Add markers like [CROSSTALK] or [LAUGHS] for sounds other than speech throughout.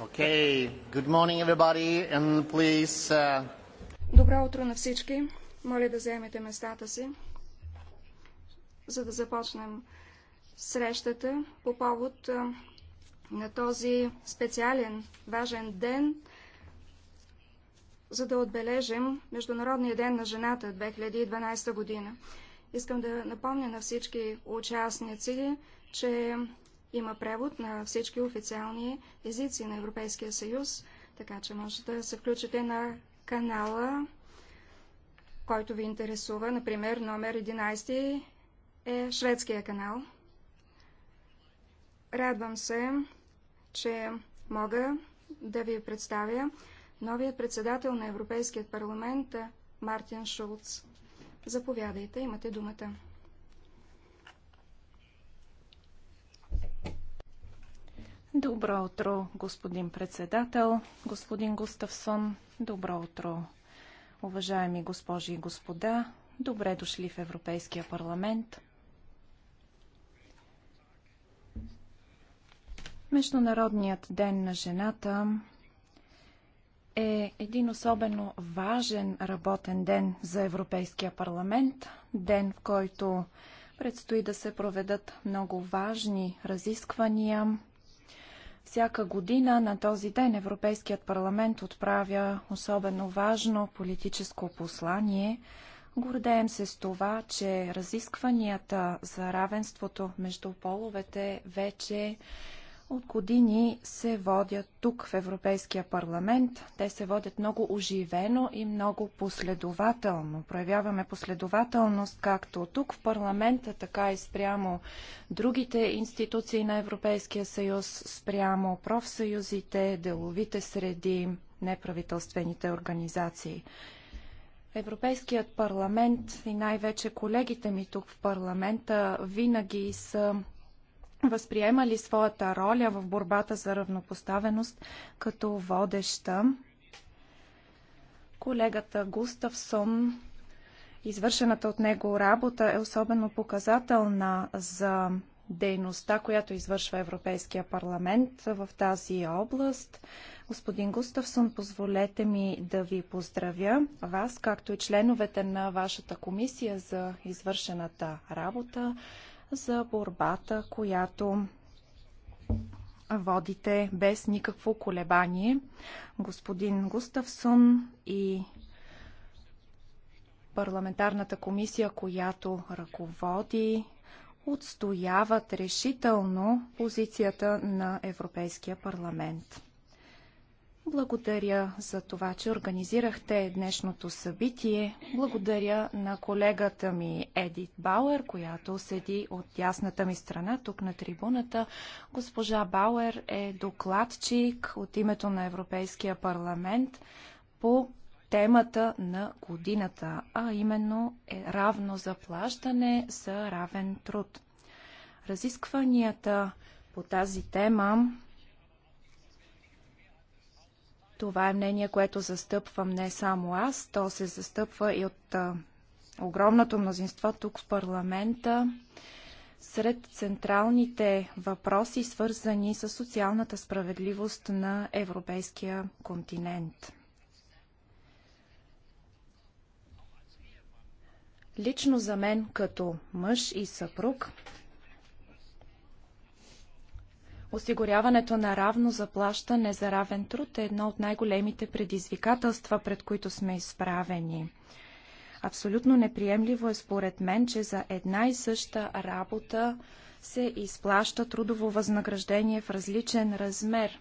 Okay. Good morning, everybody, and please. Uh, Добро утро на всички. Моля да заемете местата си, за да започнем срещата по повод на този специален, важен ден, за да отбележим Международния ден на жената 2012 година. Искам да напомня на всички участници, че има превод на всички официални езици на Европейския съюз, така че може да се включите на канала, който ви интересува. Например, номер 11 е шведския канал. Радвам се, че мога да ви представя новият председател на Европейският парламент Мартин Шулц. Заповядайте, имате думата. Добро утро, господин председател, господин Густавсон. Добро утро, уважаеми госпожи и господа. Добре дошли в Европейския парламент. Международният ден на жената е един особено важен работен ден за Европейския парламент, ден в който предстои да се проведат много важни разисквания всяка година на този ден Европейският парламент отправя особено важно политическо послание. Гордеем се с това, че разискванията за равенството между половете вече от години се водят тук в Европейския парламент. Те се водят много оживено и много последователно. Проявяваме последователност както тук в парламента, така и спрямо другите институции на Европейския съюз, спрямо профсъюзите, деловите среди, неправителствените организации. Европейският парламент и най-вече колегите ми тук в парламента винаги са възприема ли своята роля в борбата за равнопоставеност като водеща? Колегата Густавсон, извършената от него работа е особено показателна за дейността, която извършва Европейския парламент в тази област. Господин Густавсон, позволете ми да ви поздравя вас, както и членовете на вашата комисия за извършената работа за борбата, която водите без никакво колебание. Господин Густавсон и парламентарната комисия, която ръководи, отстояват решително позицията на Европейския парламент. Благодаря за това, че организирахте днешното събитие. Благодаря на колегата ми Едит Бауер, която седи от ясната ми страна тук на трибуната. Госпожа Бауер е докладчик от името на Европейския парламент по темата на годината, а именно е равно заплащане за равен труд. Разискванията по тази тема това е мнение, което застъпвам не само аз, то се застъпва и от а, огромното мнозинство тук в парламента. Сред централните въпроси, свързани с социалната справедливост на европейския континент. Лично за мен като мъж и съпруг Осигуряването на равно заплащане за равен труд е едно от най-големите предизвикателства, пред които сме изправени. Абсолютно неприемливо е според мен, че за една и съща работа се изплаща трудово възнаграждение в различен размер.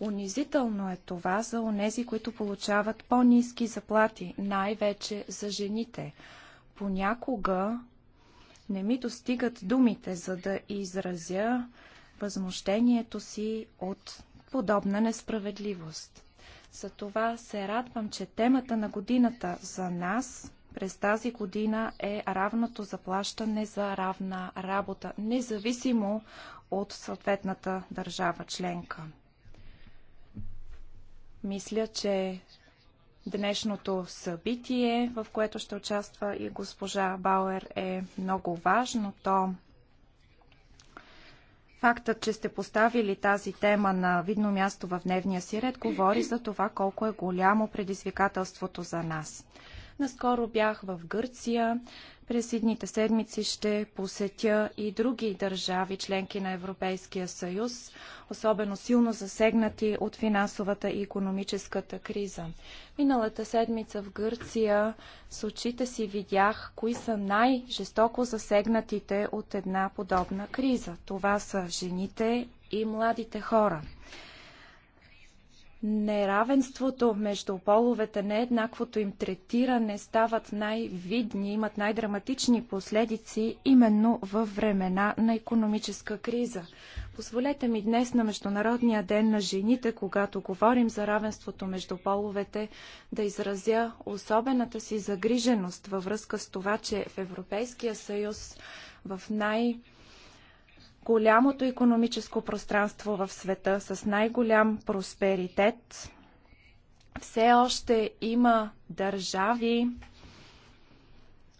Унизително е това за онези, които получават по-низки заплати, най-вече за жените. Понякога не ми достигат думите, за да изразя възмущението си от подобна несправедливост. Затова се радвам, че темата на годината за нас през тази година е равното заплащане за равна работа, независимо от съответната държава членка. Мисля, че днешното събитие, в което ще участва и госпожа Бауер, е много важно. То Фактът, че сте поставили тази тема на видно място в дневния си ред, говори за това колко е голямо предизвикателството за нас. Наскоро бях в Гърция, през едните седмици ще посетя и други държави, членки на Европейския съюз, особено силно засегнати от финансовата и економическата криза. Миналата седмица в Гърция с очите си видях кои са най-жестоко засегнатите от една подобна криза. Това са жените и младите хора неравенството между половете, нееднаквото им третиране стават най-видни, имат най-драматични последици именно в времена на економическа криза. Позволете ми днес на Международния ден на жените, когато говорим за равенството между половете, да изразя особената си загриженост във връзка с това, че в Европейския съюз в най- голямото економическо пространство в света с най-голям просперитет, все още има държави,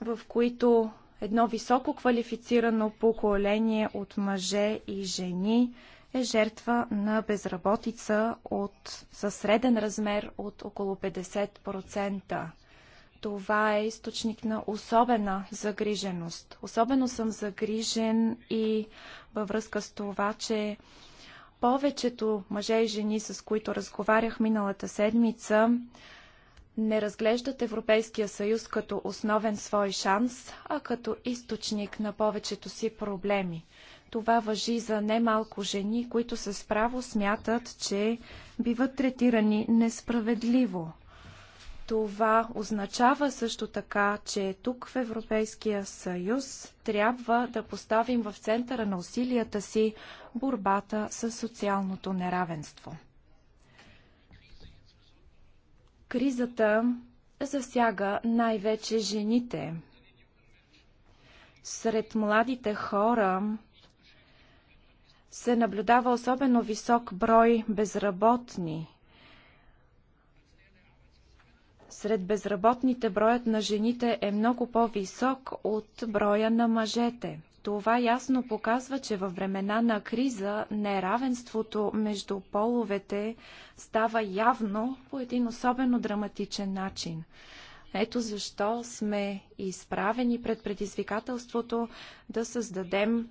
в които едно високо квалифицирано поколение от мъже и жени е жертва на безработица от, със среден размер от около 50%. Това е източник на особена загриженост. Особено съм загрижен и във връзка с това, че повечето мъже и жени, с които разговарях миналата седмица, не разглеждат Европейския съюз като основен свой шанс, а като източник на повечето си проблеми. Това въжи за немалко жени, които с право смятат, че биват третирани несправедливо. Това означава също така, че тук в Европейския съюз трябва да поставим в центъра на усилията си борбата с социалното неравенство. Кризата засяга най-вече жените. Сред младите хора се наблюдава особено висок брой безработни сред безработните броят на жените е много по-висок от броя на мъжете. Това ясно показва, че във времена на криза неравенството между половете става явно по един особено драматичен начин. Ето защо сме изправени пред предизвикателството да създадем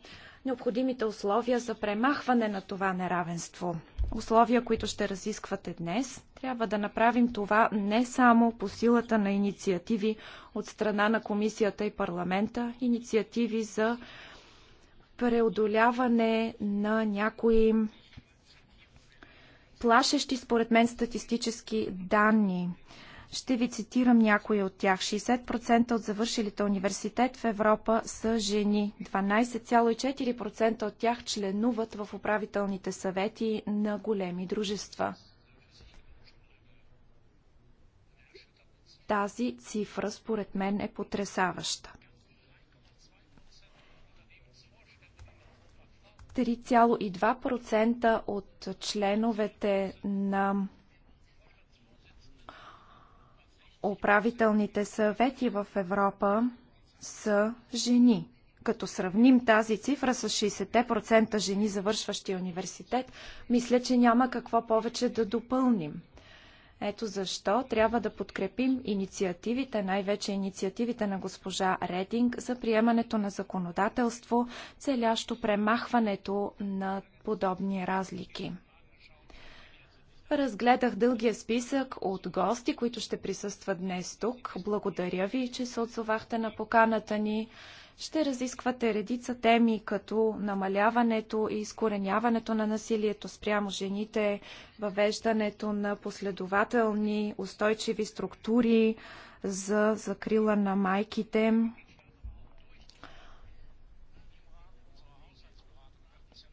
необходимите условия за премахване на това неравенство. Условия, които ще разисквате днес, трябва да направим това не само по силата на инициативи от страна на комисията и парламента, инициативи за преодоляване на някои плашещи според мен статистически данни. Ще ви цитирам някои от тях. 60% от завършилите университет в Европа са жени. 12,4% от тях членуват в управителните съвети на големи дружества. Тази цифра, според мен, е потрясаваща. 3,2% от членовете на управителните съвети в Европа са жени. Като сравним тази цифра с 60% жени, завършващи университет, мисля, че няма какво повече да допълним. Ето защо трябва да подкрепим инициативите, най-вече инициативите на госпожа Рединг за приемането на законодателство, целящо премахването на подобни разлики. Разгледах дългия списък от гости, които ще присъстват днес тук. Благодаря ви, че се отзовахте на поканата ни. Ще разисквате редица теми, като намаляването и изкореняването на насилието спрямо жените, въвеждането на последователни устойчиви структури за закрила на майките,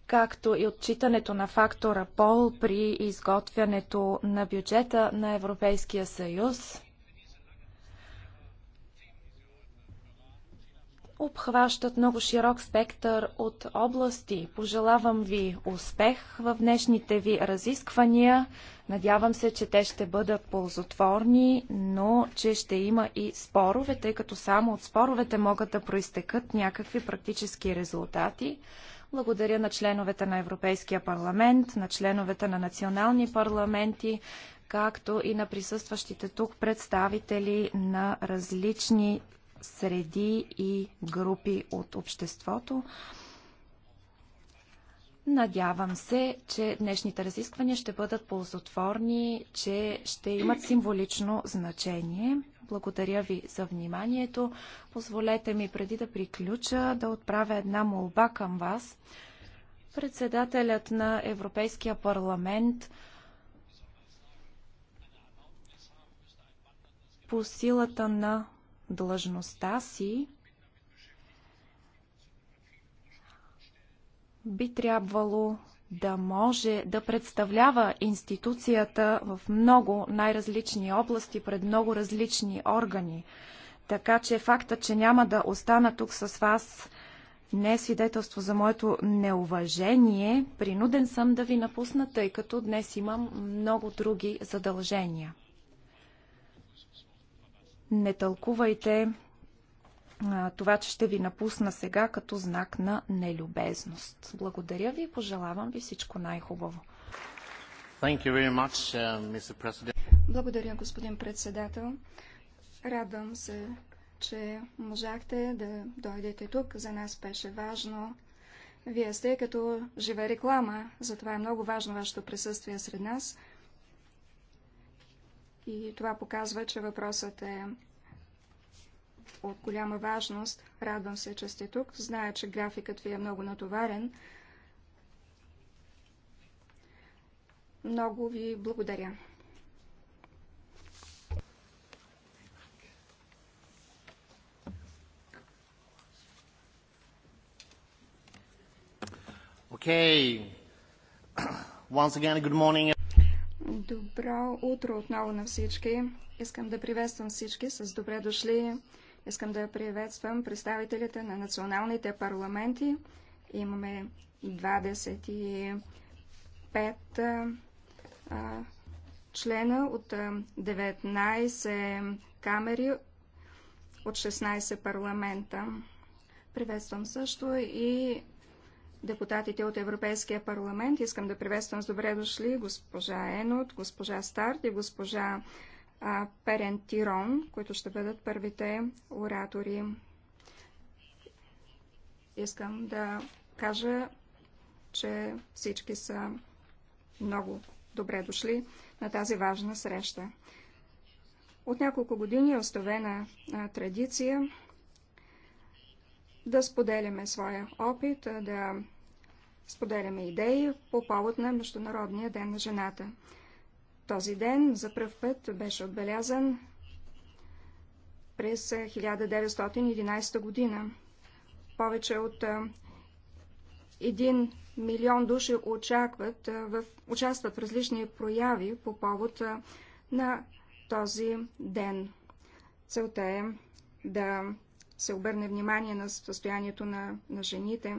както и отчитането на фактора пол при изготвянето на бюджета на Европейския съюз, обхващат много широк спектър от области. Пожелавам ви успех в днешните ви разисквания. Надявам се, че те ще бъдат ползотворни, но че ще има и спорове, тъй като само от споровете могат да проистекат някакви практически резултати. Благодаря на членовете на Европейския парламент, на членовете на национални парламенти, както и на присъстващите тук представители на различни среди и групи от обществото. Надявам се, че днешните разисквания ще бъдат ползотворни, че ще имат символично значение. Благодаря ви за вниманието. Позволете ми преди да приключа да отправя една молба към вас. Председателят на Европейския парламент по силата на длъжността си би трябвало да може да представлява институцията в много най-различни области пред много различни органи. Така че факта, че няма да остана тук с вас, не е свидетелство за моето неуважение. Принуден съм да ви напусна, тъй като днес имам много други задължения. Не тълкувайте това, че ще ви напусна сега като знак на нелюбезност. Благодаря ви и пожелавам ви всичко най-хубаво. Uh, Благодаря, господин председател. Радвам се, че можахте да дойдете тук. За нас беше важно. Вие сте като жива реклама, затова е много важно вашето присъствие сред нас. И това показва, че въпросът е от голяма важност. Радвам се, че сте тук. Зная, че графикът ви е много натоварен. Много ви благодаря. Okay. [CLEARS THROAT] Once again, good morning. Добро утро отново на всички. Искам да приветствам всички с добре дошли Искам да приветствам представителите на националните парламенти. Имаме 25 члена от 19 камери от 16 парламента. Приветствам също и депутатите от Европейския парламент. Искам да приветствам с добре дошли госпожа Енот, госпожа Старт и госпожа Перентирон, които ще бъдат първите оратори. Искам да кажа, че всички са много добре дошли на тази важна среща. От няколко години е оставена традиция да споделяме своя опит, да споделяме идеи по повод на Международния ден на жената. Този ден за пръв път беше отбелязан през 1911 е, година. Повече от 1 е, милион души очакват е, в, участват в различни прояви по повод на този ден. Целта е да се обърне внимание на състоянието на, на жените.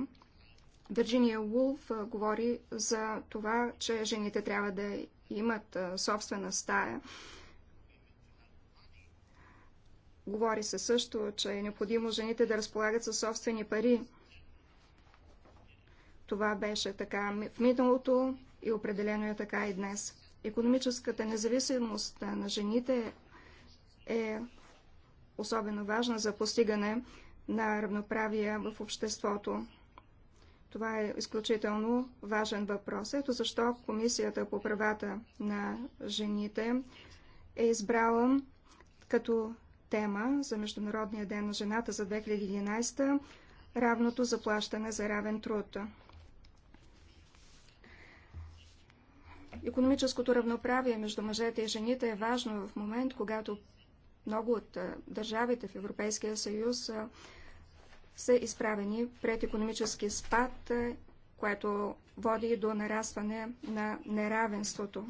Вирджиния Вулф говори за това, че жените трябва да имат собствена стая. Говори се също, че е необходимо жените да разполагат със собствени пари. Това беше така в миналото и определено е така и днес. Економическата независимост на жените е особено важна за постигане на равноправие в обществото. Това е изключително важен въпрос. Ето защо Комисията по правата на жените е избрала като тема за Международния ден на жената за 2011 равното заплащане за равен труд. Економическото равноправие между мъжете и жените е важно в момент, когато много от държавите в Европейския съюз са изправени пред економически спад, е, което води до нарастване на неравенството.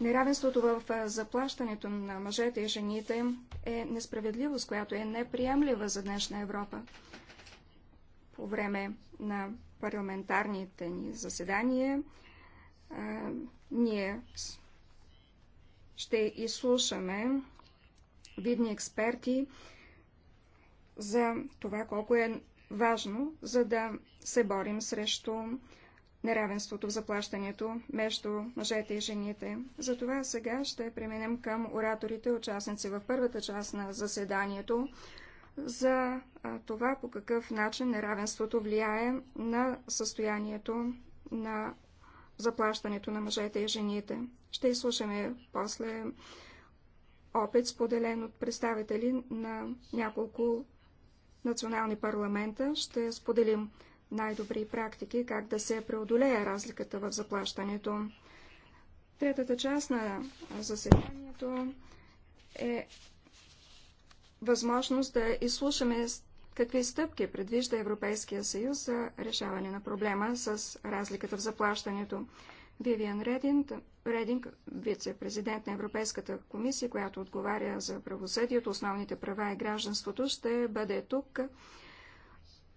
Неравенството в е, заплащането на мъжете и жените е несправедливост, която е неприемлива за днешна Европа. По време на парламентарните ни заседания е, ние ще изслушаме видни експерти, за това колко е важно, за да се борим срещу неравенството в заплащането между мъжете и жените. Затова сега ще преминем към ораторите, участници в първата част на заседанието, за това по какъв начин неравенството влияе на състоянието на заплащането на мъжете и жените. Ще изслушаме после опит, споделен от представители на няколко национални парламента ще споделим най-добри практики, как да се преодолее разликата в заплащането. Третата част на заседанието е възможност да изслушаме какви стъпки предвижда Европейския съюз за решаване на проблема с разликата в заплащането. Вивиан Рединг, Рединг вице-президент на Европейската комисия, която отговаря за правосъдието, основните права и гражданството, ще бъде тук.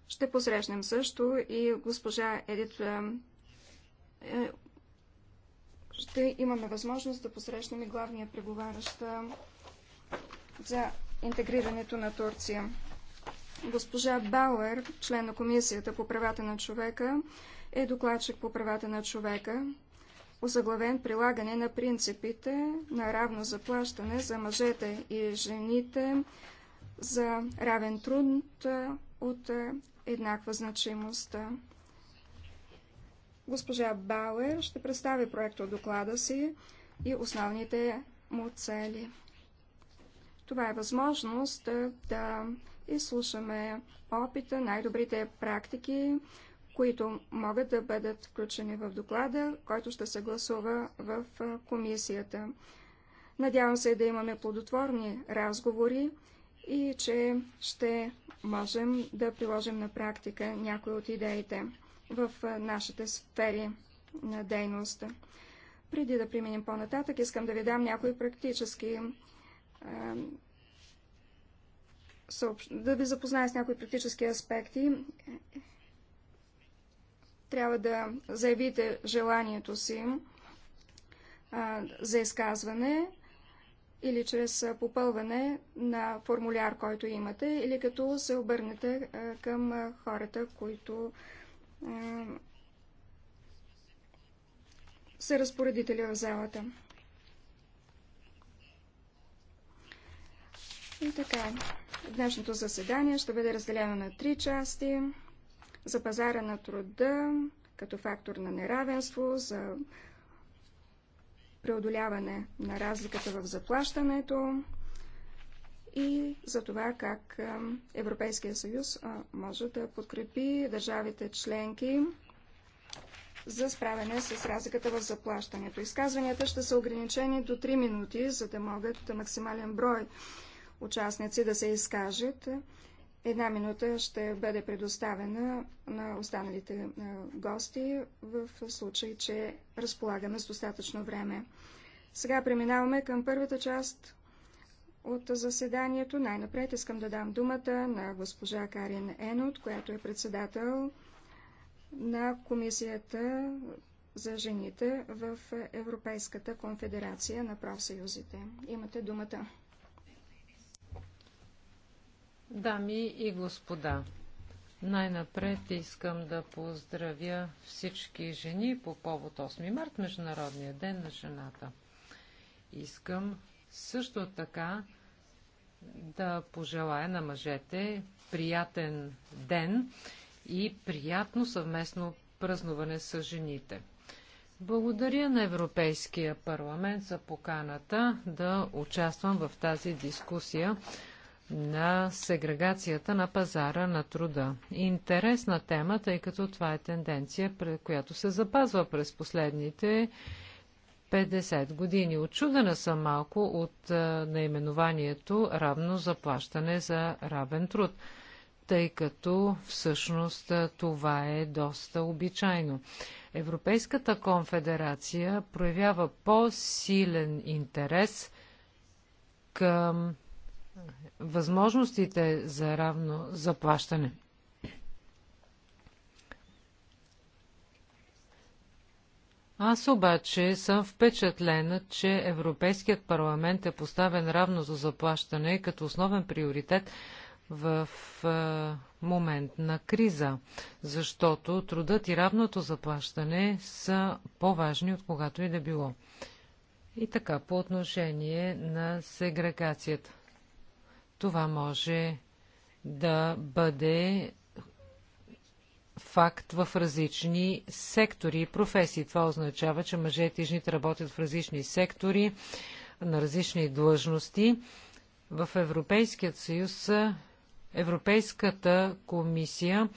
Ще посрещнем също и госпожа Едит. Е, е, ще имаме възможност да посрещнем и главния преговарящ е, за интегрирането на Турция. Госпожа Бауер, член на Комисията по правата на човека, е докладчик по правата на човека озаглавен прилагане на принципите на равно заплащане за мъжете и жените за равен труд от еднаква значимост. Госпожа Бауер ще представи проекта доклада си и основните му цели. Това е възможност да изслушаме опита, най-добрите практики които могат да бъдат включени в доклада, който ще се гласува в комисията. Надявам се да имаме плодотворни разговори и че ще можем да приложим на практика някои от идеите в нашите сфери на дейност. Преди да преминем по-нататък, искам да ви дам някои практически да ви запозная с някои практически аспекти трябва да заявите желанието си а, за изказване или чрез попълване на формуляр, който имате, или като се обърнете а, към хората, които а, са разпоредители в залата. И така, днешното заседание ще бъде разделено на три части за пазара на труда като фактор на неравенство, за преодоляване на разликата в заплащането и за това как Европейския съюз може да подкрепи държавите членки за справяне с разликата в заплащането. Изказванията ще са ограничени до 3 минути, за да могат максимален брой участници да се изкажат. Една минута ще бъде предоставена на останалите гости в случай, че разполагаме с достатъчно време. Сега преминаваме към първата част от заседанието. Най-напред искам да дам думата на госпожа Карин Енот, която е председател на Комисията за жените в Европейската конфедерация на профсъюзите. Имате думата. Дами и господа, най-напред искам да поздравя всички жени по повод 8 март, Международния ден на жената. Искам също така да пожелая на мъжете приятен ден и приятно съвместно празнуване с жените. Благодаря на Европейския парламент за поканата да участвам в тази дискусия на сегрегацията на пазара на труда. Интересна тема, тъй като това е тенденция, която се запазва през последните 50 години. Очудена съм малко от наименованието равно заплащане за равен труд, тъй като всъщност това е доста обичайно. Европейската конфедерация проявява по-силен интерес към възможностите за равно заплащане. Аз обаче съм впечатлена, че Европейският парламент е поставен равно за заплащане като основен приоритет в е, момент на криза, защото трудът и равното заплащане са по-важни от когато и да било. И така, по отношение на сегрегацията. Това може да бъде факт в различни сектори и професии. Това означава, че мъжете и жените работят в различни сектори, на различни длъжности. В Европейският съюз Европейската комисия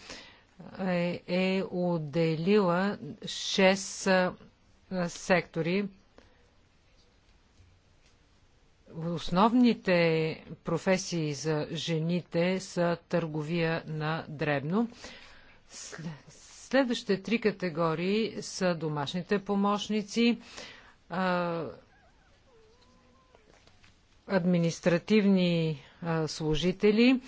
е, е отделила 6 сектори Основните професии за жените са търговия на дребно. Следващите три категории са домашните помощници, административни служители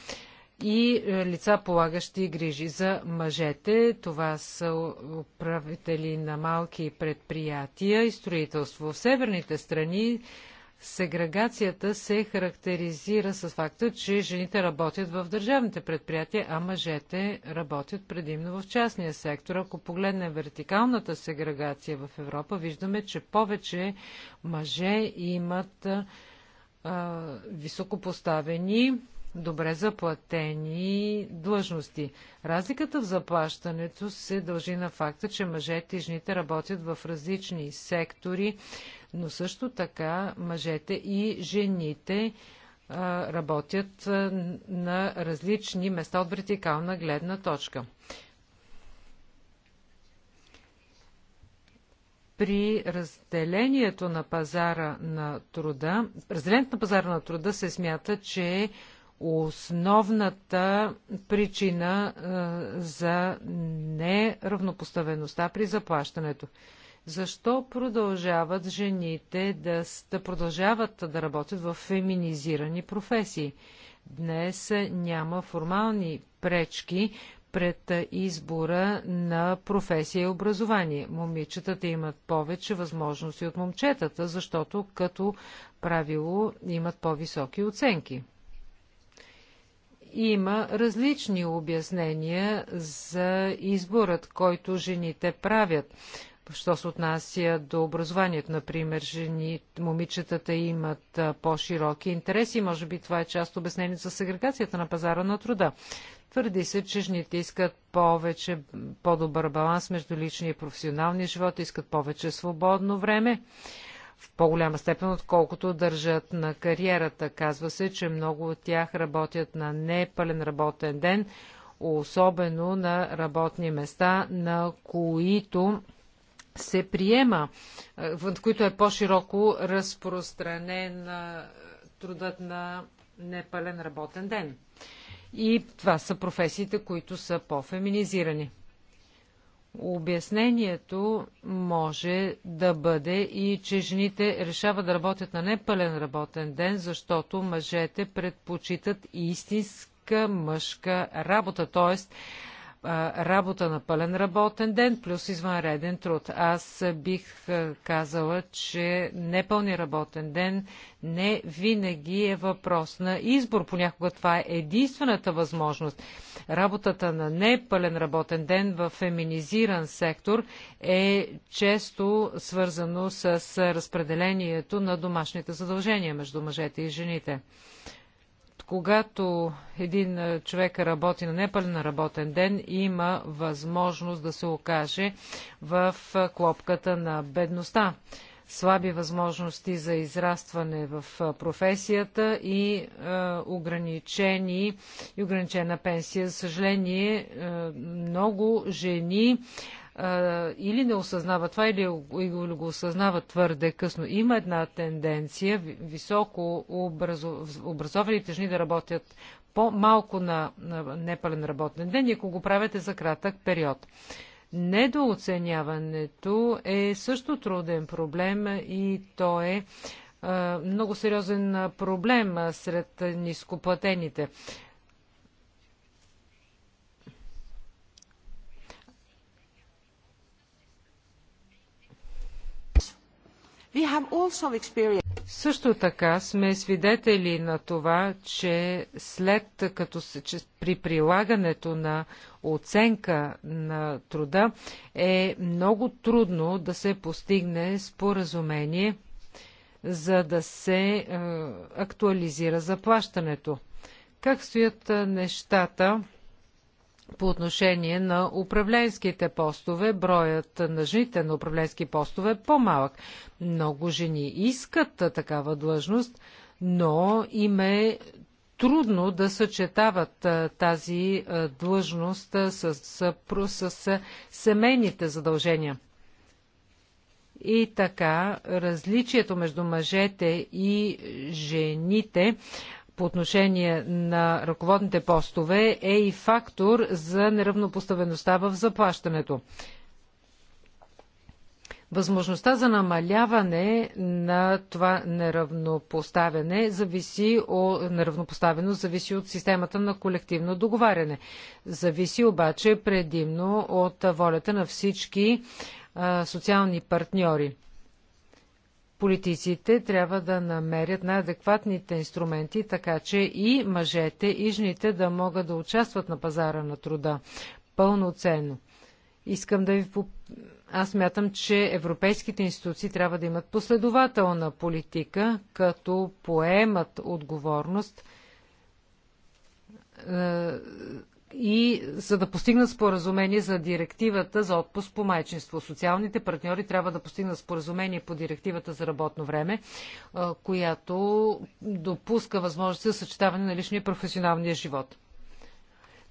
и лица полагащи грижи за мъжете. Това са управители на малки предприятия и строителство. В северните страни Сегрегацията се характеризира с факта, че жените работят в държавните предприятия, а мъжете работят предимно в частния сектор. Ако погледнем вертикалната сегрегация в Европа, виждаме, че повече мъже имат а, високопоставени, добре заплатени длъжности. Разликата в заплащането се дължи на факта, че мъжете и жените работят в различни сектори но също така мъжете и жените работят на различни места от вертикална гледна точка. при разделението на пазара на труда, разделението на пазара на труда се смята, че е основната причина за неравнопоставеността при заплащането. Защо продължават жените да, да продължават да работят в феминизирани професии? Днес няма формални пречки пред избора на професия и образование. Момичетата имат повече възможности от момчетата, защото като правило имат по-високи оценки. Има различни обяснения за изборът, който жените правят що се отнася до образованието. Например, жени, момичетата имат по-широки интереси. Може би това е част обяснение за сегрегацията на пазара на труда. Твърди се, че жените искат повече, по-добър баланс между личния и професионалния живот, искат повече свободно време в по-голяма степен, отколкото държат на кариерата. Казва се, че много от тях работят на непълен работен ден, особено на работни места, на които се приема, в които е по-широко разпространен трудът на непълен работен ден. И това са професиите, които са по-феминизирани. Обяснението може да бъде и, че жените решават да работят на непълен работен ден, защото мъжете предпочитат истинска мъжка работа, т.е работа на пълен работен ден плюс извънреден труд. Аз бих казала, че непълни работен ден не винаги е въпрос на избор. Понякога това е единствената възможност. Работата на непълен работен ден в феминизиран сектор е често свързано с разпределението на домашните задължения между мъжете и жените. Когато един човек работи на непълен работен ден, има възможност да се окаже в клопката на бедността. Слаби възможности за израстване в професията и е, ограничени и ограничена пенсия. За съжаление, е, много жени или не осъзнава това, или го осъзнава твърде късно. Има една тенденция високо образованите жени да работят по-малко на непален работен ден, ако го правите за кратък период. Недооценяването е също труден проблем и то е много сериозен проблем сред нископлатените. Също така сме свидетели на това, че след като се, че при прилагането на оценка на труда е много трудно да се постигне споразумение, за да се е, актуализира заплащането. Как стоят е, нещата по отношение на управленските постове, броят на жените на управленски постове е по-малък. Много жени искат такава длъжност, но им е трудно да съчетават тази длъжност с, с, с семейните задължения. И така, различието между мъжете и жените по отношение на ръководните постове е и фактор за неравнопоставеността в заплащането. Възможността за намаляване на това неравнопоставяне зависи от, неравнопоставеност зависи от системата на колективно договаряне. Зависи обаче предимно от волята на всички а, социални партньори политиците трябва да намерят най-адекватните инструменти, така че и мъжете, и жените да могат да участват на пазара на труда пълноценно. Искам да ви поп... Аз мятам, че европейските институции трябва да имат последователна политика, като поемат отговорност е, и за да постигнат споразумение за директивата за отпуск по майчинство. Социалните партньори трябва да постигнат споразумение по директивата за работно време, която допуска възможност за съчетаване на личния и професионалния живот.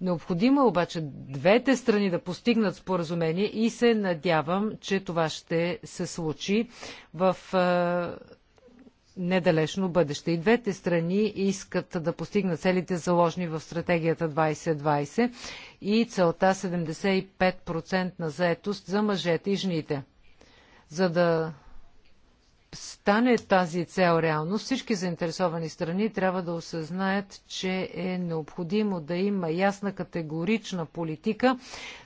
Необходимо е обаче двете страни да постигнат споразумение и се надявам, че това ще се случи в недалечно бъдеще. И двете страни искат да постигнат целите заложени в стратегията 2020 и целта 75% на заетост за мъжете и жените. За да стане тази цел реално, всички заинтересовани страни трябва да осъзнаят, че е необходимо да има ясна категорична политика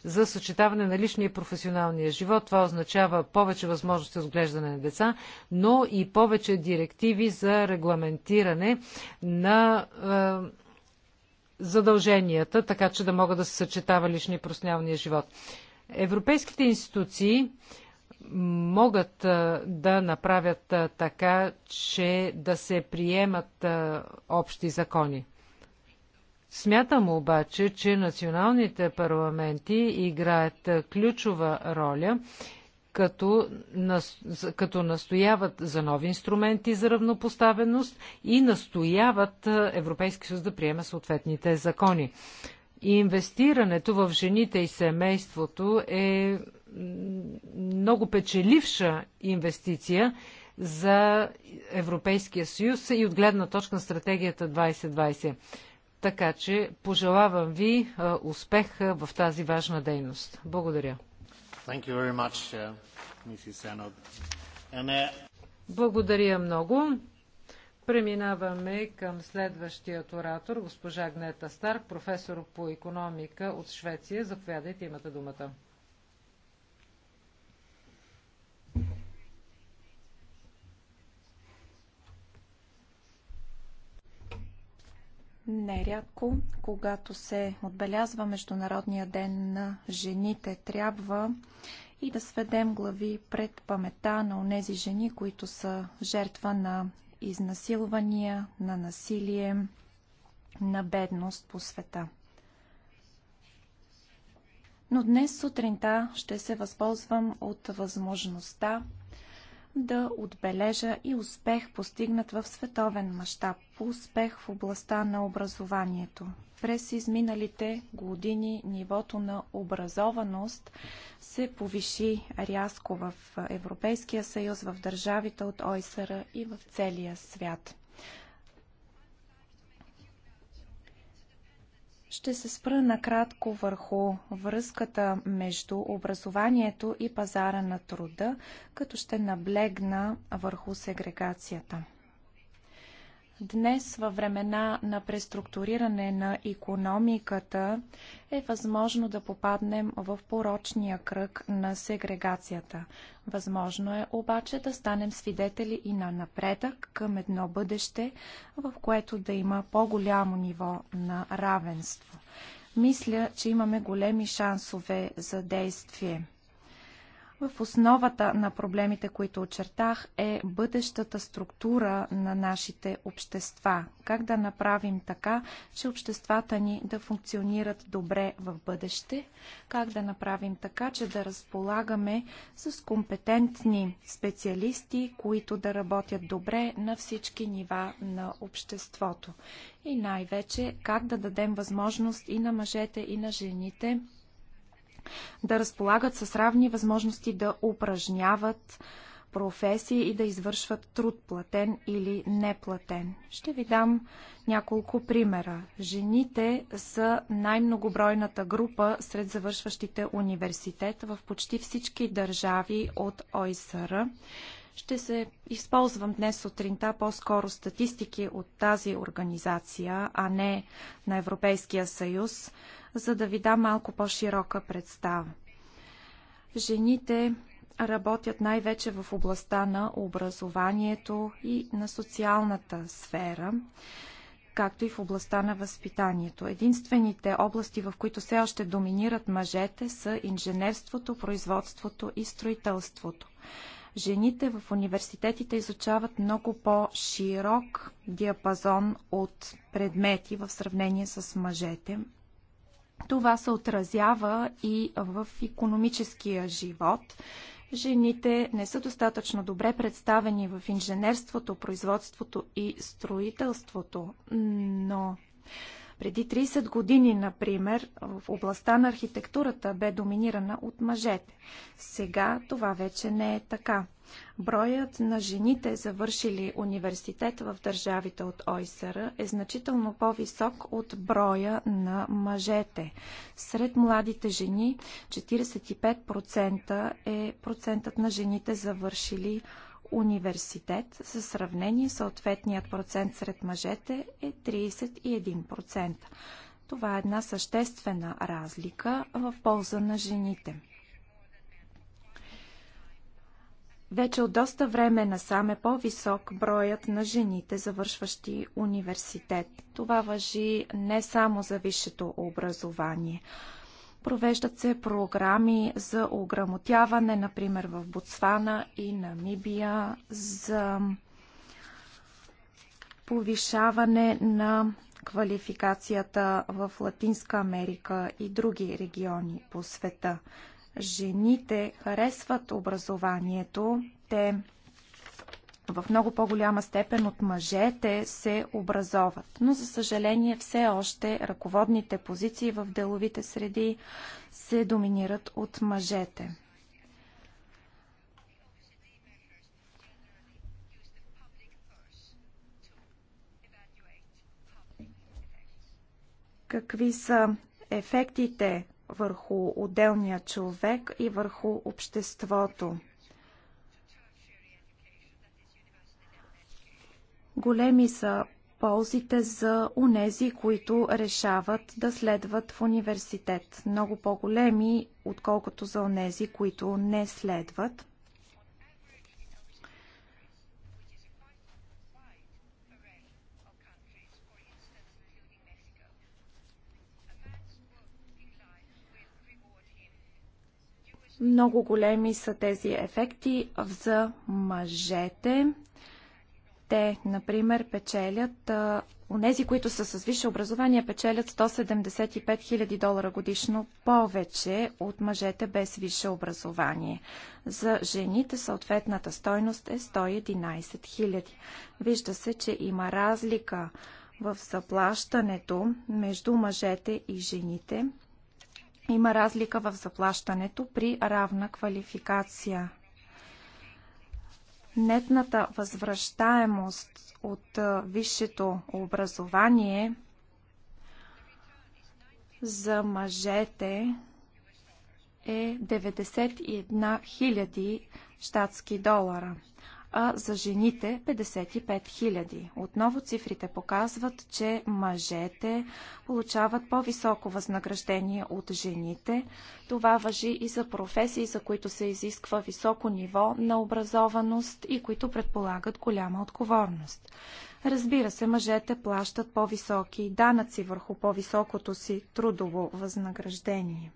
за съчетаване на личния и професионалния живот. Това означава повече възможности за отглеждане на деца, но и повече директиви за регламентиране на е, задълженията, така че да могат да се съчетава личния и професионалния живот. Европейските институции могат да направят така, че да се приемат общи закони. Смятам обаче, че националните парламенти играят ключова роля, като, нас, като настояват за нови инструменти за равнопоставеност и настояват Европейски съюз да приема съответните закони. И инвестирането в жените и семейството е много печеливша инвестиция за Европейския съюз и от гледна точка на стратегията 2020. Така че пожелавам ви успех в тази важна дейност. Благодаря. Much, uh, And... Uh, Благодаря много. Преминаваме към следващият оратор, госпожа Гнета Старк, професор по економика от Швеция. Заповядайте, имате думата. Нерядко, когато се отбелязва Международния ден на жените, трябва и да сведем глави пред памета на онези жени, които са жертва на изнасилвания, на насилие, на бедност по света. Но днес сутринта ще се възползвам от възможността да отбележа и успех постигнат в световен мащаб, успех в областта на образованието. През изминалите години нивото на образованост се повиши рязко в Европейския съюз, в държавите от ОИСР и в целия свят. Ще се спра накратко върху връзката между образованието и пазара на труда, като ще наблегна върху сегрегацията. Днес, във времена на преструктуриране на економиката, е възможно да попаднем в порочния кръг на сегрегацията. Възможно е обаче да станем свидетели и на напредък към едно бъдеще, в което да има по-голямо ниво на равенство. Мисля, че имаме големи шансове за действие. В основата на проблемите, които очертах, е бъдещата структура на нашите общества. Как да направим така, че обществата ни да функционират добре в бъдеще? Как да направим така, че да разполагаме с компетентни специалисти, които да работят добре на всички нива на обществото? И най-вече как да дадем възможност и на мъжете, и на жените да разполагат с равни възможности да упражняват професии и да извършват труд, платен или неплатен. Ще ви дам няколко примера. Жените са най-многобройната група сред завършващите университет в почти всички държави от ОИСР. Ще се използвам днес сутринта по-скоро статистики от тази организация, а не на Европейския съюз, за да ви дам малко по-широка представа. Жените работят най-вече в областта на образованието и на социалната сфера, както и в областта на възпитанието. Единствените области, в които все още доминират мъжете, са инженерството, производството и строителството. Жените в университетите изучават много по-широк диапазон от предмети в сравнение с мъжете това се отразява и в економическия живот. Жените не са достатъчно добре представени в инженерството, производството и строителството, но преди 30 години, например, в областта на архитектурата бе доминирана от мъжете. Сега това вече не е така. Броят на жените, завършили университет в държавите от ОИСР, е значително по-висок от броя на мъжете. Сред младите жени 45% е процентът на жените, завършили университет, за сравнение съответният процент сред мъжете е 31%. Това е една съществена разлика в полза на жените. Вече от доста време насам е по-висок броят на жените, завършващи университет. Това въжи не само за висшето образование. Провеждат се програми за ограмотяване, например в Ботсвана и Намибия, за повишаване на квалификацията в Латинска Америка и други региони по света. Жените харесват образованието, те в много по-голяма степен от мъжете се образоват. Но, за съжаление, все още ръководните позиции в деловите среди се доминират от мъжете. Какви са ефектите върху отделния човек и върху обществото? Големи са ползите за унези, които решават да следват в университет. Много по-големи, отколкото за унези, които не следват. Много големи са тези ефекти за мъжете. Те, например, печелят, онези, които са с висше образование, печелят 175 000 долара годишно повече от мъжете без висше образование. За жените съответната стойност е 111 000. Вижда се, че има разлика в заплащането между мъжете и жените. Има разлика в заплащането при равна квалификация. Нетната възвръщаемост от висшето образование за мъжете е 91 000 щатски долара а за жените 55 000. Отново цифрите показват, че мъжете получават по-високо възнаграждение от жените. Това въжи и за професии, за които се изисква високо ниво на образованост и които предполагат голяма отговорност. Разбира се, мъжете плащат по-високи данъци върху по-високото си трудово възнаграждение.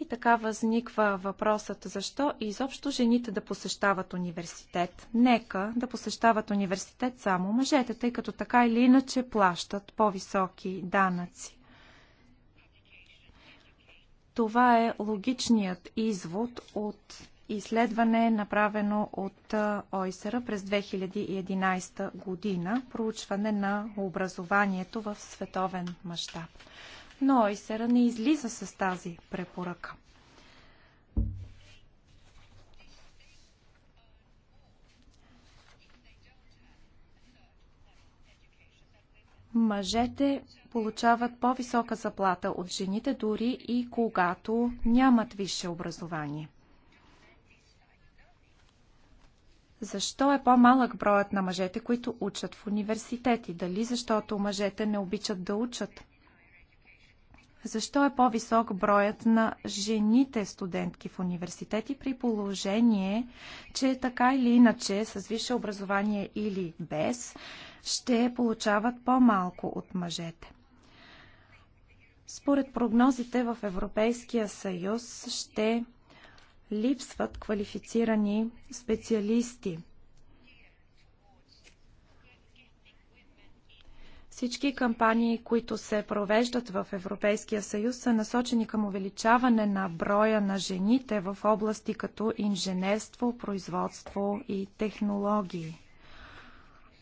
И така възниква въпросът защо изобщо жените да посещават университет. Нека да посещават университет само мъжете, тъй като така или иначе плащат по-високи данъци. Това е логичният извод от изследване, направено от ОИСР през 2011 година, проучване на образованието в световен мащаб но Ойсера не излиза с тази препоръка. Мъжете получават по-висока заплата от жените дори и когато нямат висше образование. Защо е по-малък броят на мъжете, които учат в университети? Дали защото мъжете не обичат да учат? Защо е по-висок броят на жените студентки в университети при положение, че така или иначе с висше образование или без ще получават по-малко от мъжете? Според прогнозите в Европейския съюз ще липсват квалифицирани специалисти Всички кампании, които се провеждат в Европейския съюз, са насочени към увеличаване на броя на жените в области като инженерство, производство и технологии.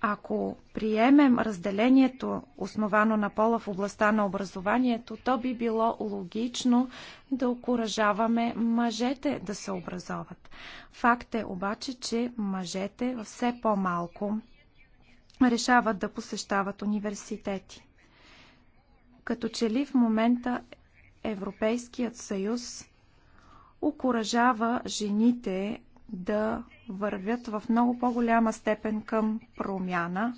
Ако приемем разделението, основано на пола в областта на образованието, то би било логично да окоръжаваме мъжете да се образоват. Факт е обаче, че мъжете все по-малко решават да посещават университети. Като че ли в момента Европейският съюз окоръжава жените да вървят в много по-голяма степен към промяна.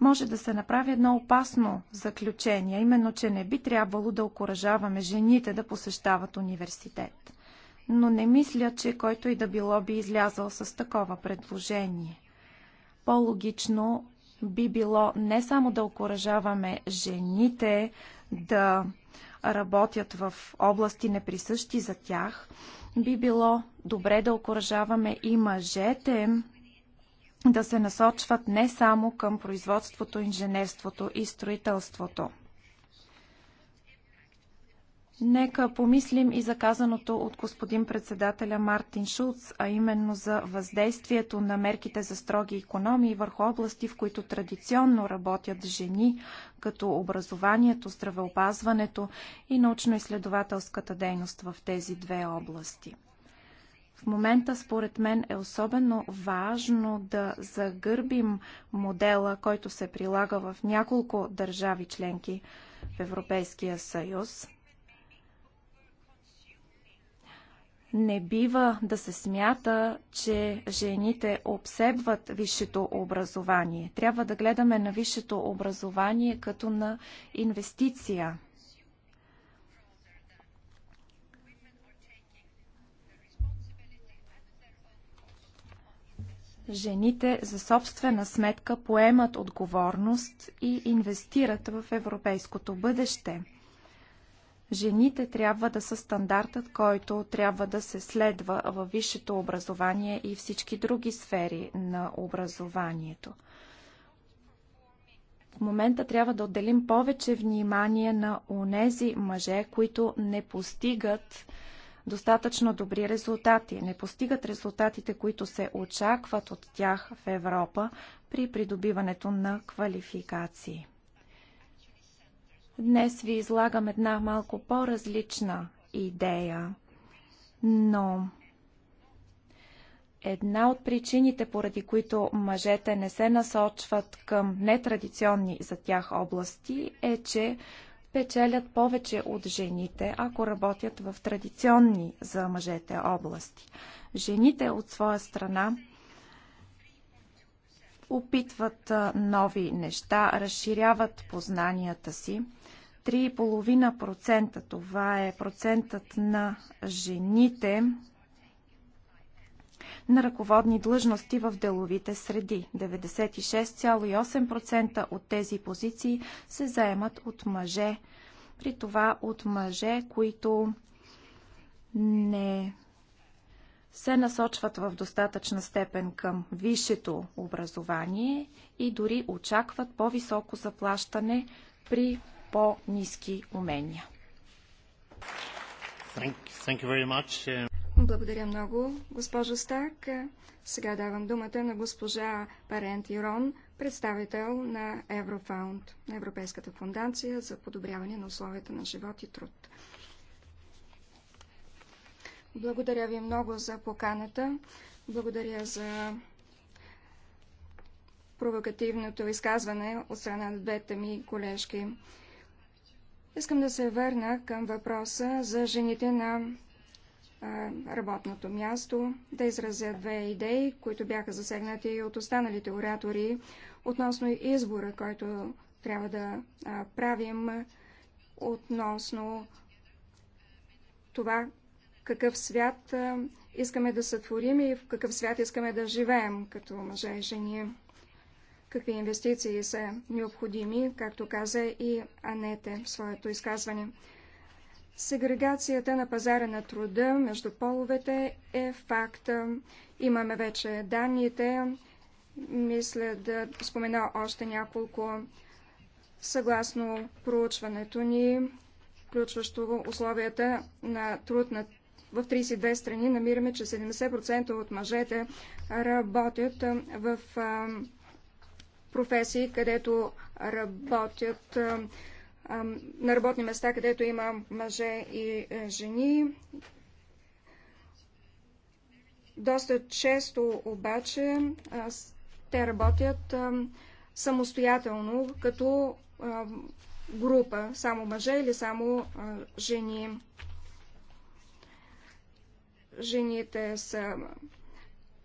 Може да се направи едно опасно заключение, именно, че не би трябвало да окоръжаваме жените да посещават университет но не мисля, че който и да било би излязъл с такова предложение. По-логично би било не само да окоръжаваме жените да работят в области неприсъщи за тях, би било добре да окоръжаваме и мъжете да се насочват не само към производството, инженерството и строителството. Нека помислим и за казаното от господин председателя Мартин Шулц, а именно за въздействието на мерките за строги економии върху области, в които традиционно работят жени, като образованието, здравеопазването и научно-изследователската дейност в тези две области. В момента, според мен, е особено важно да загърбим модела, който се прилага в няколко държави членки в Европейския съюз – Не бива да се смята, че жените обсебват висшето образование. Трябва да гледаме на висшето образование като на инвестиция. Жените за собствена сметка поемат отговорност и инвестират в европейското бъдеще – Жените трябва да са стандартът, който трябва да се следва във висшето образование и всички други сфери на образованието. В момента трябва да отделим повече внимание на онези мъже, които не постигат достатъчно добри резултати, не постигат резултатите, които се очакват от тях в Европа при придобиването на квалификации. Днес ви излагам една малко по-различна идея, но една от причините, поради които мъжете не се насочват към нетрадиционни за тях области, е, че печелят повече от жените, ако работят в традиционни за мъжете области. Жените от своя страна опитват нови неща, разширяват познанията си – 3,5%. Това е процентът на жените на ръководни длъжности в деловите среди. 96,8% от тези позиции се заемат от мъже. При това от мъже, които не се насочват в достатъчна степен към висшето образование и дори очакват по-високо заплащане при по-низки умения. Благодаря много, госпожо Старк. Сега давам думата на госпожа Парент Ирон, представител на Еврофаунд, на Европейската фундация за подобряване на условията на живот и труд. Благодаря ви много за поканата. Благодаря за провокативното изказване от страна на двете ми колежки. Искам да се върна към въпроса за жените на работното място, да изразя две идеи, които бяха засегнати и от останалите оратори, относно избора, който трябва да правим, относно това какъв свят искаме да сътворим и в какъв свят искаме да живеем като мъже и жени какви инвестиции са необходими, както каза и Анете в своето изказване. Сегрегацията на пазара на труда между половете е факт. Имаме вече данните. Мисля да спомена още няколко. Съгласно проучването ни, включващо условията на труд на в 32 страни намираме, че 70% от мъжете работят в професии, където работят на работни места, където има мъже и жени. Доста често обаче те работят самостоятелно, като група, само мъже или само жени. Жените са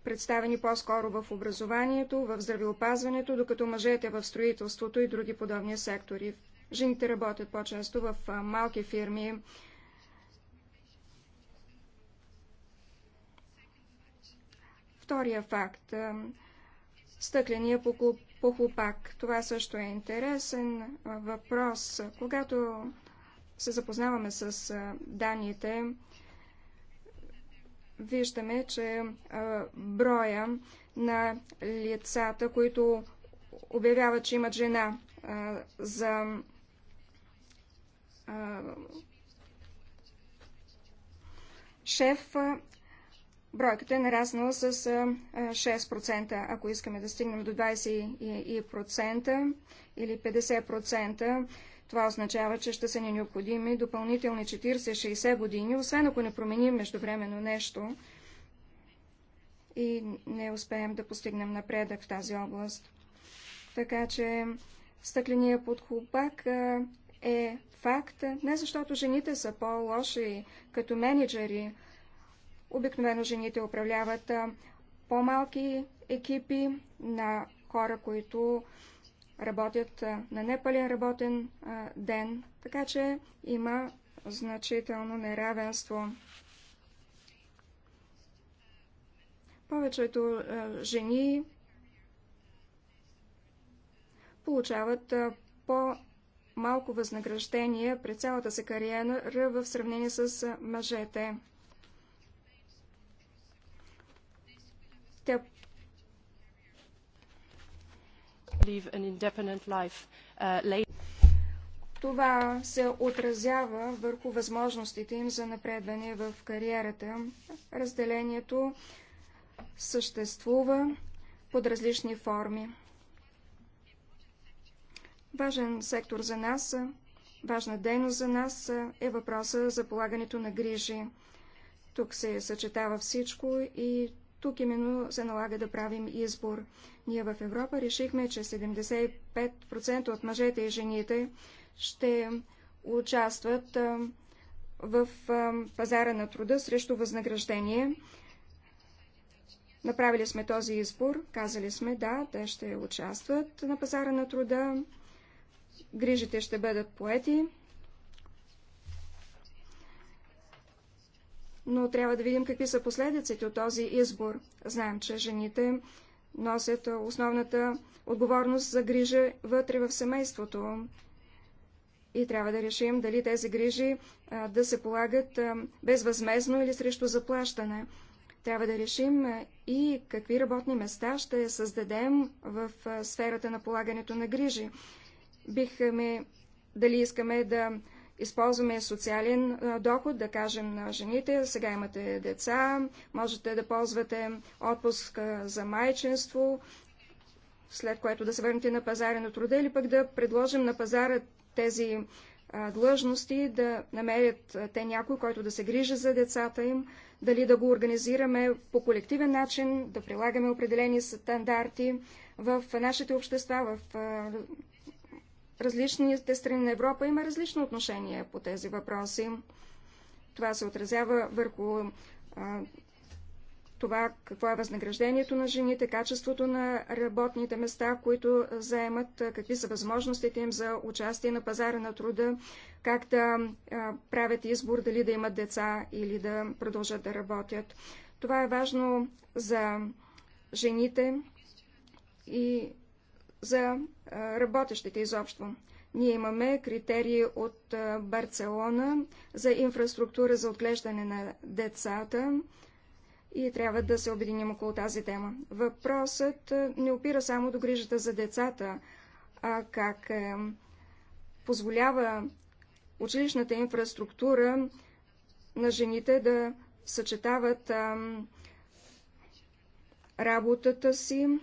представени по-скоро в образованието, в здравеопазването, докато мъжете в строителството и други подобни сектори. Жените работят по-често в малки фирми. Втория факт стъкления похлопак. Това също е интересен въпрос. Когато се запознаваме с данните, виждаме, че броя на лицата, които обявяват, че имат жена за шеф, бройката е нараснала с 6%. Ако искаме да стигнем до 20% или 50%, това означава, че ще са ни необходими допълнителни 40-60 години, освен ако не променим междувременно нещо и не успеем да постигнем напредък в тази област. Така че стъкления подхлопак е факт не защото жените са по-лоши като менеджери. Обикновено жените управляват по-малки екипи на хора, които работят на непълен работен ден, така че има значително неравенство. Повечето жени получават по-малко възнаграждение през цялата си кариера в сравнение с мъжете. Те Uh, Това се отразява върху възможностите им за напредване в кариерата. Разделението съществува под различни форми. Важен сектор за нас, важна дейност за нас е въпроса за полагането на грижи. Тук се съчетава всичко и тук именно се налага да правим избор. Ние в Европа решихме, че 75% от мъжете и жените ще участват в пазара на труда срещу възнаграждение. Направили сме този избор, казали сме да, те ще участват на пазара на труда, грижите ще бъдат поети но трябва да видим какви са последиците от този избор. Знаем, че жените носят основната отговорност за грижа вътре в семейството. И трябва да решим дали тези грижи а, да се полагат а, безвъзмезно или срещу заплащане. Трябва да решим а, и какви работни места ще създадем в а, сферата на полагането на грижи. Бихме, дали искаме да използваме социален доход, да кажем на жените, сега имате деца, можете да ползвате отпуск за майчинство, след което да се върнете на пазара на труда или пък да предложим на пазара тези длъжности, да намерят те някой, който да се грижи за децата им, дали да го организираме по колективен начин, да прилагаме определени стандарти в нашите общества, в различните страни на Европа има различно отношение по тези въпроси. Това се отразява върху а, това какво е възнаграждението на жените, качеството на работните места, които заемат, какви са възможностите им за участие на пазара на труда, как да а, правят избор дали да имат деца или да продължат да работят. Това е важно за жените и за работещите изобщо. Ние имаме критерии от Барселона за инфраструктура за отглеждане на децата и трябва да се обединим около тази тема. Въпросът не опира само до грижата за децата, а как позволява училищната инфраструктура на жените да съчетават работата си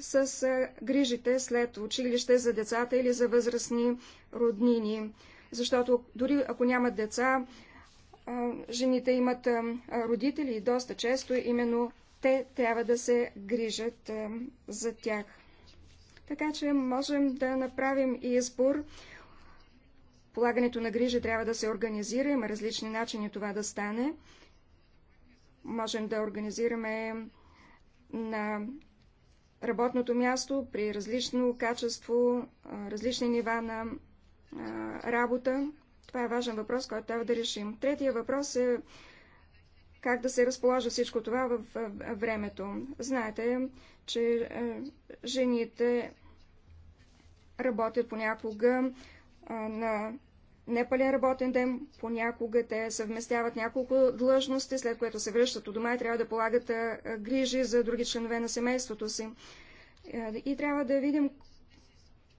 с грижите след училище за децата или за възрастни роднини. Защото дори ако нямат деца, жените имат родители и доста често именно те трябва да се грижат за тях. Така че можем да направим и избор. Полагането на грижи трябва да се организира. Има различни начини това да стане. Можем да организираме на работното място при различно качество, различни нива на работа. Това е важен въпрос, който трябва да решим. Третия въпрос е как да се разположи всичко това в времето. Знаете, че жените работят понякога на непълен работен ден, понякога те съвместяват няколко длъжности, след което се връщат у дома и трябва да полагат грижи за други членове на семейството си. Е, и трябва да видим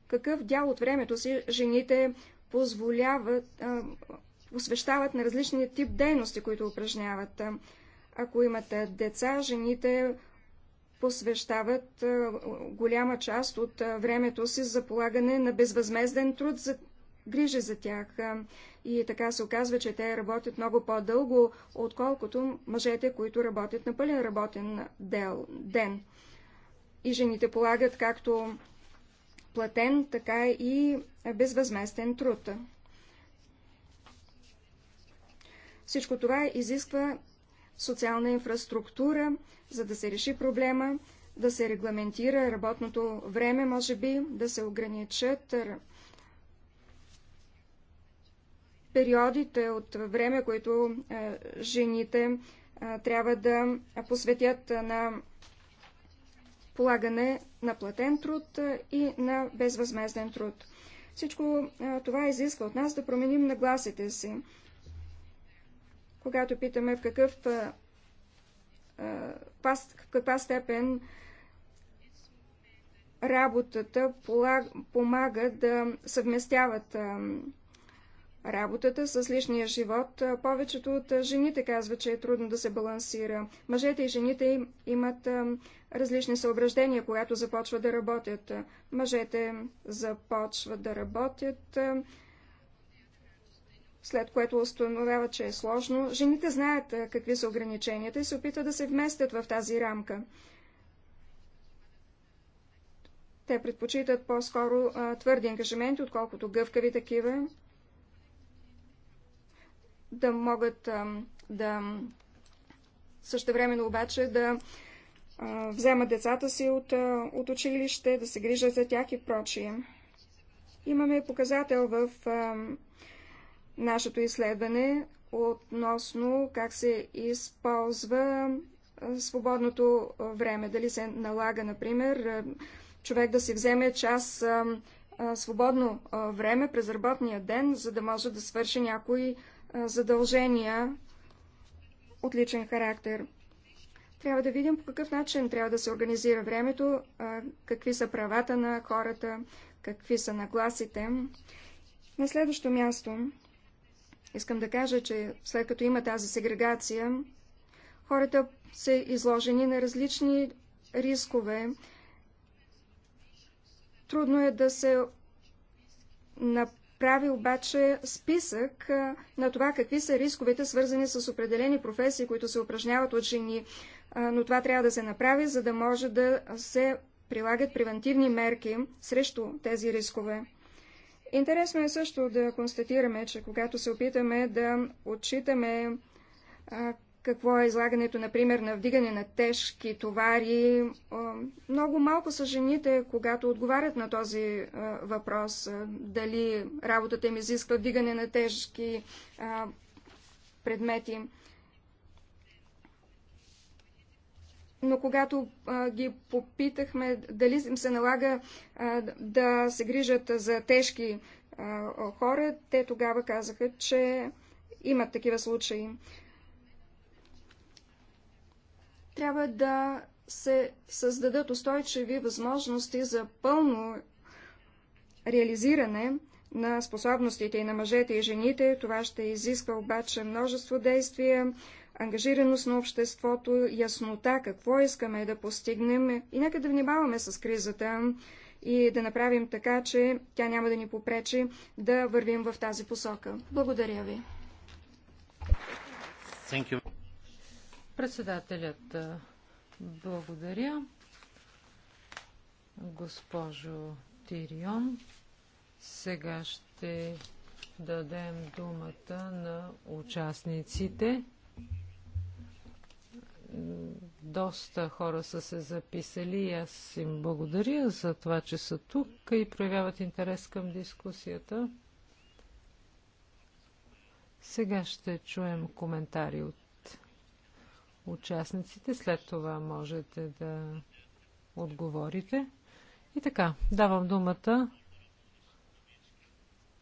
какъв дял от времето си жените позволяват, освещават на различния тип дейности, които упражняват. Ако имате деца, жените посвещават голяма част от времето си за полагане на безвъзмезден труд за Грижа за тях. И така се оказва, че те работят много по-дълго, отколкото мъжете, които работят на пълен работен дел, ден. И жените полагат както платен, така и безвъзместен труд. Всичко това изисква социална инфраструктура, за да се реши проблема, да се регламентира работното време, може би, да се ограничат периодите от време, които е, жените е, трябва да посветят на полагане на платен труд е, и на безвъзмезден труд. Всичко това изисква от нас да променим нагласите си. Когато питаме в, какъв, в каква степен работата помага да съвместяват работата с личния живот. Повечето от жените казват, че е трудно да се балансира. Мъжете и жените имат различни съображения, когато започват да работят. Мъжете започват да работят, след което установяват, че е сложно. Жените знаят какви са ограниченията и се опитват да се вместят в тази рамка. Те предпочитат по-скоро твърди ангажименти, отколкото гъвкави такива да могат да същевременно обаче да вземат децата си от, от училище, да се грижат за тях и прочие. Имаме показател в нашето изследване относно как се използва свободното време. Дали се налага, например, човек да си вземе час свободно време през работния ден, за да може да свърши някои задължения от личен характер. Трябва да видим по какъв начин трябва да се организира времето, какви са правата на хората, какви са нагласите. На следващо място искам да кажа, че след като има тази сегрегация, хората са изложени на различни рискове. Трудно е да се направи прави обаче списък на това какви са рисковете, свързани с определени професии, които се упражняват от жени. Но това трябва да се направи, за да може да се прилагат превентивни мерки срещу тези рискове. Интересно е също да констатираме, че когато се опитаме да отчитаме какво е излагането, например, на вдигане на тежки товари. Много малко са жените, когато отговарят на този е, въпрос, е, дали работата им изисква вдигане на тежки е, предмети. Но когато ги попитахме дали им се налага да се грижат за тежки хора, те тогава казаха, че имат такива случаи. Трябва да се създадат устойчиви възможности за пълно реализиране на способностите и на мъжете и жените. Това ще изисква обаче множество действия, ангажираност на обществото, яснота какво искаме да постигнем и нека да внимаваме с кризата и да направим така, че тя няма да ни попречи да вървим в тази посока. Благодаря ви. Председателят, благодаря. Госпожо Тирион, сега ще дадем думата на участниците. Доста хора са се записали и аз им благодаря за това, че са тук и проявяват интерес към дискусията. Сега ще чуем коментари от участниците. След това можете да отговорите. И така, давам думата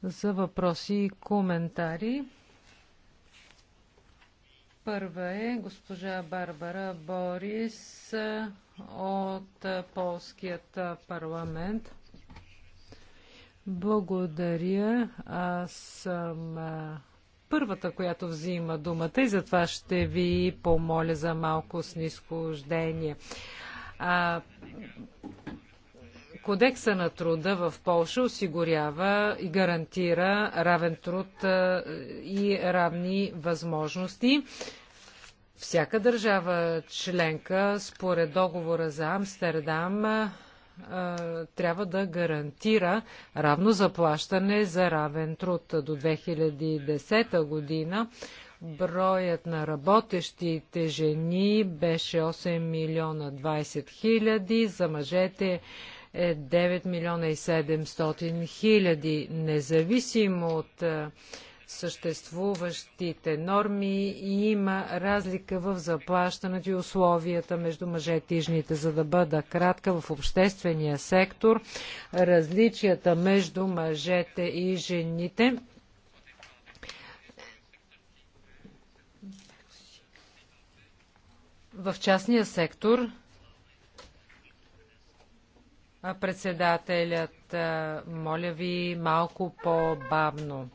за въпроси и коментари. Първа е госпожа Барбара Борис от Полският парламент. Благодаря. Аз съм първата, която взима думата и затова ще ви помоля за малко снисхождение. А, Кодекса на труда в Полша осигурява и гарантира равен труд и равни възможности. Всяка държава членка, според договора за Амстердам, трябва да гарантира равно заплащане за равен труд. До 2010 година броят на работещите жени беше 8 милиона 20 хиляди, за мъжете е 9 милиона и 700 хиляди. Независимо от съществуващите норми и има разлика в заплащането и условията между мъжете и жените. За да бъда кратка, в обществения сектор различията между мъжете и жените в частния сектор председателят моля ви малко по-бавно.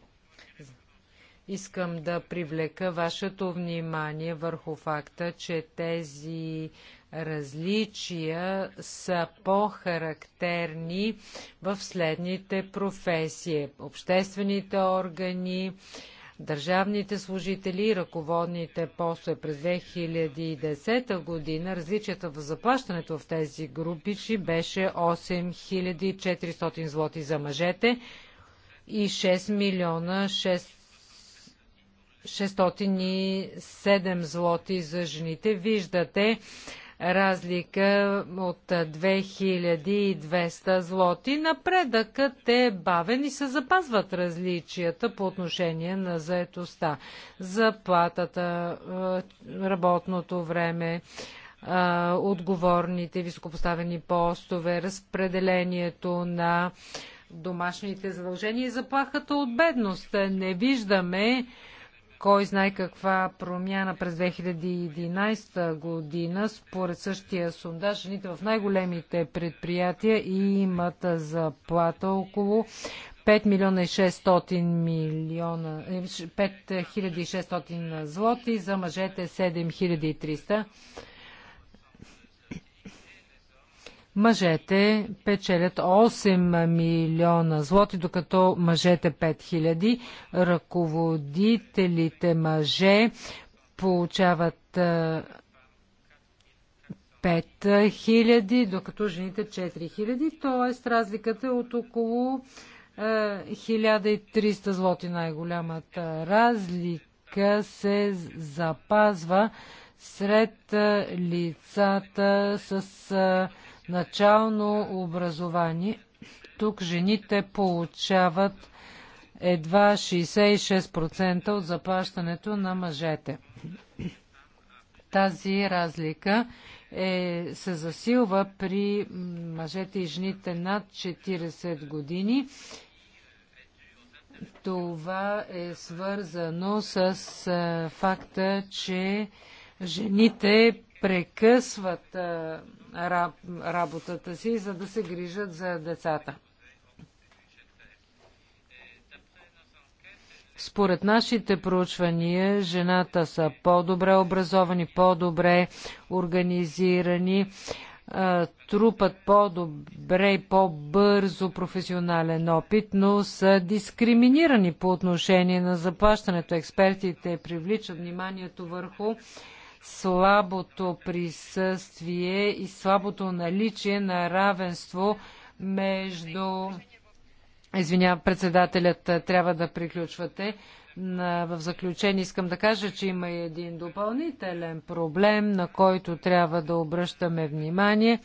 Искам да привлека вашето внимание върху факта, че тези различия са по-характерни в следните професии. Обществените органи, държавните служители и ръководните постове през 2010 година различията в заплащането в тези групи беше 8400 злоти за мъжете и 6 милиона 6 607 злоти за жените. Виждате разлика от 2200 злоти. Напредъкът е бавен и се запазват различията по отношение на заетостта, заплатата, е, работното време, е, отговорните високопоставени постове, разпределението на домашните задължения и заплахата от бедност. Не виждаме кой знае каква промяна през 2011 година. Според същия сондаж, жените в най-големите предприятия имат заплата около 5 милиона и 600 милиона, 5600 е, злоти, за мъжете 7300 мъжете печелят 8 милиона злоти, докато мъжете 5000. Ръководителите мъже получават 5000, докато жените 4000, т.е. разликата е от около 1300 злоти. Най-голямата разлика се запазва сред лицата с начално образование. Тук жените получават едва 66% от заплащането на мъжете. Тази разлика е, се засилва при мъжете и жените над 40 години. Това е свързано с факта, че жените прекъсват работата си, за да се грижат за децата. Според нашите проучвания, жената са по-добре образовани, по-добре организирани, трупат по-добре и по-бързо професионален опит, но са дискриминирани по отношение на заплащането. Експертите привличат вниманието върху слабото присъствие и слабото наличие на равенство между... Извиня, председателят трябва да приключвате. В заключение искам да кажа, че има и един допълнителен проблем, на който трябва да обръщаме внимание.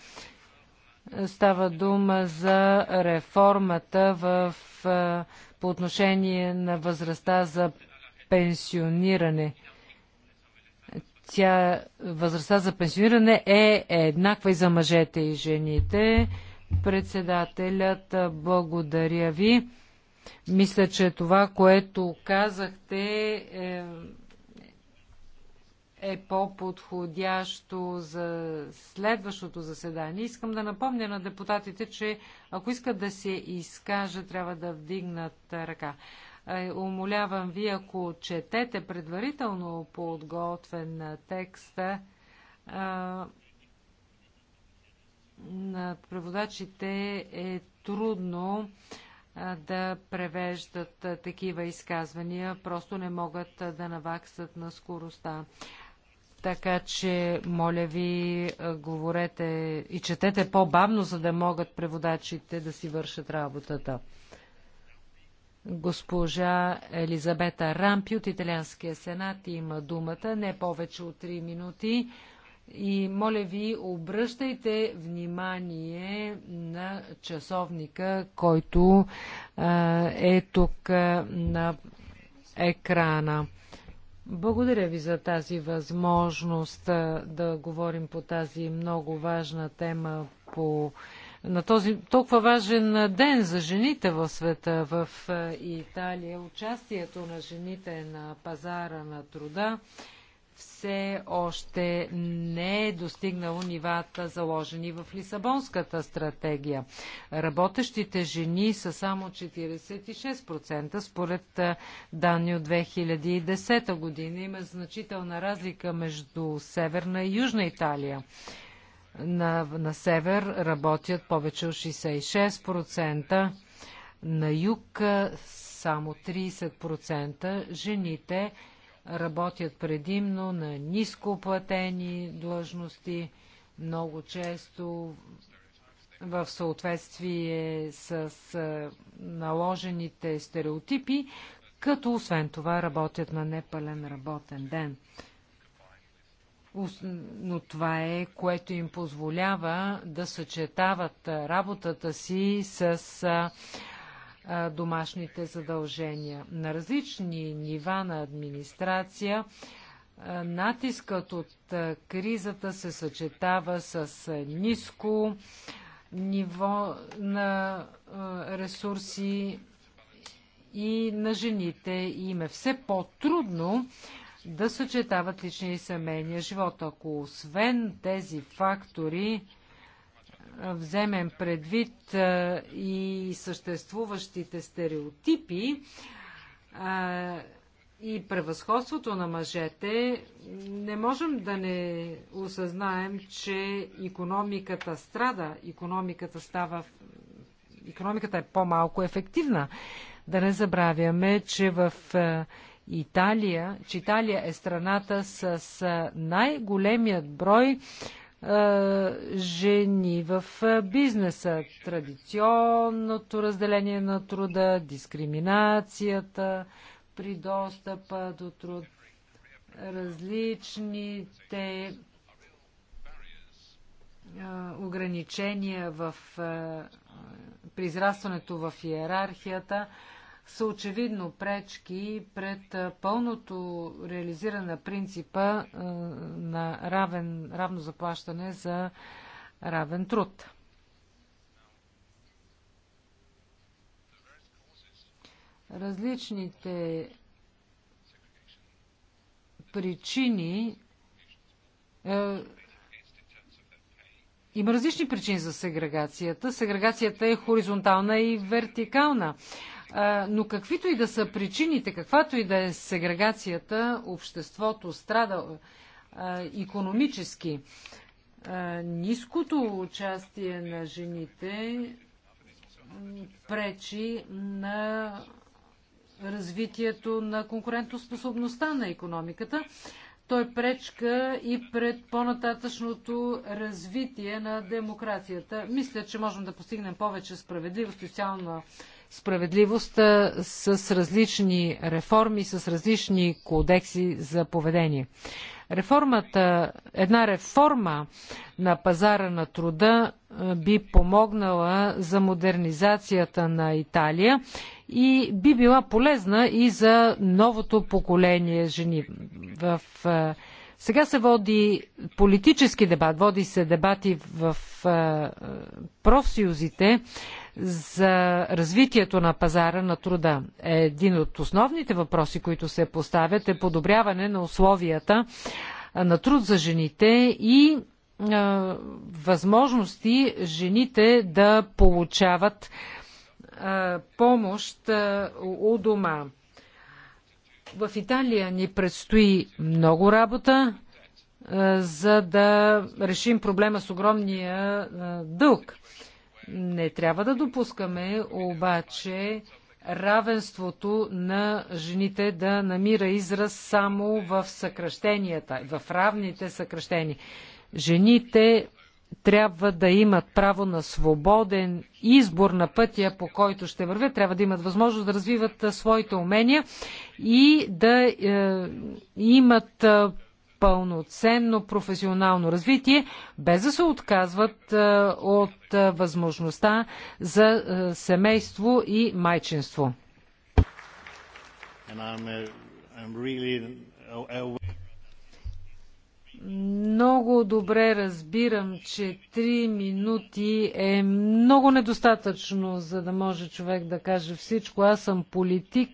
Става дума за реформата в, по отношение на възрастта за пенсиониране – тя, възрастта за пенсиониране е еднаква и за мъжете и жените. Председателят, благодаря ви. Мисля, че това, което казахте, е, е по-подходящо за следващото заседание. Искам да напомня на депутатите, че ако искат да се изкажат, трябва да вдигнат ръка. Е, умолявам ви, ако четете предварително подготвен текст, е, на преводачите е трудно е, да превеждат такива изказвания, просто не могат да наваксат на скоростта. Така че, моля ви, говорете и четете по-бавно, за да могат преводачите да си вършат работата. Госпожа Елизабета Рампи от Италианския сенат има думата не повече от 3 минути. И моля ви, обръщайте внимание на часовника, който е тук на екрана. Благодаря ви за тази възможност да говорим по тази много важна тема по на този толкова важен ден за жените в света, в Италия. Участието на жените на пазара на труда все още не е достигнало нивата, заложени в Лисабонската стратегия. Работещите жени са само 46%, според данни от 2010 година. Има значителна разлика между Северна и Южна Италия на, на север работят повече от 66%, на юг само 30%. Жените работят предимно на нископлатени длъжности, много често в съответствие с наложените стереотипи, като освен това работят на непълен работен ден но това е, което им позволява да съчетават работата си с домашните задължения. На различни нива на администрация натискът от кризата се съчетава с ниско ниво на ресурси и на жените им е все по-трудно да съчетават личния и семейния живот. Ако освен тези фактори вземем предвид и съществуващите стереотипи и превъзходството на мъжете, не можем да не осъзнаем, че економиката страда, економиката става економиката е по-малко ефективна. Да не забравяме, че в Италия, че Италия е страната с най-големият брой жени в бизнеса, традиционното разделение на труда, дискриминацията при достъпа до труд, различните ограничения в, при израстването в иерархията, са очевидно пречки пред пълното реализиране на принципа на равен, равно заплащане за равен труд. Различните причини е, има различни причини за сегрегацията. Сегрегацията е хоризонтална и вертикална. Но каквито и да са причините, каквато и да е сегрегацията, обществото страда економически. Ниското участие на жените пречи на развитието на конкурентоспособността на економиката. Той пречка и пред по-нататъчното развитие на демокрацията. Мисля, че можем да постигнем повече справедливост и социална справедливост с различни реформи, с различни кодекси за поведение. Реформата, една реформа на пазара на труда би помогнала за модернизацията на Италия и би била полезна и за новото поколение жени. В, сега се води политически дебат, води се дебати в профсъюзите за развитието на пазара на труда. Е, един от основните въпроси, които се поставят е подобряване на условията на труд за жените и е, възможности жените да получават е, помощ е, у дома. В Италия ни предстои много работа, за да решим проблема с огромния дълг не трябва да допускаме обаче равенството на жените да намира израз само в съкръщенията, в равните съкръщения. Жените трябва да имат право на свободен избор на пътя, по който ще вървят, трябва да имат възможност да развиват своите умения и да е, имат пълноценно професионално развитие, без да се отказват е, от е, възможността за е, семейство и майчинство. Uh, uh, uh, много добре разбирам, че 3 минути е много недостатъчно, за да може човек да каже всичко. Аз съм политик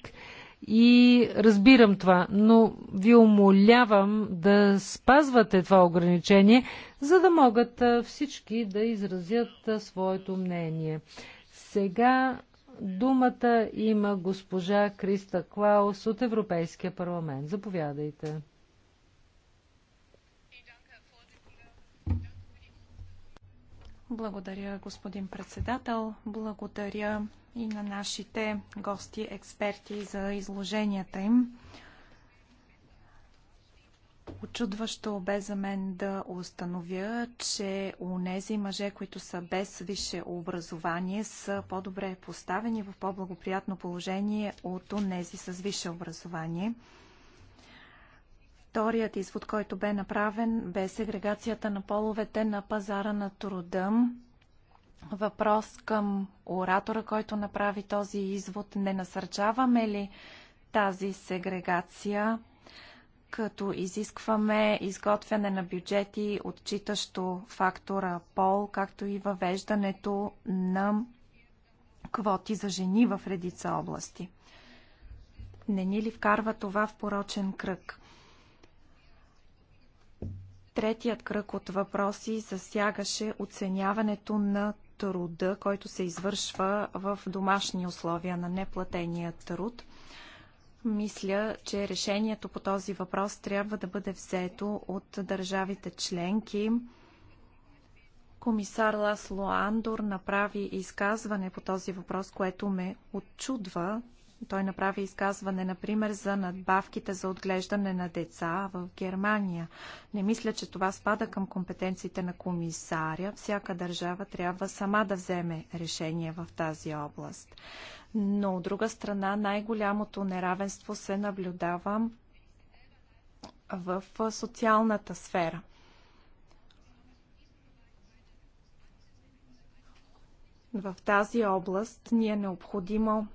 и разбирам това, но ви умолявам да спазвате това ограничение, за да могат всички да изразят своето мнение. Сега думата има госпожа Криста Клаус от Европейския парламент. Заповядайте. Благодаря, господин председател. Благодаря и на нашите гости, експерти за изложенията им. Очудващо бе за мен да установя, че у нези мъже, които са без висше образование, са по-добре поставени в по-благоприятно положение от у нези с висше образование. Вторият извод, който бе направен, бе сегрегацията на половете на пазара на труда. Въпрос към оратора, който направи този извод. Не насърчаваме ли тази сегрегация, като изискваме изготвяне на бюджети, отчитащо фактора пол, както и въвеждането на квоти за жени в редица области? Не ни ли вкарва това в порочен кръг? Третият кръг от въпроси засягаше оценяването на труда, който се извършва в домашни условия на неплатения труд. Мисля, че решението по този въпрос трябва да бъде взето от държавите членки. Комисар Ласло Андор направи изказване по този въпрос, което ме отчудва. Той направи изказване, например, за надбавките за отглеждане на деца в Германия. Не мисля, че това спада към компетенциите на комисаря. Всяка държава трябва сама да вземе решение в тази област. Но от друга страна, най-голямото неравенство се наблюдава в социалната сфера. В тази област ни е необходимо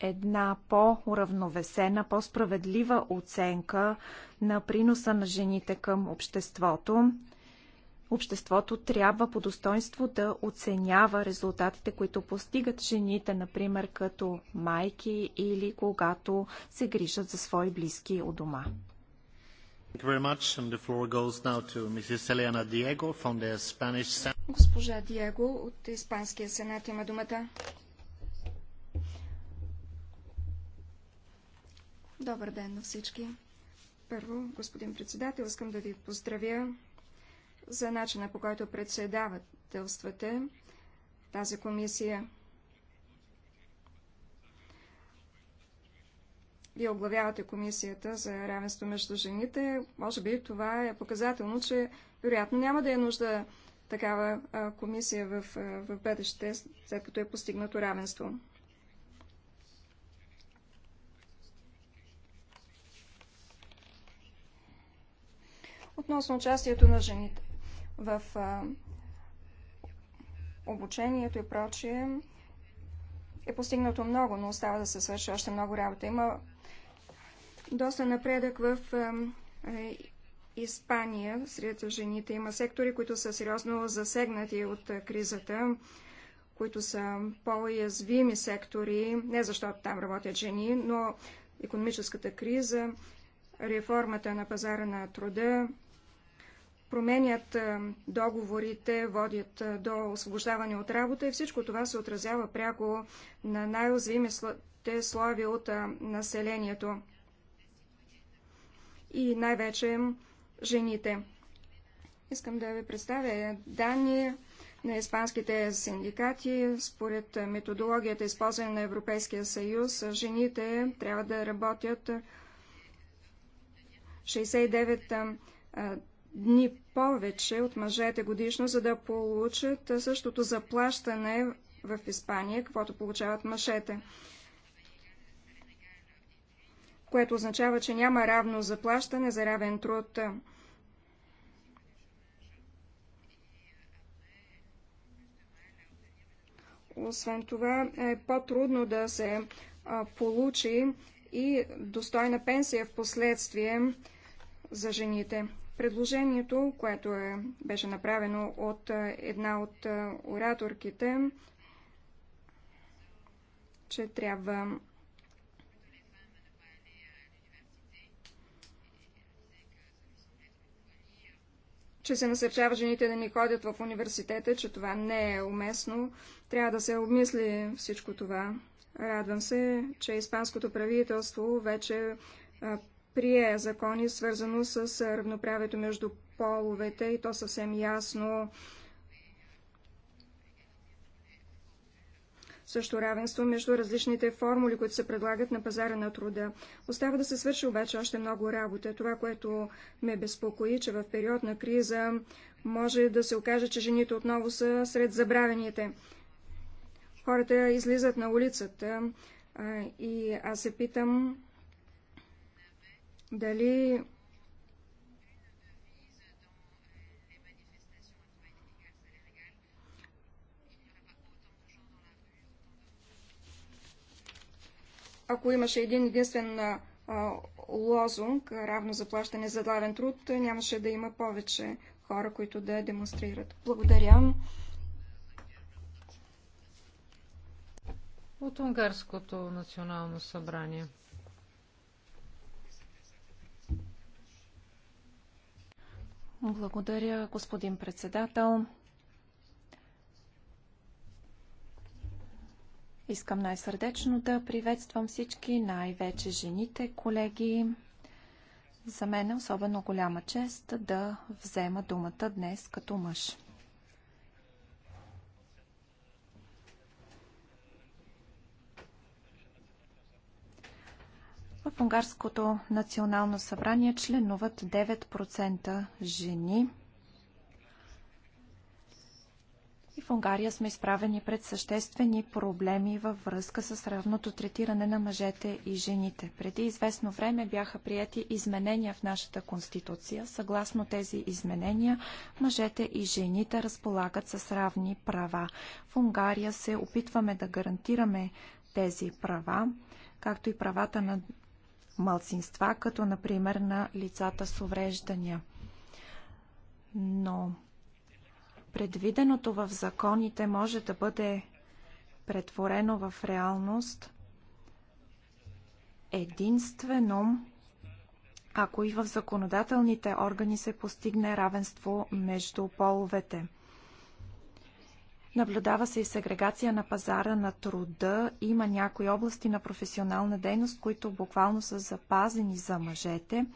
една по-уравновесена, по-справедлива оценка на приноса на жените към обществото. Обществото трябва по достоинство да оценява резултатите, които постигат жените, например като майки или когато се грижат за свои близки у дома. Госпожа Диего от Испанския сенат има думата. Добър ден на всички. Първо, господин председател, искам да ви поздравя за начина по който председавателствате тази комисия. Вие оглавявате комисията за равенство между жените. Може би това е показателно, че вероятно няма да е нужда такава комисия в, в бъдеще, след като е постигнато равенство. относно участието на жените в а, обучението и прочие. Е постигнато много, но остава да се свърши още много работа. Има доста напредък в а, е, Испания. Сред жените има сектори, които са сериозно засегнати от кризата които са по-язвими сектори, не защото там работят жени, но економическата криза, реформата на пазара на труда, променят е, договорите, водят е, до освобождаване от работа и всичко това се отразява пряко на най-уязвимите слави от е, населението и най-вече жените. Искам да ви представя данни на испанските синдикати. Според методологията, използвана на Европейския съюз, жените трябва да работят 69 дни повече от мъжете годишно, за да получат същото заплащане в Испания, каквото получават мъжете. Което означава, че няма равно заплащане за равен труд. Освен това е по-трудно да се получи и достойна пенсия в последствие за жените. Предложението, което е, беше направено от е, една от е, ораторките, че трябва че се насърчава жените да ни ходят в университета, че това не е уместно. Трябва да се обмисли всичко това. Радвам се, че Испанското правителство вече прие закони, свързано с равноправието между половете и то съвсем ясно. Също равенство между различните формули, които се предлагат на пазара на труда. Остава да се свърши обаче още много работа. Това, което ме безпокои, че в период на криза може да се окаже, че жените отново са сред забравените. Хората излизат на улицата и аз се питам дали ако имаше един единствен а, лозунг, равно заплащане за главен труд, нямаше да има повече хора, които да демонстрират. Благодаря. От Унгарското национално събрание. Благодаря, господин председател. Искам най-сърдечно да приветствам всички, най-вече жените, колеги. За мен е особено голяма чест да взема думата днес като мъж. Унгарското национално събрание членуват 9% жени. И в Унгария сме изправени пред съществени проблеми във връзка с равното третиране на мъжете и жените. Преди известно време бяха прияти изменения в нашата конституция. Съгласно тези изменения, мъжете и жените разполагат с равни права. В Унгария се опитваме да гарантираме тези права, както и правата на малцинства, като например на лицата с увреждания. Но предвиденото в законите може да бъде претворено в реалност единствено ако и в законодателните органи се постигне равенство между половете. Наблюдава се и сегрегация на пазара на труда. Има някои области на професионална дейност, които буквално са запазени за мъжете.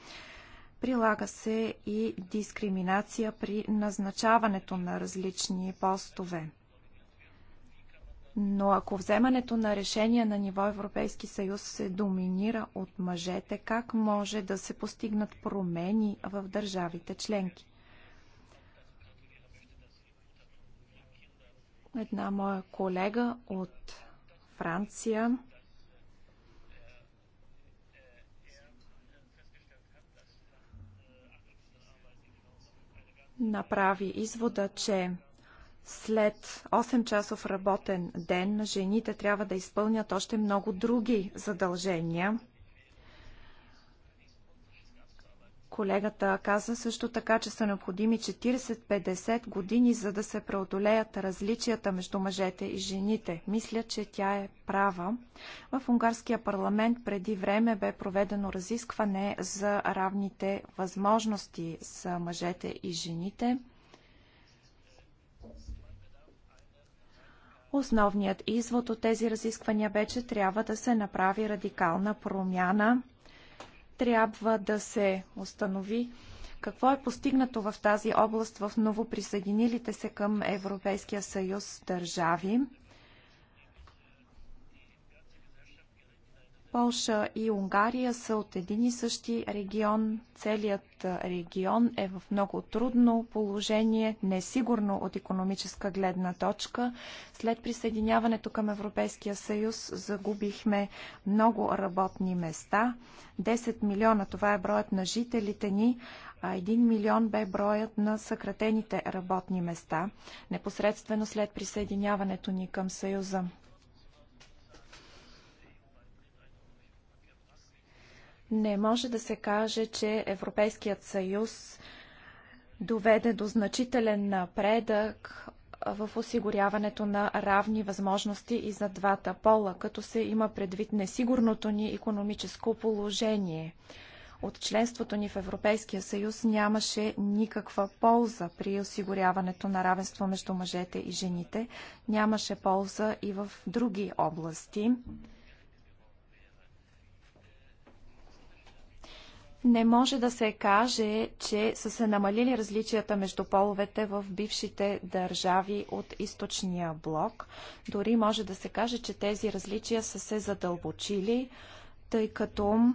Прилага се и дискриминация при назначаването на различни постове. Но ако вземането на решения на ниво Европейски съюз се доминира от мъжете, как може да се постигнат промени в държавите членки? Една моя колега от Франция направи извода, че след 8 часов работен ден жените трябва да изпълнят още много други задължения – Колегата каза също така, че са необходими 40-50 години, за да се преодолеят различията между мъжете и жените. Мисля, че тя е права. В унгарския парламент преди време бе проведено разискване за равните възможности за мъжете и жените. Основният извод от тези разисквания бе, че трябва да се направи радикална промяна трябва да се установи какво е постигнато в тази област в новоприсъединилите се към Европейския съюз държави. Полша и Унгария са от един и същи регион. Целият регион е в много трудно положение, несигурно от економическа гледна точка. След присъединяването към Европейския съюз загубихме много работни места. 10 милиона, това е броят на жителите ни, а 1 милион бе броят на съкратените работни места, непосредствено след присъединяването ни към Съюза. Не може да се каже, че Европейският съюз доведе до значителен напредък в осигуряването на равни възможности и за двата пола, като се има предвид несигурното ни економическо положение. От членството ни в Европейския съюз нямаше никаква полза при осигуряването на равенство между мъжете и жените. Нямаше полза и в други области. Не може да се каже, че са се намалили различията между половете в бившите държави от източния блок. Дори може да се каже, че тези различия са се задълбочили, тъй като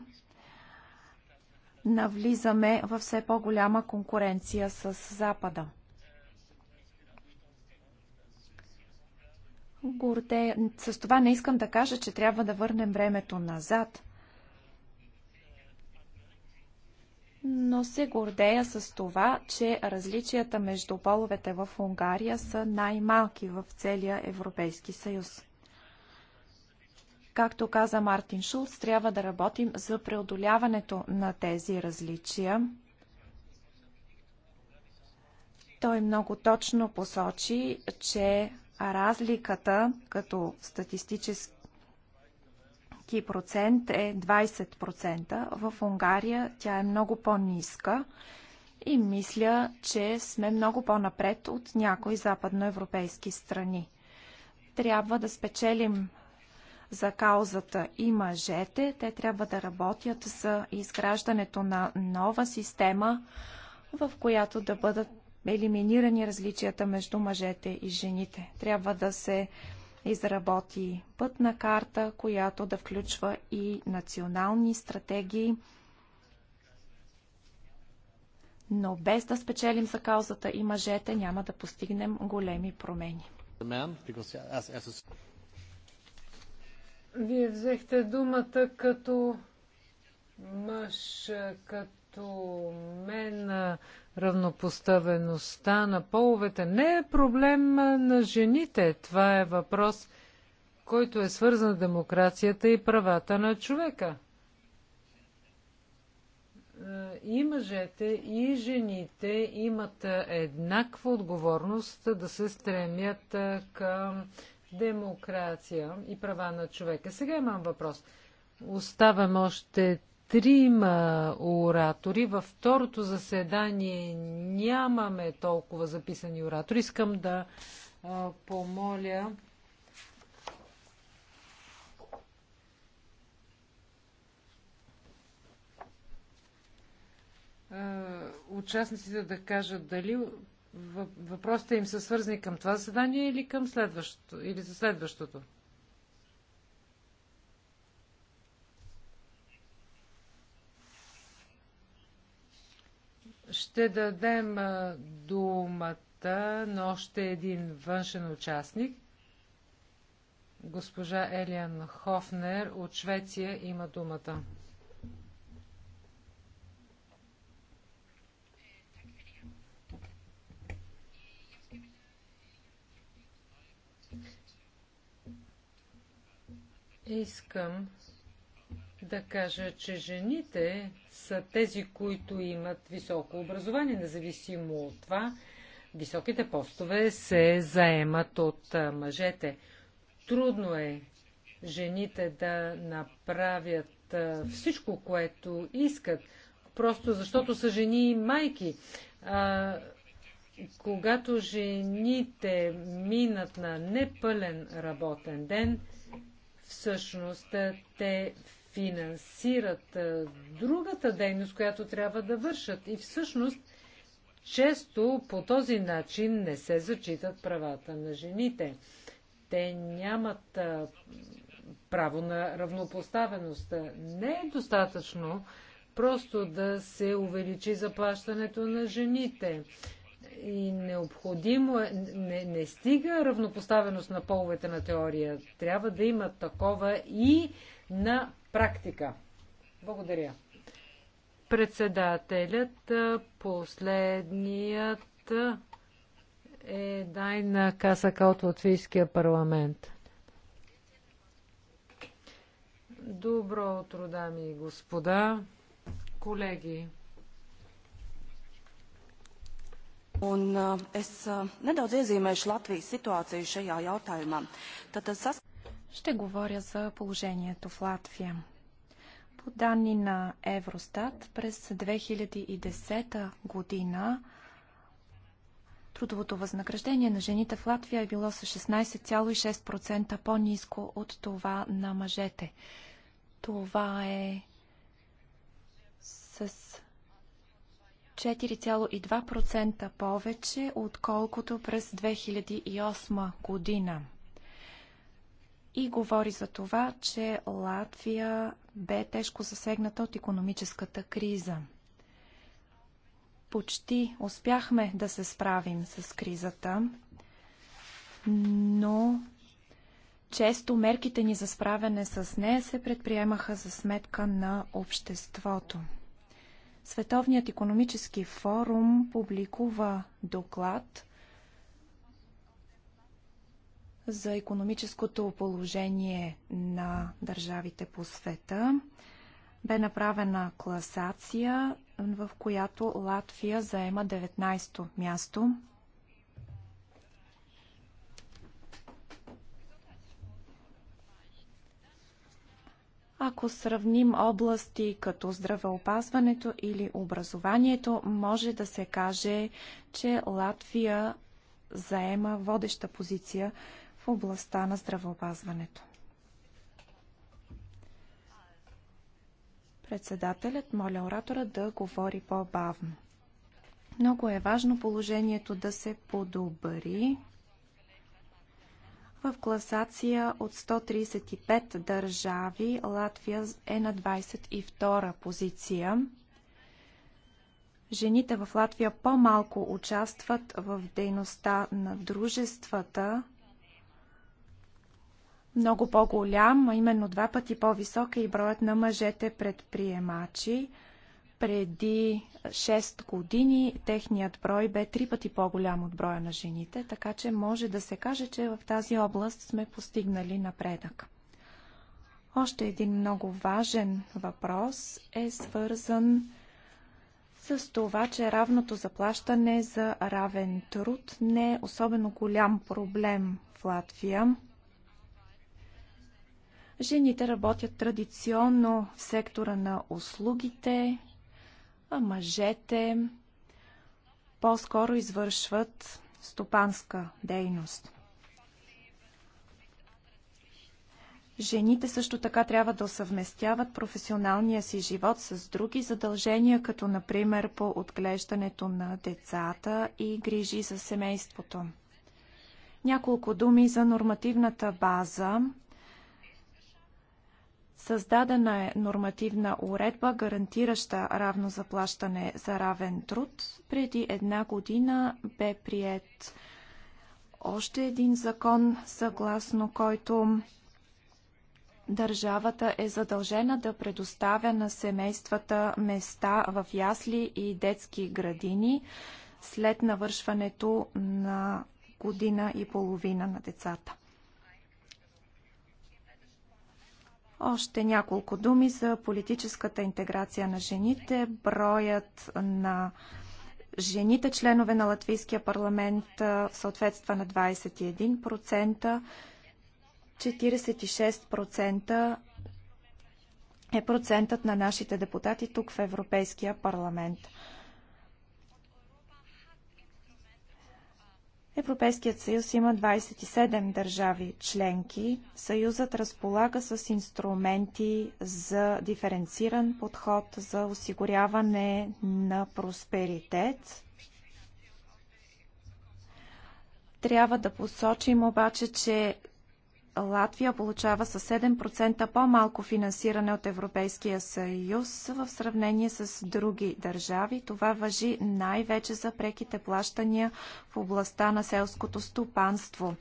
навлизаме в все по-голяма конкуренция с Запада. Горде... С това не искам да кажа, че трябва да върнем времето назад – но се гордея с това, че различията между половете в Унгария са най-малки в целия Европейски съюз. Както каза Мартин Шулц, трябва да работим за преодоляването на тези различия. Той много точно посочи, че разликата като статистически български процент е 20%. В Унгария тя е много по-ниска и мисля, че сме много по-напред от някои западноевропейски страни. Трябва да спечелим за каузата и мъжете. Те трябва да работят за изграждането на нова система, в която да бъдат елиминирани различията между мъжете и жените. Трябва да се изработи пътна карта, която да включва и национални стратегии, но без да спечелим за каузата и мъжете няма да постигнем големи промени. Вие взехте думата като мъж, като мен равнопоставеността на половете не е проблем на жените. Това е въпрос, който е свързан с демокрацията и правата на човека. И мъжете, и жените имат еднаква отговорност да се стремят към демокрация и права на човека. Сега имам въпрос. Оставам още трима оратори. Във второто заседание нямаме толкова записани оратори. Искам да а, помоля участниците да кажат дали въпросите им са свързани към това заседание или към следващото, или за следващото. Ще дадем думата на още един външен участник. Госпожа Елиан Хофнер от Швеция има думата. Искам да кажа, че жените са тези, които имат високо образование, независимо от това. Високите постове се заемат от мъжете. Трудно е жените да направят всичко, което искат, просто защото са жени и майки. А, когато жените минат на непълен работен ден, всъщност те финансират другата дейност, която трябва да вършат. И всъщност често по този начин не се зачитат правата на жените. Те нямат право на равнопоставеност. Не е достатъчно просто да се увеличи заплащането на жените. И необходимо е, не, не стига равнопоставеност на половете на теория. Трябва да има такова и на практика. Благодаря. Председателят, последният е Дайна Касака от Латвийския парламент. Добро утро, дами и господа, колеги. Un es nedaudz iezīmēšu Latvijas situāciju šajā jautājumā. Tad tas sas... Ще говоря за положението в Латвия. По данни на Евростат, през 2010 година трудовото възнаграждение на жените в Латвия е било с 16,6% по-низко от това на мъжете. Това е с 4,2% повече, отколкото през 2008 година и говори за това, че Латвия бе тежко засегната от економическата криза. Почти успяхме да се справим с кризата, но често мерките ни за справяне с нея се предприемаха за сметка на обществото. Световният економически форум публикува доклад, за економическото положение на държавите по света бе направена класация, в която Латвия заема 19-то място. Ако сравним области като здравеопазването или образованието, може да се каже, че Латвия заема водеща позиция областта на здравеопазването. Председателят моля оратора да говори по-бавно. Много е важно положението да се подобри. В класация от 135 държави Латвия е на 22 позиция. Жените в Латвия по-малко участват в дейността на дружествата, много по-голям, а именно два пъти по-висок е и броят на мъжете предприемачи. Преди 6 години техният брой бе три пъти по-голям от броя на жените, така че може да се каже, че в тази област сме постигнали напредък. Още един много важен въпрос е свързан с това, че равното заплащане за равен труд не е особено голям проблем в Латвия. Жените работят традиционно в сектора на услугите, а мъжете по-скоро извършват стопанска дейност. Жените също така трябва да съвместяват професионалния си живот с други задължения, като например по отглеждането на децата и грижи за семейството. Няколко думи за нормативната база Създадена е нормативна уредба, гарантираща равно заплащане за равен труд. Преди една година бе прият още един закон, съгласно който държавата е задължена да предоставя на семействата места в ясли и детски градини след навършването на година и половина на децата. Още няколко думи за политическата интеграция на жените. Броят на жените членове на Латвийския парламент съответства на 21%. 46% е процентът на нашите депутати тук в Европейския парламент. Европейският съюз има 27 държави членки. Съюзът разполага с инструменти за диференциран подход за осигуряване на просперитет. Трябва да посочим обаче, че Латвия получава със 7% по-малко финансиране от Европейския съюз в сравнение с други държави. Това въжи най-вече за преките плащания в областта на селското стопанство.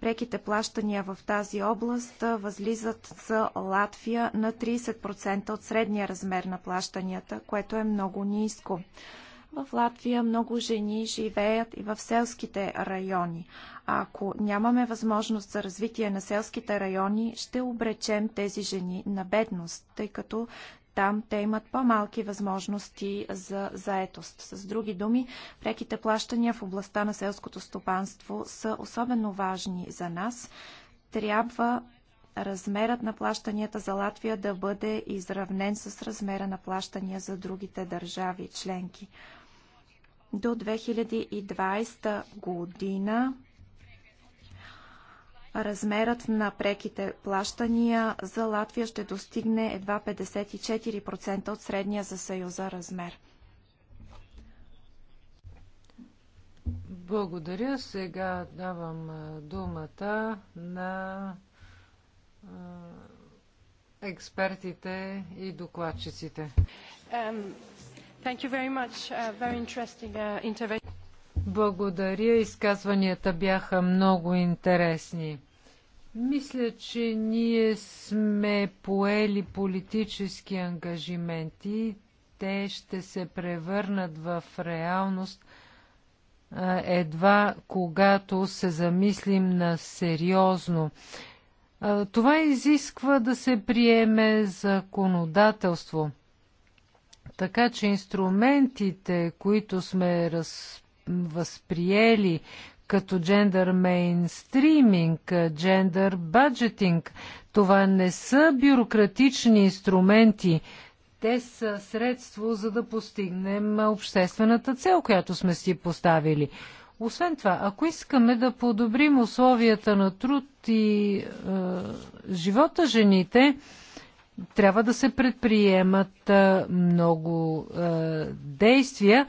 Преките плащания в тази област възлизат за Латвия на 30% от средния размер на плащанията, което е много ниско. В Латвия много жени живеят и в селските райони. А ако нямаме възможност за развитие на селските райони, ще обречем тези жени на бедност, тъй като там те имат по-малки възможности за заетост. С други думи, преките плащания в областта на селското стопанство са особено важни за нас. Трябва размерът на плащанията за Латвия да бъде изравнен с размера на плащания за другите държави членки до 2020 година размерът на преките плащания за Латвия ще достигне едва 54% от средния за Съюза размер. Благодаря. Сега давам думата на експертите и докладчиците. Um... Uh, uh, Благодаря. Изказванията бяха много интересни. Мисля, че ние сме поели политически ангажименти. Те ще се превърнат в реалност едва когато се замислим на сериозно. Това изисква да се приеме законодателство – така че инструментите, които сме раз... възприели като джендър мейнстриминг, джендър баджетинг, това не са бюрократични инструменти. Те са средство за да постигнем обществената цел, която сме си поставили. Освен това, ако искаме да подобрим условията на труд и е, живота жените, трябва да се предприемат много е, действия,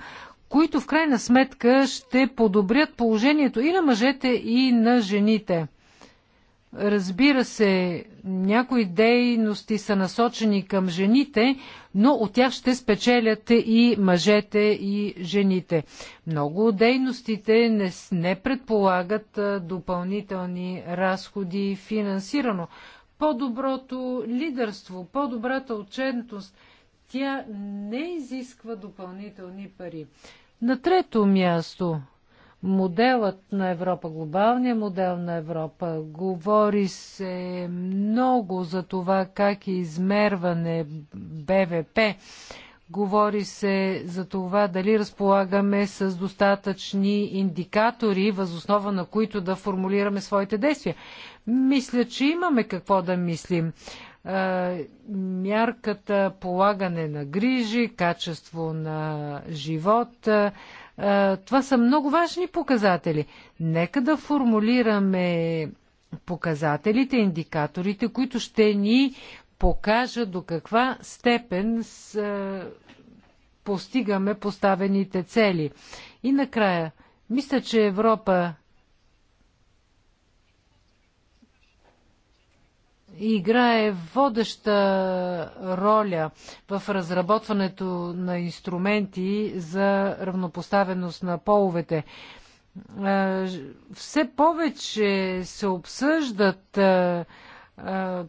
които в крайна сметка ще подобрят положението и на мъжете, и на жените. Разбира се, някои дейности са насочени към жените, но от тях ще спечелят и мъжете, и жените. Много дейностите не, не предполагат допълнителни разходи финансирано по-доброто лидерство, по-добрата отчетност. Тя не изисква допълнителни пари. На трето място, моделът на Европа, глобалният модел на Европа, говори се много за това как е измерване БВП. Говори се за това дали разполагаме с достатъчни индикатори, възоснова на които да формулираме своите действия. Мисля, че имаме какво да мислим. Мярката полагане на грижи, качество на живот, това са много важни показатели. Нека да формулираме показателите, индикаторите, които ще ни покажа до каква степен с, е, постигаме поставените цели. И накрая, мисля, че Европа играе водеща роля в разработването на инструменти за равнопоставеност на половете. Е, все повече се обсъждат е,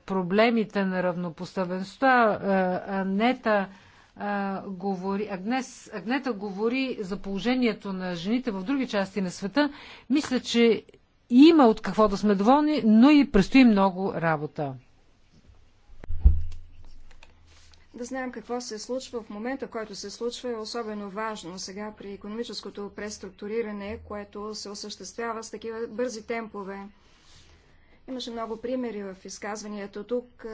проблемите на равнопоставеността. Анета говори, Агнес, Агнета говори за положението на жените в други части на света. Мисля, че има от какво да сме доволни, но и предстои много работа. Да знаем какво се случва в момента, в който се случва, е особено важно сега при економическото преструктуриране, което се осъществява с такива бързи темпове. Имаше много примери в изказванията тук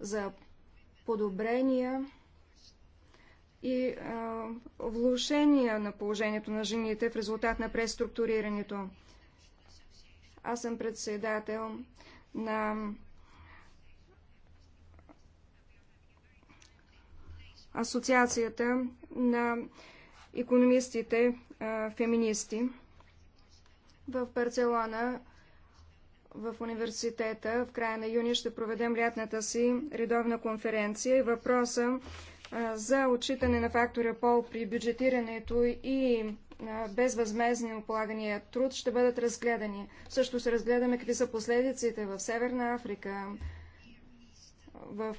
за подобрения и влушения на положението на жените в резултат на преструктурирането. Аз съм председател на Асоциацията на економистите-феминисти. В Барселона в университета. В края на юни ще проведем лятната си редовна конференция и въпроса за отчитане на фактора пол при бюджетирането и безвъзмезни полагания труд ще бъдат разгледани. Също се разгледаме какви са последиците в Северна Африка, в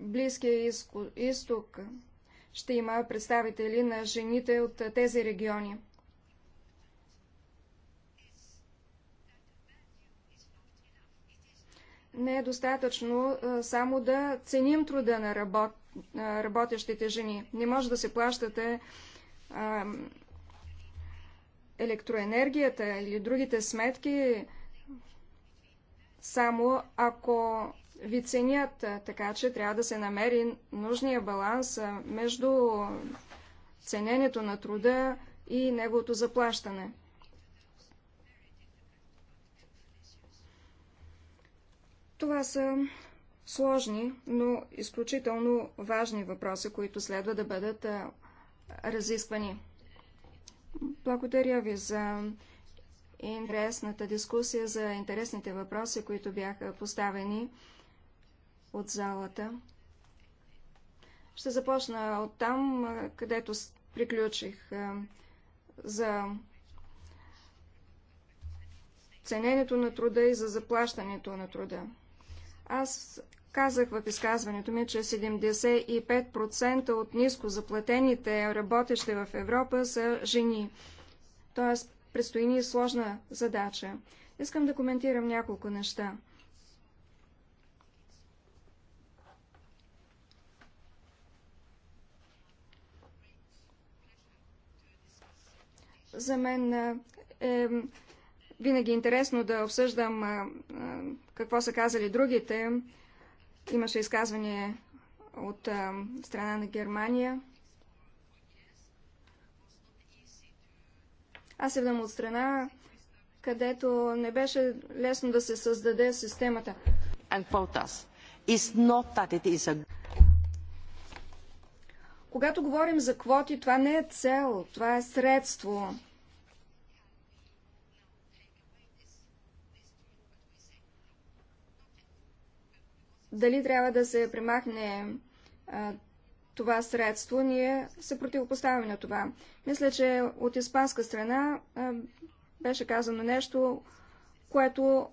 Близкия изток ще има представители на жените от тези региони. не е достатъчно само да ценим труда на, работ... работещите жени. Не може да се плащате а, електроенергията или другите сметки само ако ви ценят, така че трябва да се намери нужния баланс между цененето на труда и неговото заплащане. Това са сложни, но изключително важни въпроси, които следва да бъдат разисквани. Благодаря ви за интересната дискусия, за интересните въпроси, които бяха поставени от залата. Ще започна от там, където приключих за цененето на труда и за заплащането на труда. Аз казах в изказването ми, че 75% от ниско заплатените работещи в Европа са жени. Тоест, предстои ни сложна задача. Искам да коментирам няколко неща. За мен е винаги е интересно да обсъждам а, а, какво са казали другите. Имаше изказване от а, страна на Германия. Аз идвам от страна, където не беше лесно да се създаде системата. A... Когато говорим за квоти, това не е цел, това е средство. дали трябва да се премахне а, това средство, ние се противопоставяме на това. Мисля, че от испанска страна а, беше казано нещо, което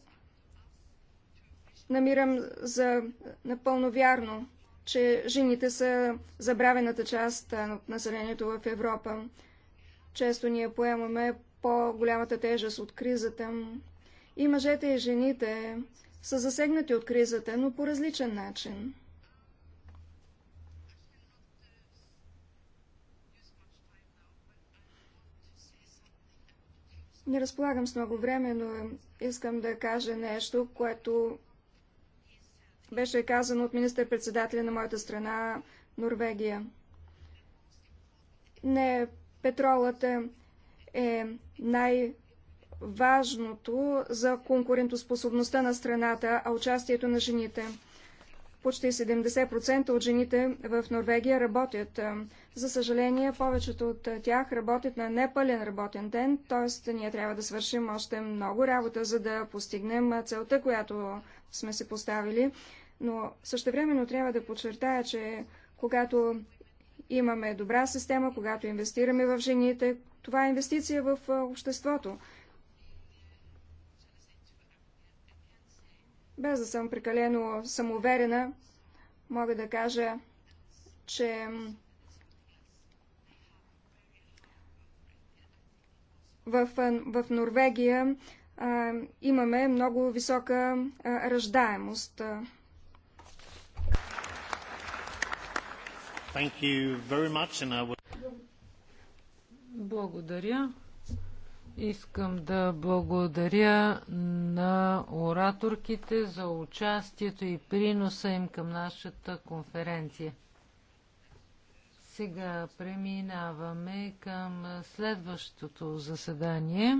намирам за напълно вярно, че жените са забравената част от населението в Европа. Често ние поемаме по-голямата тежест от кризата. И мъжете и жените са засегнати от кризата, но по различен начин. Не разполагам с много време, но искам да кажа нещо, което беше казано от министър-председателя на моята страна Норвегия. Не, петролът е най- важното за конкурентоспособността на страната, а участието на жените. Почти 70% от жените в Норвегия работят. За съжаление, повечето от тях работят на непълен работен ден, т.е. ние трябва да свършим още много работа, за да постигнем целта, която сме се поставили. Но същевременно трябва да подчертая, че когато имаме добра система, когато инвестираме в жените, това е инвестиция в обществото. Без да съм прекалено самоуверена, мога да кажа, че в, в Норвегия а, имаме много висока а, ръждаемост. Thank you very much and I Благодаря. Искам да благодаря на ораторките за участието и приноса им към нашата конференция. Сега преминаваме към следващото заседание.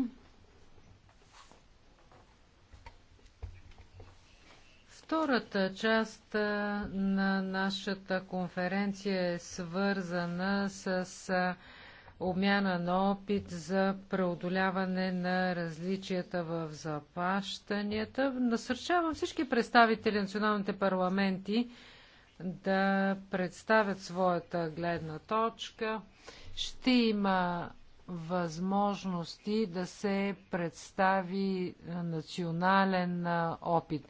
Втората част на нашата конференция е свързана с обмяна на опит за преодоляване на различията в заплащанията. Насърчавам всички представители на националните парламенти да представят своята гледна точка. Ще има възможности да се представи национален опит.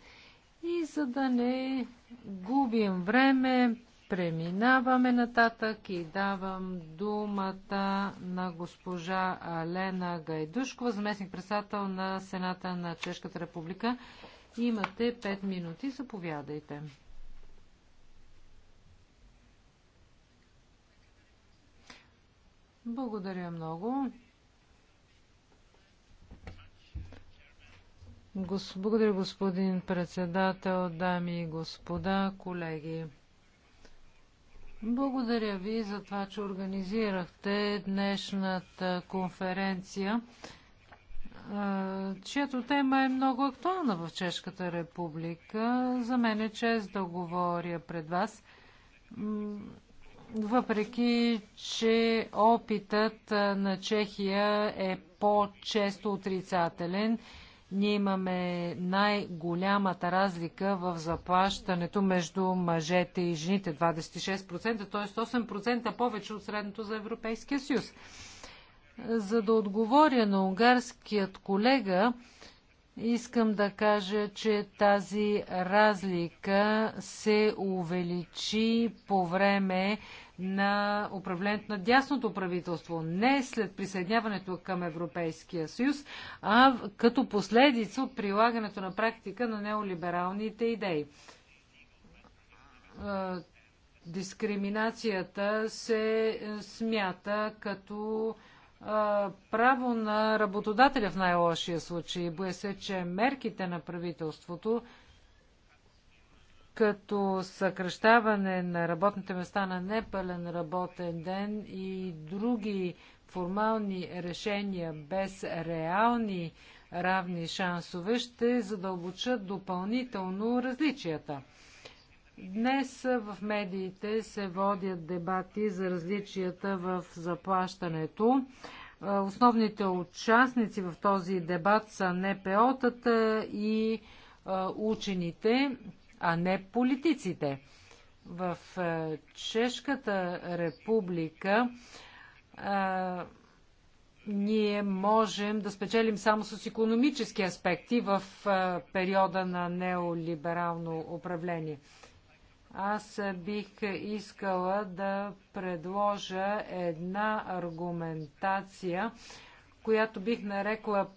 И за да не губим време, Преминаваме нататък и давам думата на госпожа Лена Гайдушкова, заместник председател на Сената на Чешката република. Имате 5 минути, заповядайте. Благодаря много. Благодаря, господин председател, дами и господа, колеги. Благодаря ви за това, че организирахте днешната конференция, чиято тема е много актуална в Чешката република. За мен е чест да говоря пред вас, въпреки че опитът на Чехия е по-често отрицателен – ние имаме най-голямата разлика в заплащането между мъжете и жените 26%, т.е. 8% повече от средното за Европейския съюз. За да отговоря на унгарският колега, искам да кажа, че тази разлика се увеличи по време на управлението на дясното правителство. Не след присъединяването към Европейския съюз, а като последица от прилагането на практика на неолибералните идеи. Дискриминацията се е, смята като право на работодателя в най-лошия случай. Боя се, че мерките на правителството като съкръщаване на работните места на непълен работен ден и други формални решения без реални равни шансове ще задълбочат допълнително различията. Днес в медиите се водят дебати за различията в заплащането. Основните участници в този дебат са НПО-тата и учените а не политиците. В е, Чешката република а, е, ние можем да спечелим само с економически аспекти в а, е, периода на неолиберално управление. Аз бих искала да предложа една аргументация, която бих нарекла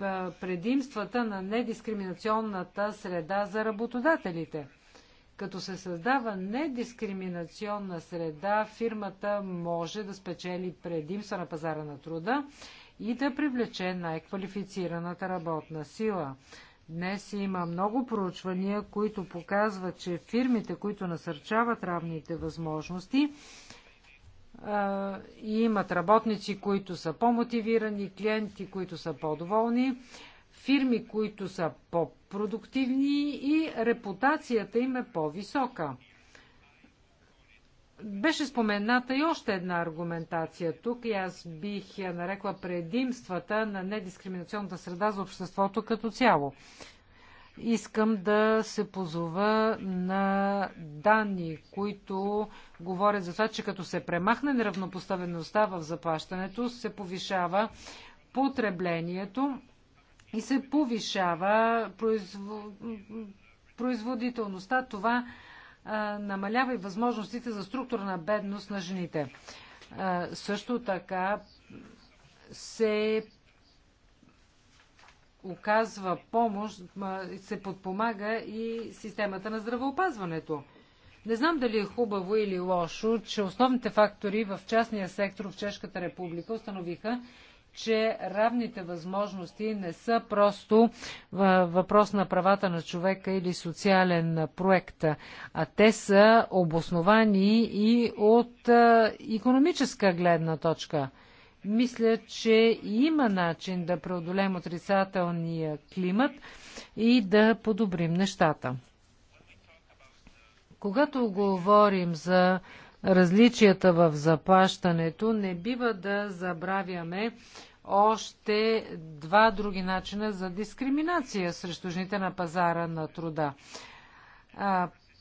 е, предимствата на недискриминационната среда за работодателите. Като се създава недискриминационна среда, фирмата може да спечели предимства на пазара на труда и да привлече най-квалифицираната работна сила. Днес има много проучвания, които показват, че фирмите, които насърчават равните възможности, и имат работници, които са по-мотивирани, клиенти, които са по-доволни, фирми, които са по-продуктивни и репутацията им е по-висока. Беше спомената и още една аргументация тук и аз бих я нарекла предимствата на недискриминационната среда за обществото като цяло. Искам да се позова на данни, които говорят за това, че като се премахне неравнопоставеността в заплащането, се повишава потреблението и се повишава производителността. Това а, намалява и възможностите за структурна бедност на жените. А, също така се оказва помощ, се подпомага и системата на здравеопазването. Не знам дали е хубаво или лошо, че основните фактори в частния сектор в Чешката република установиха, че равните възможности не са просто въпрос на правата на човека или социален проект, а те са обосновани и от економическа гледна точка – мисля, че има начин да преодолем отрицателния климат и да подобрим нещата. Когато говорим за различията в заплащането, не бива да забравяме още два други начина за дискриминация срещу жените на пазара на труда.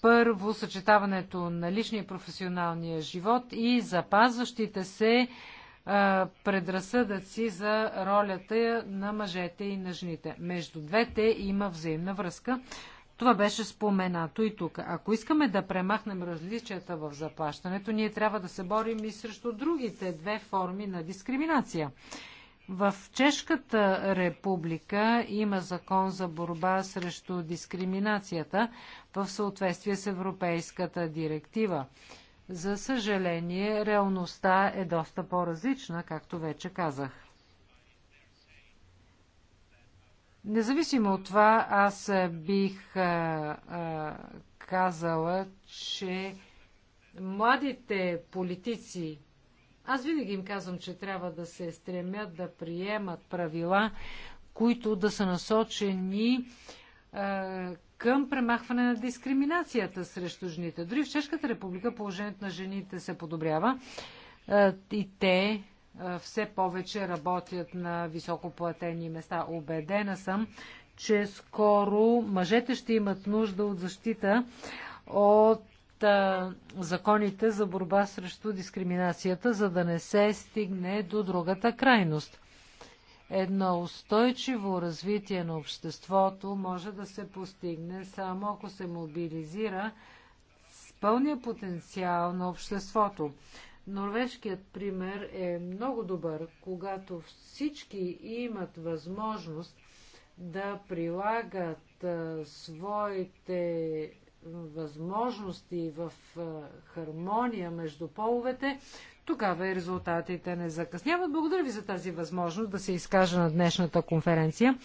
Първо, съчетаването на личния и професионалния живот и запазващите се предразсъдъци за ролята на мъжете и на жените. Между двете има взаимна връзка. Това беше споменато и тук. Ако искаме да премахнем различията в заплащането, ние трябва да се борим и срещу другите две форми на дискриминация. В Чешката република има закон за борба срещу дискриминацията в съответствие с Европейската директива. За съжаление, реалността е доста по-различна, както вече казах. Независимо от това, аз бих а, а, казала, че младите политици, аз винаги им казвам, че трябва да се стремят да приемат правила, които да са насочени а, към премахване на дискриминацията срещу жените. Дори в Чешката република положението на жените се подобрява и те все повече работят на високоплатени места. Обедена съм, че скоро мъжете ще имат нужда от защита от законите за борба срещу дискриминацията, за да не се стигне до другата крайност. Едно устойчиво развитие на обществото може да се постигне само ако се мобилизира с пълния потенциал на обществото. Норвежкият пример е много добър, когато всички имат възможност да прилагат а, своите възможности в а, хармония между половете, тогава и резултатите не закъсняват. Благодаря ви за тази възможност да се изкажа на днешната конференция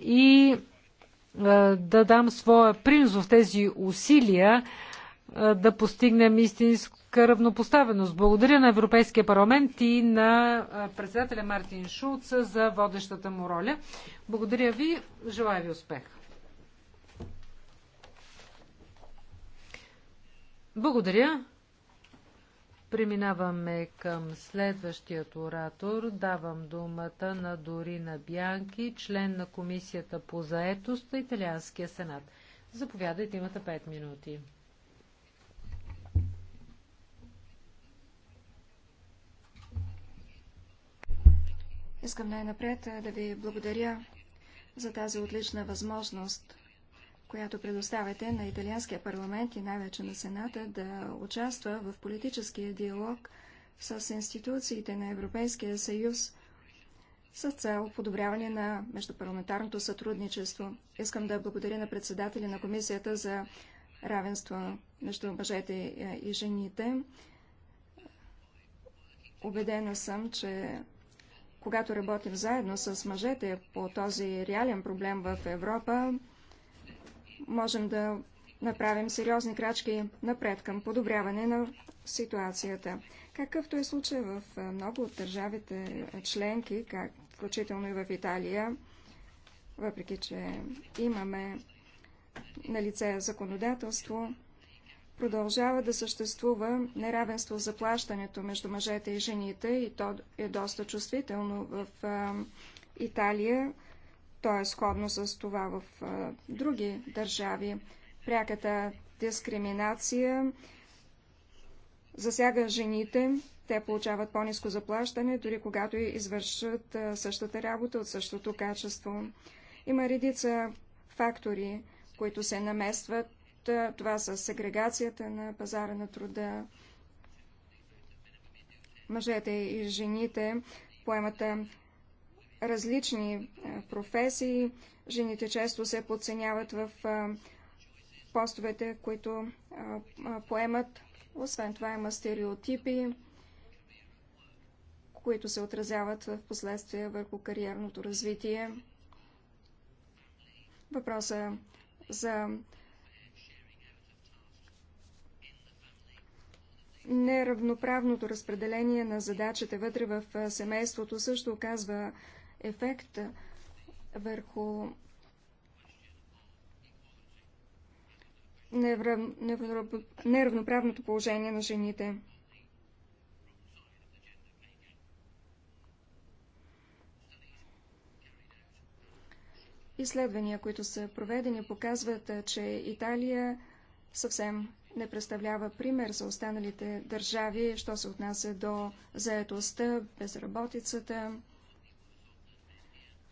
и да дам своя принос в тези усилия да постигнем истинска равнопоставеност. Благодаря на Европейския парламент и на председателя Мартин Шулц за водещата му роля. Благодаря ви. Желая ви успех. Благодаря. Преминаваме към следващият оратор. Давам думата на Дорина Бянки, член на Комисията по заетост на Италианския сенат. Заповядайте, имате 5 минути. Искам най-напред да ви благодаря за тази отлична възможност която предоставяте на Италианския парламент и най-вече на Сената да участва в политическия диалог с институциите на Европейския съюз с цел подобряване на междупарламентарното сътрудничество. Искам да благодаря на председателя на Комисията за равенство между мъжете и жените. Обедена съм, че когато работим заедно с мъжете по този реален проблем в Европа, можем да направим сериозни крачки напред към подобряване на ситуацията. Какъвто е случай в много от държавите членки, как, включително и в Италия, въпреки че имаме на лице законодателство, продължава да съществува неравенство в заплащането между мъжете и жените и то е доста чувствително в Италия. То е сходно с това в други държави. Пряката дискриминация засяга жените. Те получават по-низко заплащане, дори когато извършат същата работа от същото качество. Има редица фактори, които се наместват. Това са сегрегацията на пазара на труда. Мъжете и жените поемат различни е, професии. Жените често се подценяват в е, постовете, които е, поемат. Освен това има стереотипи, които се отразяват в последствие върху кариерното развитие. Въпроса за неравноправното разпределение на задачите вътре в семейството също оказва ефект върху неравноправното положение на жените. Изследвания, които са проведени, показват, че Италия съвсем не представлява пример за останалите държави, що се отнася до заетостта, безработицата,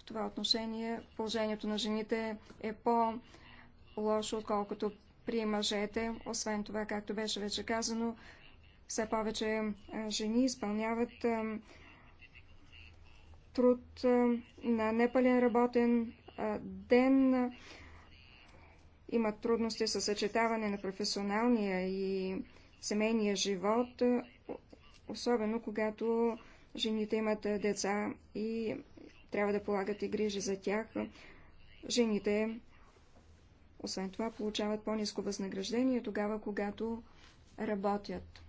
това отношение положението на жените е по-лошо, отколкото при мъжете. Освен това, както беше вече казано, все повече е, жени изпълняват е, труд е, на непълен работен ден, имат трудности с съчетаване на професионалния и семейния живот, особено когато жените имат деца и трябва да полагате грижи за тях. Жените, освен това, получават по-низко възнаграждение тогава, когато работят.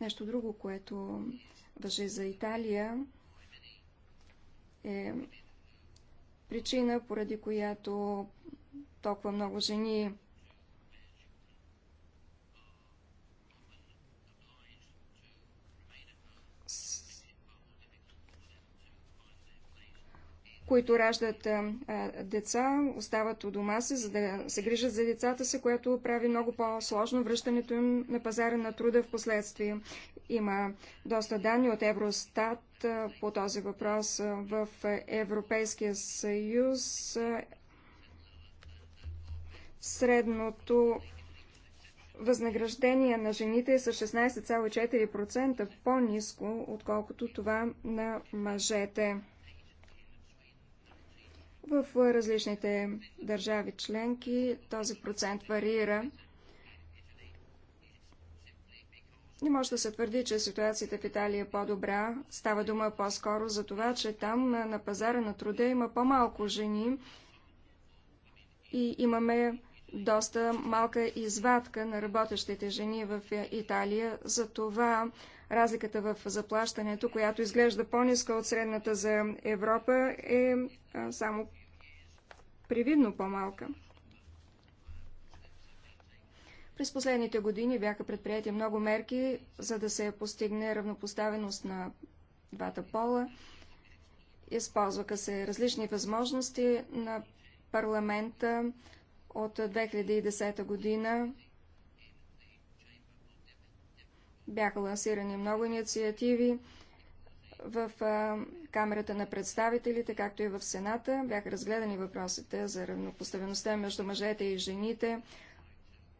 Нещо друго, което въже за Италия, е причина, поради която толкова много жени които раждат а, деца, остават у дома си, за да се грижат за децата си, което прави много по-сложно връщането им на пазара на труда в последствие. Има доста данни от Евростат а, по този въпрос а, в Европейския съюз. Средното възнаграждение на жените е с 16,4% по-низко, отколкото това на мъжете. В различните държави членки този процент варира. Не може да се твърди, че ситуацията в Италия е по-добра. Става дума по-скоро за това, че там на пазара на труда има по-малко жени и имаме доста малка извадка на работещите жени в Италия. За това Разликата в заплащането, която изглежда по-ниска от средната за Европа, е само привидно по-малка. През последните години бяха предприяти много мерки, за да се постигне равнопоставеност на двата пола. Използваха се различни възможности на парламента от 2010 година бяха лансирани много инициативи в Камерата на представителите, както и в Сената. Бяха разгледани въпросите за равнопоставеността между мъжете и жените.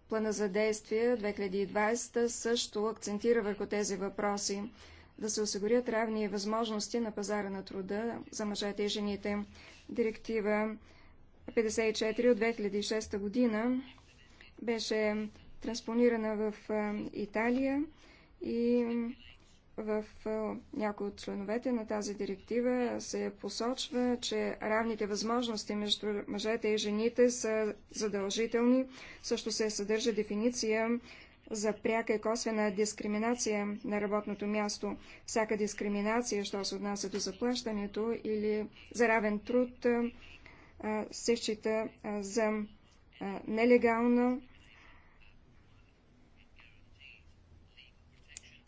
Плана за действие 2020 също акцентира върху тези въпроси да се осигурят равни възможности на пазара на труда за мъжете и жените. Директива 54 от 2006 година беше транспонирана в Италия и в някои от членовете на тази директива се посочва, че равните възможности между мъжете и жените са задължителни. Също се съдържа дефиниция за пряка и косвена дискриминация на работното място. Всяка дискриминация, що се отнася до заплащането или за равен труд, се счита за нелегална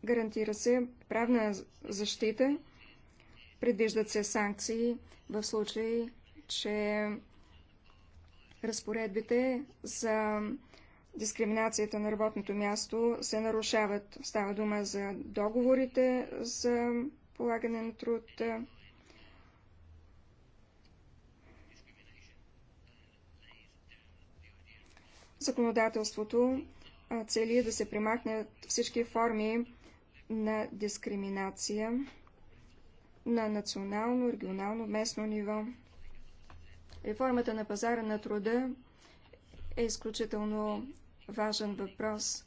гарантира се правна защита, предвиждат се санкции в случай, че разпоредбите за дискриминацията на работното място се нарушават. Става дума за договорите за полагане на труд. Законодателството цели да се примахнат всички форми на дискриминация на национално, регионално, местно ниво. Реформата на пазара на труда е изключително важен въпрос.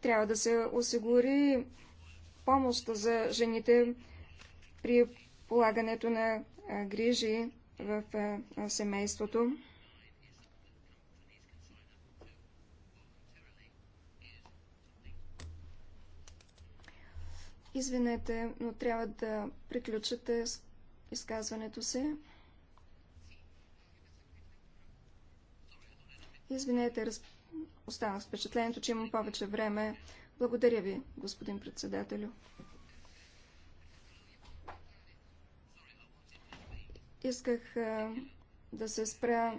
Трябва да се осигури помощта за жените при полагането на грижи в семейството. Извинете, но трябва да приключите изказването си. Извинете, раз... останах с впечатлението, че имам повече време. Благодаря ви, господин председателю. Исках а, да се спра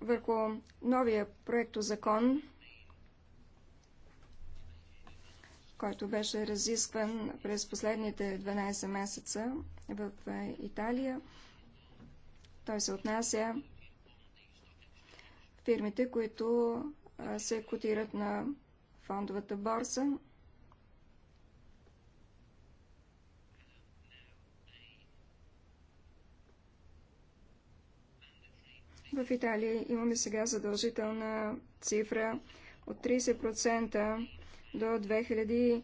върху новия проекто закон, който беше разискван през последните 12 месеца в Италия. Той се отнася фирмите, които се котират на фондовата борса. В Италия имаме сега задължителна цифра от 30% до 2015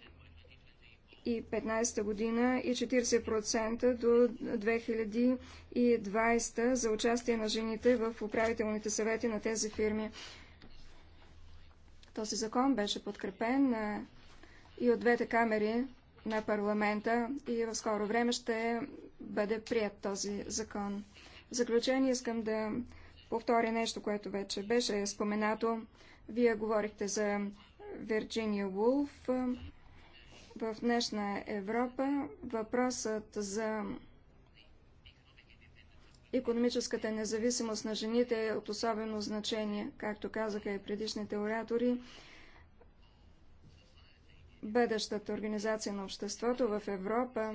година и 40% до 2020 за участие на жените в управителните съвети на тези фирми. Този закон беше подкрепен и от двете камери на парламента и в скоро време ще бъде прият този закон. В заключение искам да повторя нещо, което вече беше споменато. Вие говорихте за Вирджиния Вулф в днешна Европа въпросът за економическата независимост на жените е от особено значение, както казаха и предишните оратори. Бъдещата организация на обществото в Европа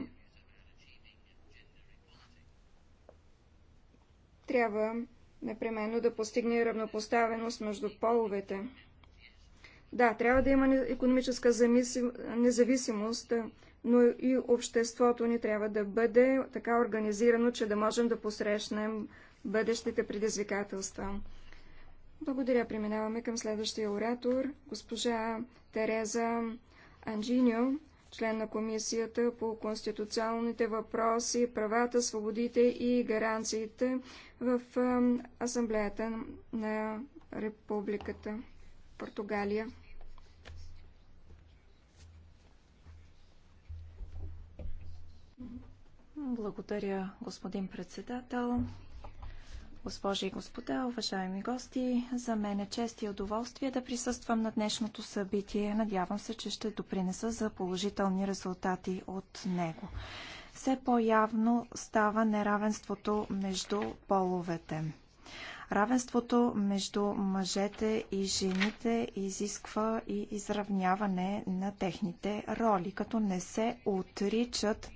трябва непременно да постигне равнопоставеност между половете. Да, трябва да има економическа независимост, но и обществото ни трябва да бъде така организирано, че да можем да посрещнем бъдещите предизвикателства. Благодаря. Преминаваме към следващия оратор, госпожа Тереза Анджиньо, член на Комисията по конституционните въпроси, правата, свободите и гаранциите в Асамблеята на Републиката Португалия. Благодаря, господин председател. Госпожи и господа, уважаеми гости, за мен е чест и удоволствие да присъствам на днешното събитие. Надявам се, че ще допринеса за положителни резултати от него. Все по-явно става неравенството между половете. Равенството между мъжете и жените изисква и изравняване на техните роли, като не се отричат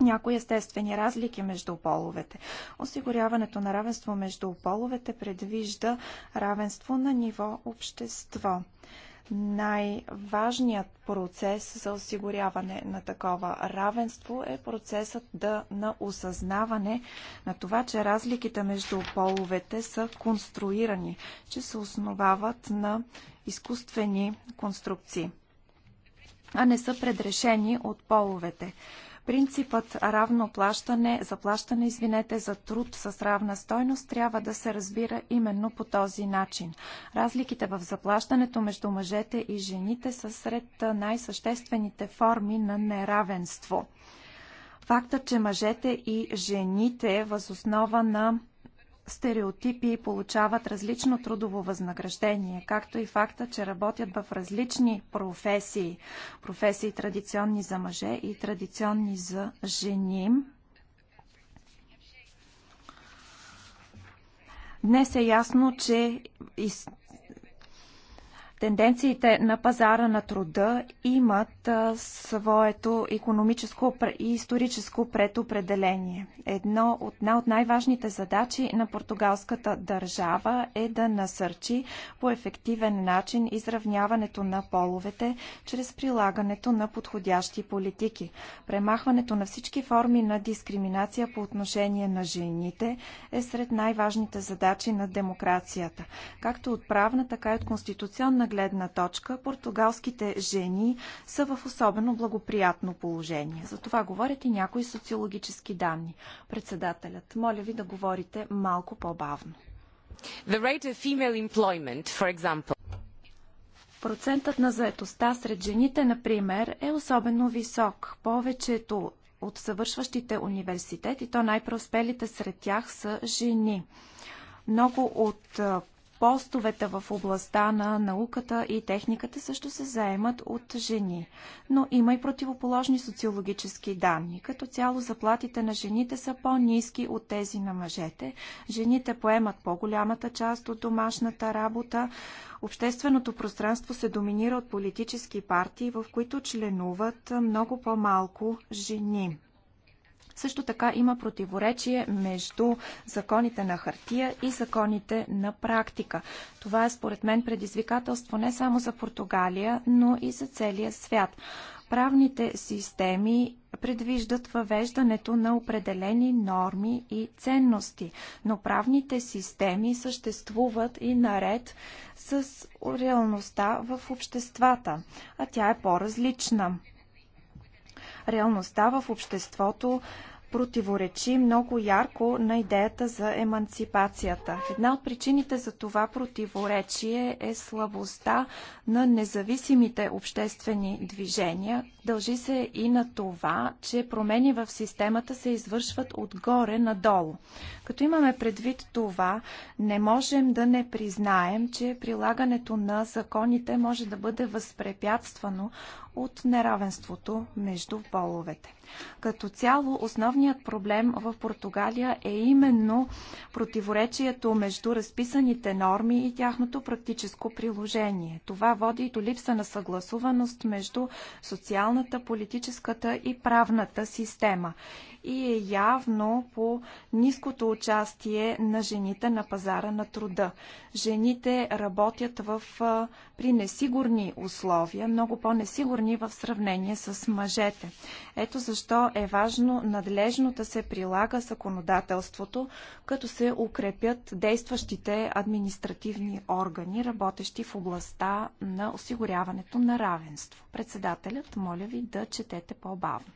някои естествени разлики между половете. Осигуряването на равенство между половете предвижда равенство на ниво общество. Най-важният процес за осигуряване на такова равенство е процесът да, на осъзнаване на това, че разликите между половете са конструирани, че се основават на изкуствени конструкции, а не са предрешени от половете. Принципът равно плащане, заплащане, извинете, за труд с равна стойност трябва да се разбира именно по този начин. Разликите в заплащането между мъжете и жените са сред най-съществените форми на неравенство. Фактът, че мъжете и жените възоснова на стереотипи и получават различно трудово възнаграждение, както и факта, че работят в различни професии. Професии традиционни за мъже и традиционни за жени. Днес е ясно, че Тенденциите на пазара на труда имат своето економическо и историческо предопределение. Едно от, една от най-важните задачи на португалската държава е да насърчи по ефективен начин изравняването на половете чрез прилагането на подходящи политики. Премахването на всички форми на дискриминация по отношение на жените е сред най-важните задачи на демокрацията. Както от правна, така и от конституционна социална гледна точка португалските жени са в особено благоприятно положение. За това говорят и някои социологически данни. Председателят, моля ви да говорите малко по-бавно. The rate of female employment, for example. Процентът на заетостта сред жените, например, е особено висок. Повечето от съвършващите университет то най-преуспелите сред тях са жени. Много от Постовете в областта на науката и техниката също се заемат от жени. Но има и противоположни социологически данни. Като цяло заплатите на жените са по-низки от тези на мъжете. Жените поемат по-голямата част от домашната работа. Общественото пространство се доминира от политически партии, в които членуват много по-малко жени. Също така има противоречие между законите на хартия и законите на практика. Това е според мен предизвикателство не само за Португалия, но и за целия свят правните системи предвиждат въвеждането на определени норми и ценности, но правните системи съществуват и наред с реалността в обществата, а тя е по-различна реалността в обществото противоречи много ярко на идеята за еманципацията. Една от причините за това противоречие е слабостта на независимите обществени движения, Дължи се и на това, че промени в системата се извършват отгоре надолу. Като имаме предвид това, не можем да не признаем, че прилагането на законите може да бъде възпрепятствано от неравенството между половете. Като цяло, основният проблем в Португалия е именно противоречието между разписаните норми и тяхното практическо приложение. Това води и до липса на съгласуваност между социалната социалната, политическата и правната система и е явно по ниското участие на жените на пазара на труда. Жените работят в, при несигурни условия, много по-несигурни в сравнение с мъжете. Ето защо е важно надлежно да се прилага законодателството, като се укрепят действащите административни органи, работещи в областта на осигуряването на равенство. Председателят, моля ви да четете по-бавно.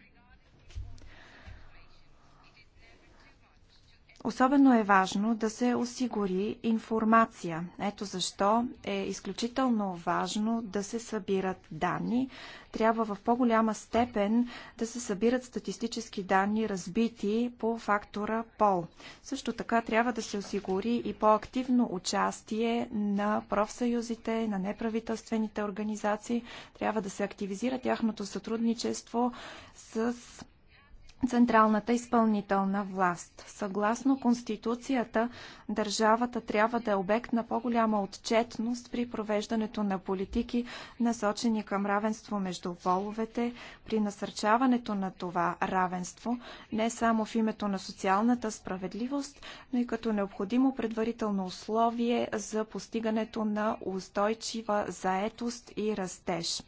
Особено е важно да се осигури информация. Ето защо е изключително важно да се събират данни. Трябва в по-голяма степен да се събират статистически данни, разбити по фактора пол. Също така трябва да се осигури и по-активно участие на профсъюзите, на неправителствените организации. Трябва да се активизира тяхното сътрудничество с централната изпълнителна власт. Съгласно Конституцията, държавата трябва да е обект на по-голяма отчетност при провеждането на политики, насочени към равенство между половете, при насърчаването на това равенство, не само в името на социалната справедливост, но и като необходимо предварително условие за постигането на устойчива заетост и растеж.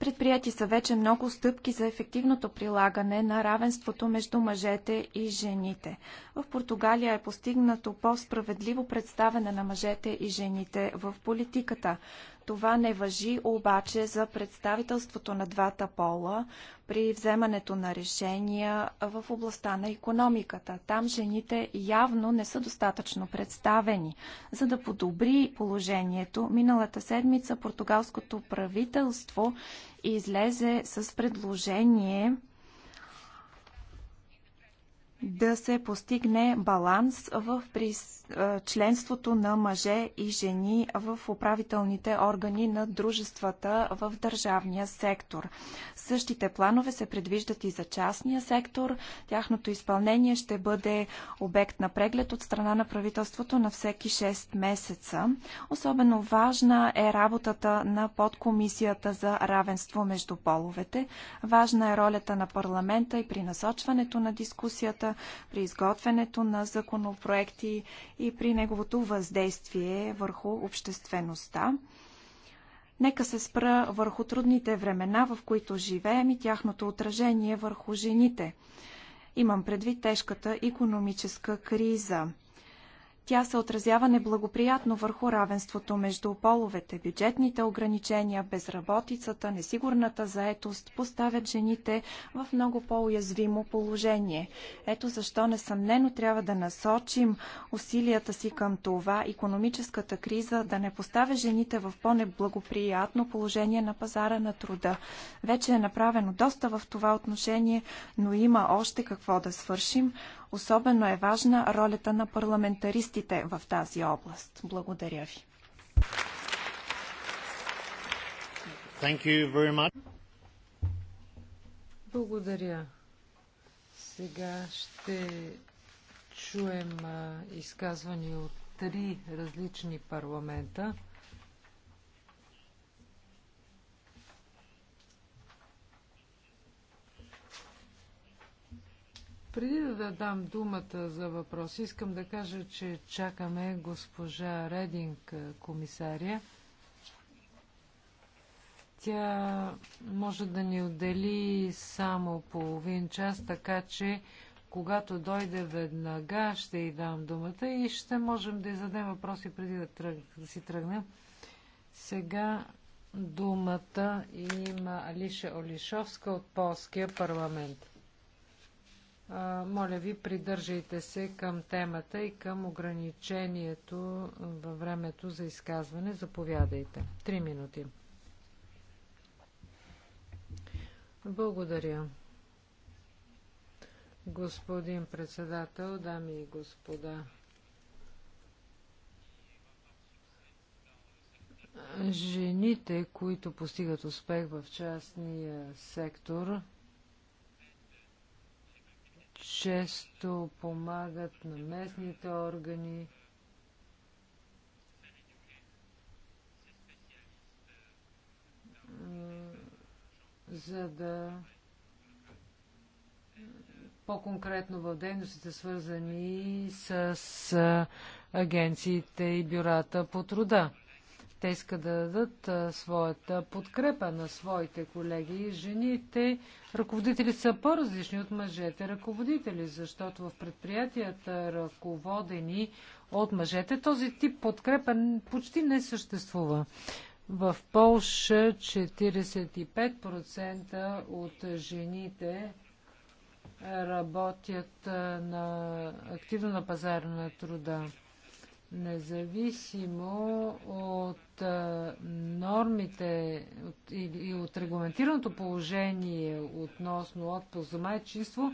Предприяти са вече много стъпки за ефективното прилагане на равенството между мъжете и жените. В Португалия е постигнато по-справедливо представяне на мъжете и жените в политиката. Това не въжи обаче за представителството на двата пола при вземането на решения в областта на економиката. Там жените явно не са достатъчно представени. За да подобри положението, миналата седмица португалското правителство излезе с предложение – да се постигне баланс в членството на мъже и жени в управителните органи на дружествата в държавния сектор. Същите планове се предвиждат и за частния сектор. Тяхното изпълнение ще бъде обект на преглед от страна на правителството на всеки 6 месеца. Особено важна е работата на подкомисията за равенство между половете. Важна е ролята на парламента и при насочването на дискусията при изготвянето на законопроекти и при неговото въздействие върху обществеността. Нека се спра върху трудните времена, в които живеем и тяхното отражение върху жените. Имам предвид тежката економическа криза – тя се отразява неблагоприятно върху равенството между половете. Бюджетните ограничения, безработицата, несигурната заетост поставят жените в много по-уязвимо положение. Ето защо несъмнено трябва да насочим усилията си към това економическата криза да не поставя жените в по-неблагоприятно положение на пазара на труда. Вече е направено доста в това отношение, но има още какво да свършим. Особено е важна ролята на парламентаристите в тази област. Благодаря ви. Thank you very much. Благодаря. Сега ще чуем изказвания от три различни парламента. Преди да дам думата за въпрос, искам да кажа, че чакаме госпожа Рединг, е, комисария. Тя може да ни отдели само половин час, така че когато дойде веднага, ще й дам думата и ще можем да й зададем въпроси преди да, тръг, да си тръгнем. Сега думата има Алиша Олишовска от Полския парламент. Моля ви, придържайте се към темата и към ограничението във времето за изказване. Заповядайте. Три минути. Благодаря. Господин председател, дами и господа. Жените, които постигат успех в частния сектор, често помагат на местните органи. за да по-конкретно в дейностите свързани с агенциите и бюрата по труда. Те искат да дадат своята подкрепа на своите колеги. и Жените ръководители са по-различни от мъжете ръководители, защото в предприятията, ръководени от мъжете, този тип подкрепа почти не съществува. В Полша 45% от жените работят на, активно на пазара на труда. Независимо от нормите и от регламентираното положение относно отпуск за майчинство,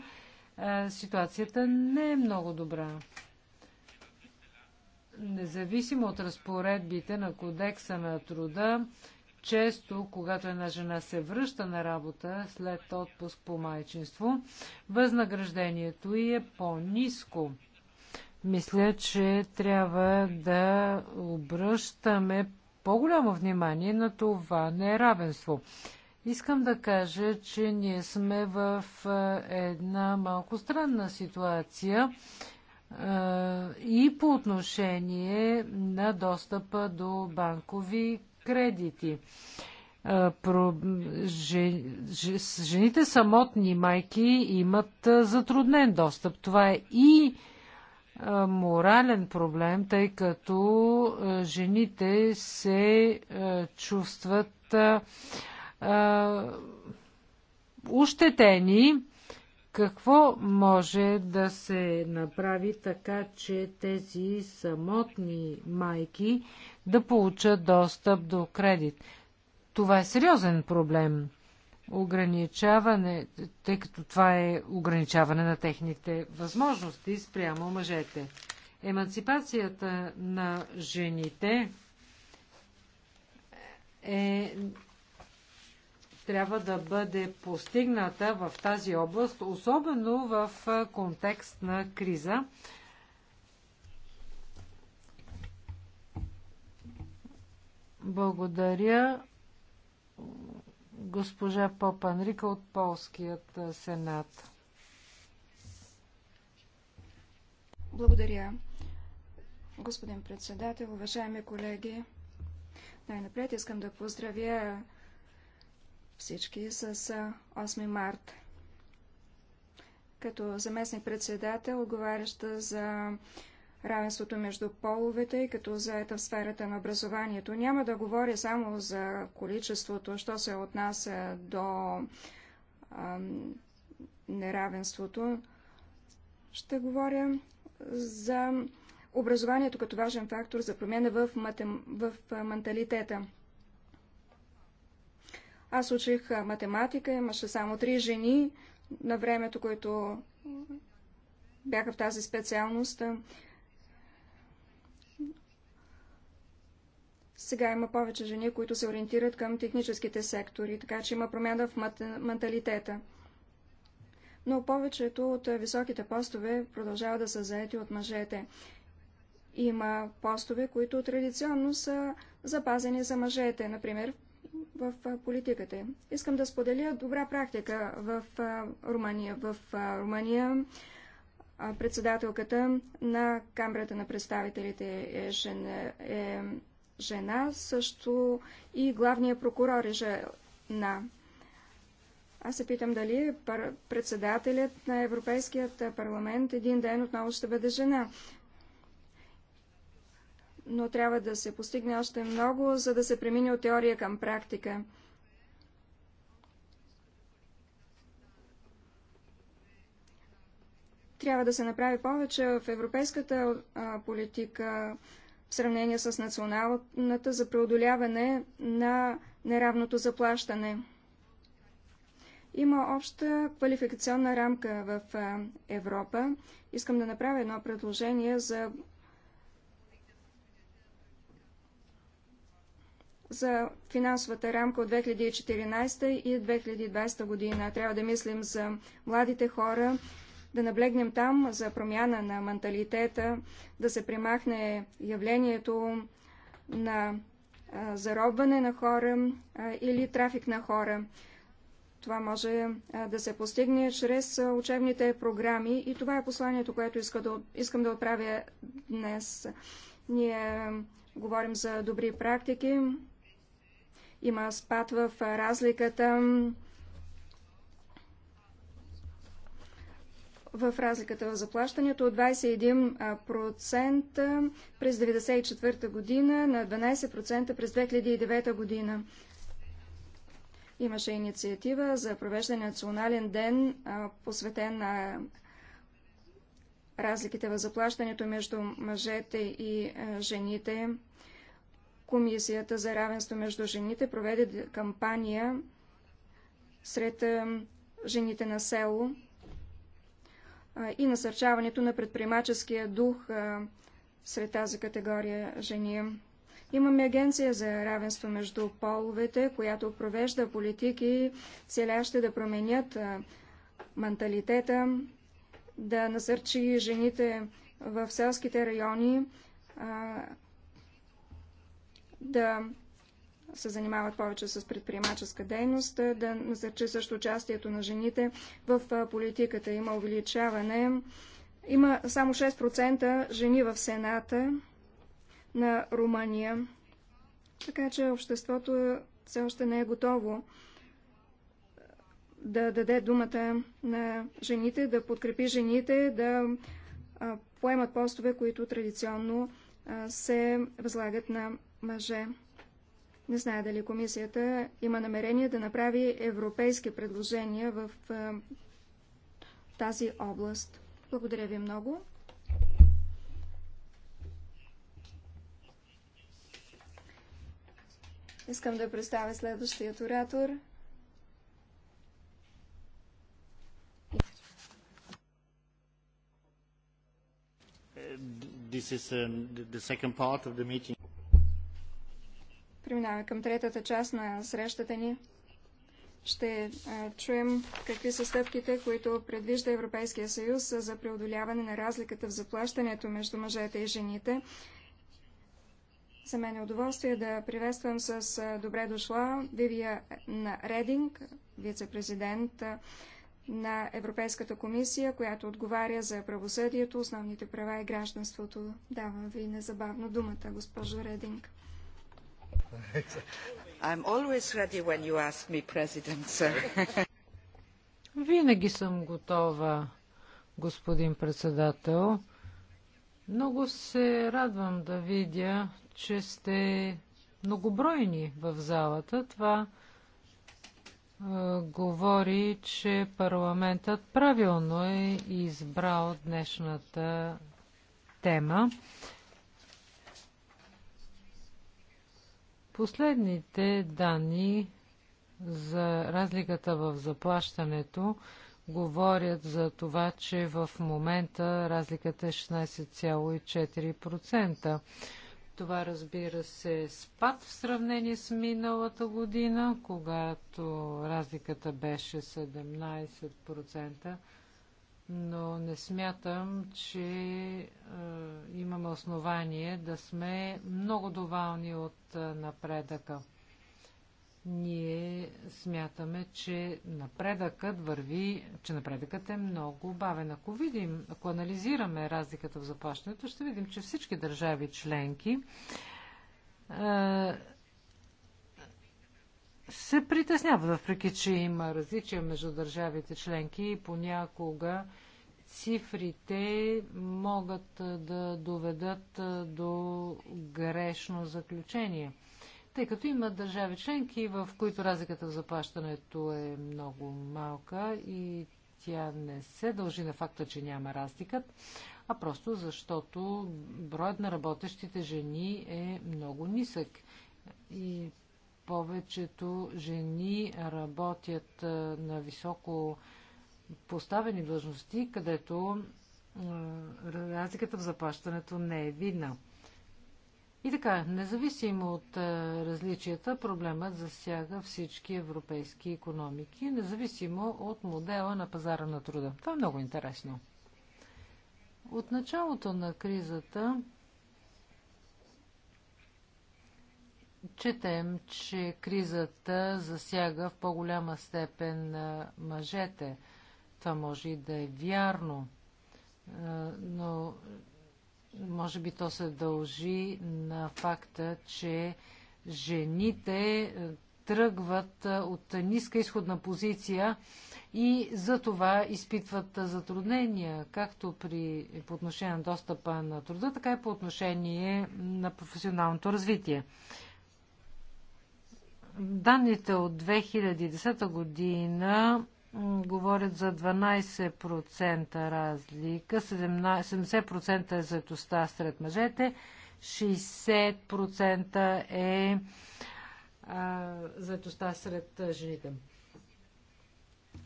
ситуацията не е много добра. Независимо от разпоредбите на кодекса на труда, често, когато една жена се връща на работа след отпуск по майчинство, възнаграждението й е по-низко. Мисля, че трябва да обръщаме по-голямо внимание на това неравенство. Искам да кажа, че ние сме в една малко странна ситуация и по отношение на достъпа до банкови кредити. Жените самотни майки имат затруднен достъп. Това е и морален проблем, тъй като жените се чувстват ущетени. Какво може да се направи така, че тези самотни майки да получат достъп до кредит? Това е сериозен проблем ограничаване, тъй като това е ограничаване на техните възможности спрямо мъжете. Емансипацията на жените е, трябва да бъде постигната в тази област, особено в контекст на криза. Благодаря госпожа Попанрика от Полският сенат. Благодаря. Господин председател, уважаеми колеги, най-напред искам да поздравя всички с 8 март. Като заместник председател, отговаряща за равенството между половете и като заета в сферата на образованието. Няма да говоря само за количеството, що се отнася до а, неравенството. Ще говоря за образованието като важен фактор за промяна в, матем... в менталитета. Аз учих математика, имаше само три жени на времето, които бяха в тази специалност. Сега има повече жени, които се ориентират към техническите сектори, така че има промяна в менталитета. Но повечето от високите постове продължават да са заети от мъжете. Има постове, които традиционно са запазени за мъжете, например в политиката. Искам да споделя добра практика в Румъния. В Румъния председателката на Камерата на представителите е, жен, е жена, също и главния прокурор е жена. Аз се питам дали председателят на Европейският парламент един ден отново ще бъде жена. Но трябва да се постигне още много, за да се премине от теория към практика. Трябва да се направи повече в европейската политика, в сравнение с националната за преодоляване на неравното заплащане. Има обща квалификационна рамка в Европа. Искам да направя едно предложение за, за финансовата рамка от 2014 и 2020 година. Трябва да мислим за младите хора, да наблегнем там за промяна на менталитета, да се примахне явлението на заробване на хора или трафик на хора. Това може да се постигне чрез учебните програми и това е посланието, което иска да, искам да отправя днес. Ние говорим за добри практики. Има спад в разликата в разликата в заплащането от 21% през 1994 година на 12% през 2009 година. Имаше инициатива за провеждане на национален ден, посветен на разликите в заплащането между мъжете и жените. Комисията за равенство между жените проведе кампания сред жените на село и насърчаването на предприемаческия дух сред тази категория жени. Имаме агенция за равенство между половете, която провежда политики, целящи да променят менталитета, да насърчи жените в селските райони, да се занимават повече с предприемаческа дейност, е, да насърчи също участието на жените в политиката. Има увеличаване. Има само 6% жени в Сената на Румъния. Така че обществото все още не е готово да даде думата на жените, да подкрепи жените, да поемат постове, които традиционно се възлагат на мъже. Не знае дали комисията има намерение да направи европейски предложения в тази област. Благодаря ви много. Искам да представя следващият оратор. This is um, the second part of the meeting. Преминаваме към третата част на срещата ни. Ще е, чуем какви са стъпките, които предвижда Европейския съюз за преодоляване на разликата в заплащането между мъжете и жените. За мен е удоволствие да приветствам с е, добре дошла Вивия на Рединг, вице-президент е, на Европейската комисия, която отговаря за правосъдието, основните права и гражданството. Давам ви незабавно думата, госпожо Рединг. Винаги съм готова, господин председател. Много се радвам да видя, че сте многобройни в залата. Това е, говори, че парламентът правилно е избрал днешната тема. Последните данни за разликата в заплащането говорят за това, че в момента разликата е 16,4%. Това разбира се е спад в сравнение с миналата година, когато разликата беше 17% но не смятам, че е, имаме основание да сме много доволни от е, напредъка. Ние смятаме, че напредъкът върви, че напредъкът е много бавен. Ако видим, ако анализираме разликата в заплащането, ще видим, че всички държави членки е, се притеснява, въпреки че има различия между държавите членки и понякога цифрите могат да доведат до грешно заключение. Тъй като има държави членки, в които разликата в заплащането е много малка и тя не се дължи на факта, че няма разликът, а просто защото броят на работещите жени е много нисък. И повечето жени работят на високо поставени длъжности, където разликата в заплащането не е видна. И така, независимо от различията, проблемът засяга всички европейски економики, независимо от модела на пазара на труда. Това е много интересно. От началото на кризата Четем, че кризата засяга в по-голяма степен мъжете. Това може и да е вярно, но може би то се дължи на факта, че жените тръгват от ниска изходна позиция и за това изпитват затруднения, както при, по отношение на достъпа на труда, така и по отношение на професионалното развитие. Данните от 2010 година говорят за 12% разлика, 70% е заетостта сред мъжете, 60% е заетостта сред жените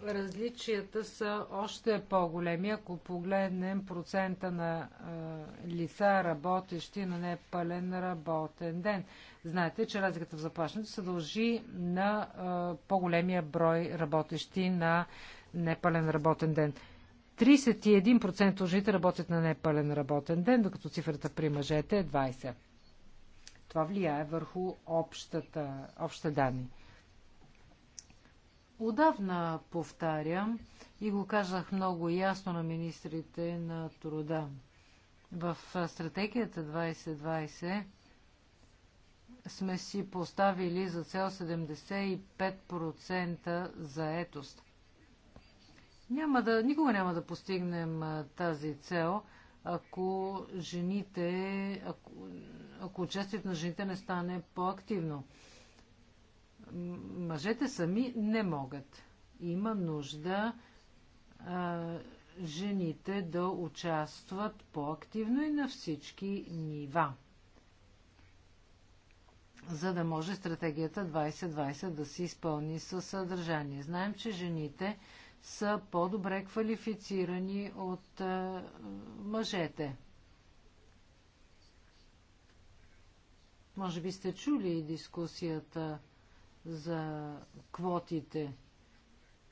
различията са още по-големи, ако погледнем процента на лица, работещи на непълен работен ден. Знаете, че разликата в заплащането се дължи на по-големия брой работещи на непълен работен ден. 31% от жените работят на непълен работен ден, докато цифрата при мъжете е 20%. Това влияе върху общата, общата данни. Отдавна повтарям и го казах много ясно на министрите на труда. В стратегията 2020 сме си поставили за цел 75% заетост. Няма да, никога няма да постигнем тази цел, ако жените, ако, ако участието на жените не стане по-активно мъжете сами не могат. Има нужда а, жените да участват по-активно и на всички нива, за да може стратегията 2020 да се изпълни със съдържание. Знаем, че жените са по-добре квалифицирани от а, мъжете. Може би сте чули дискусията за квотите.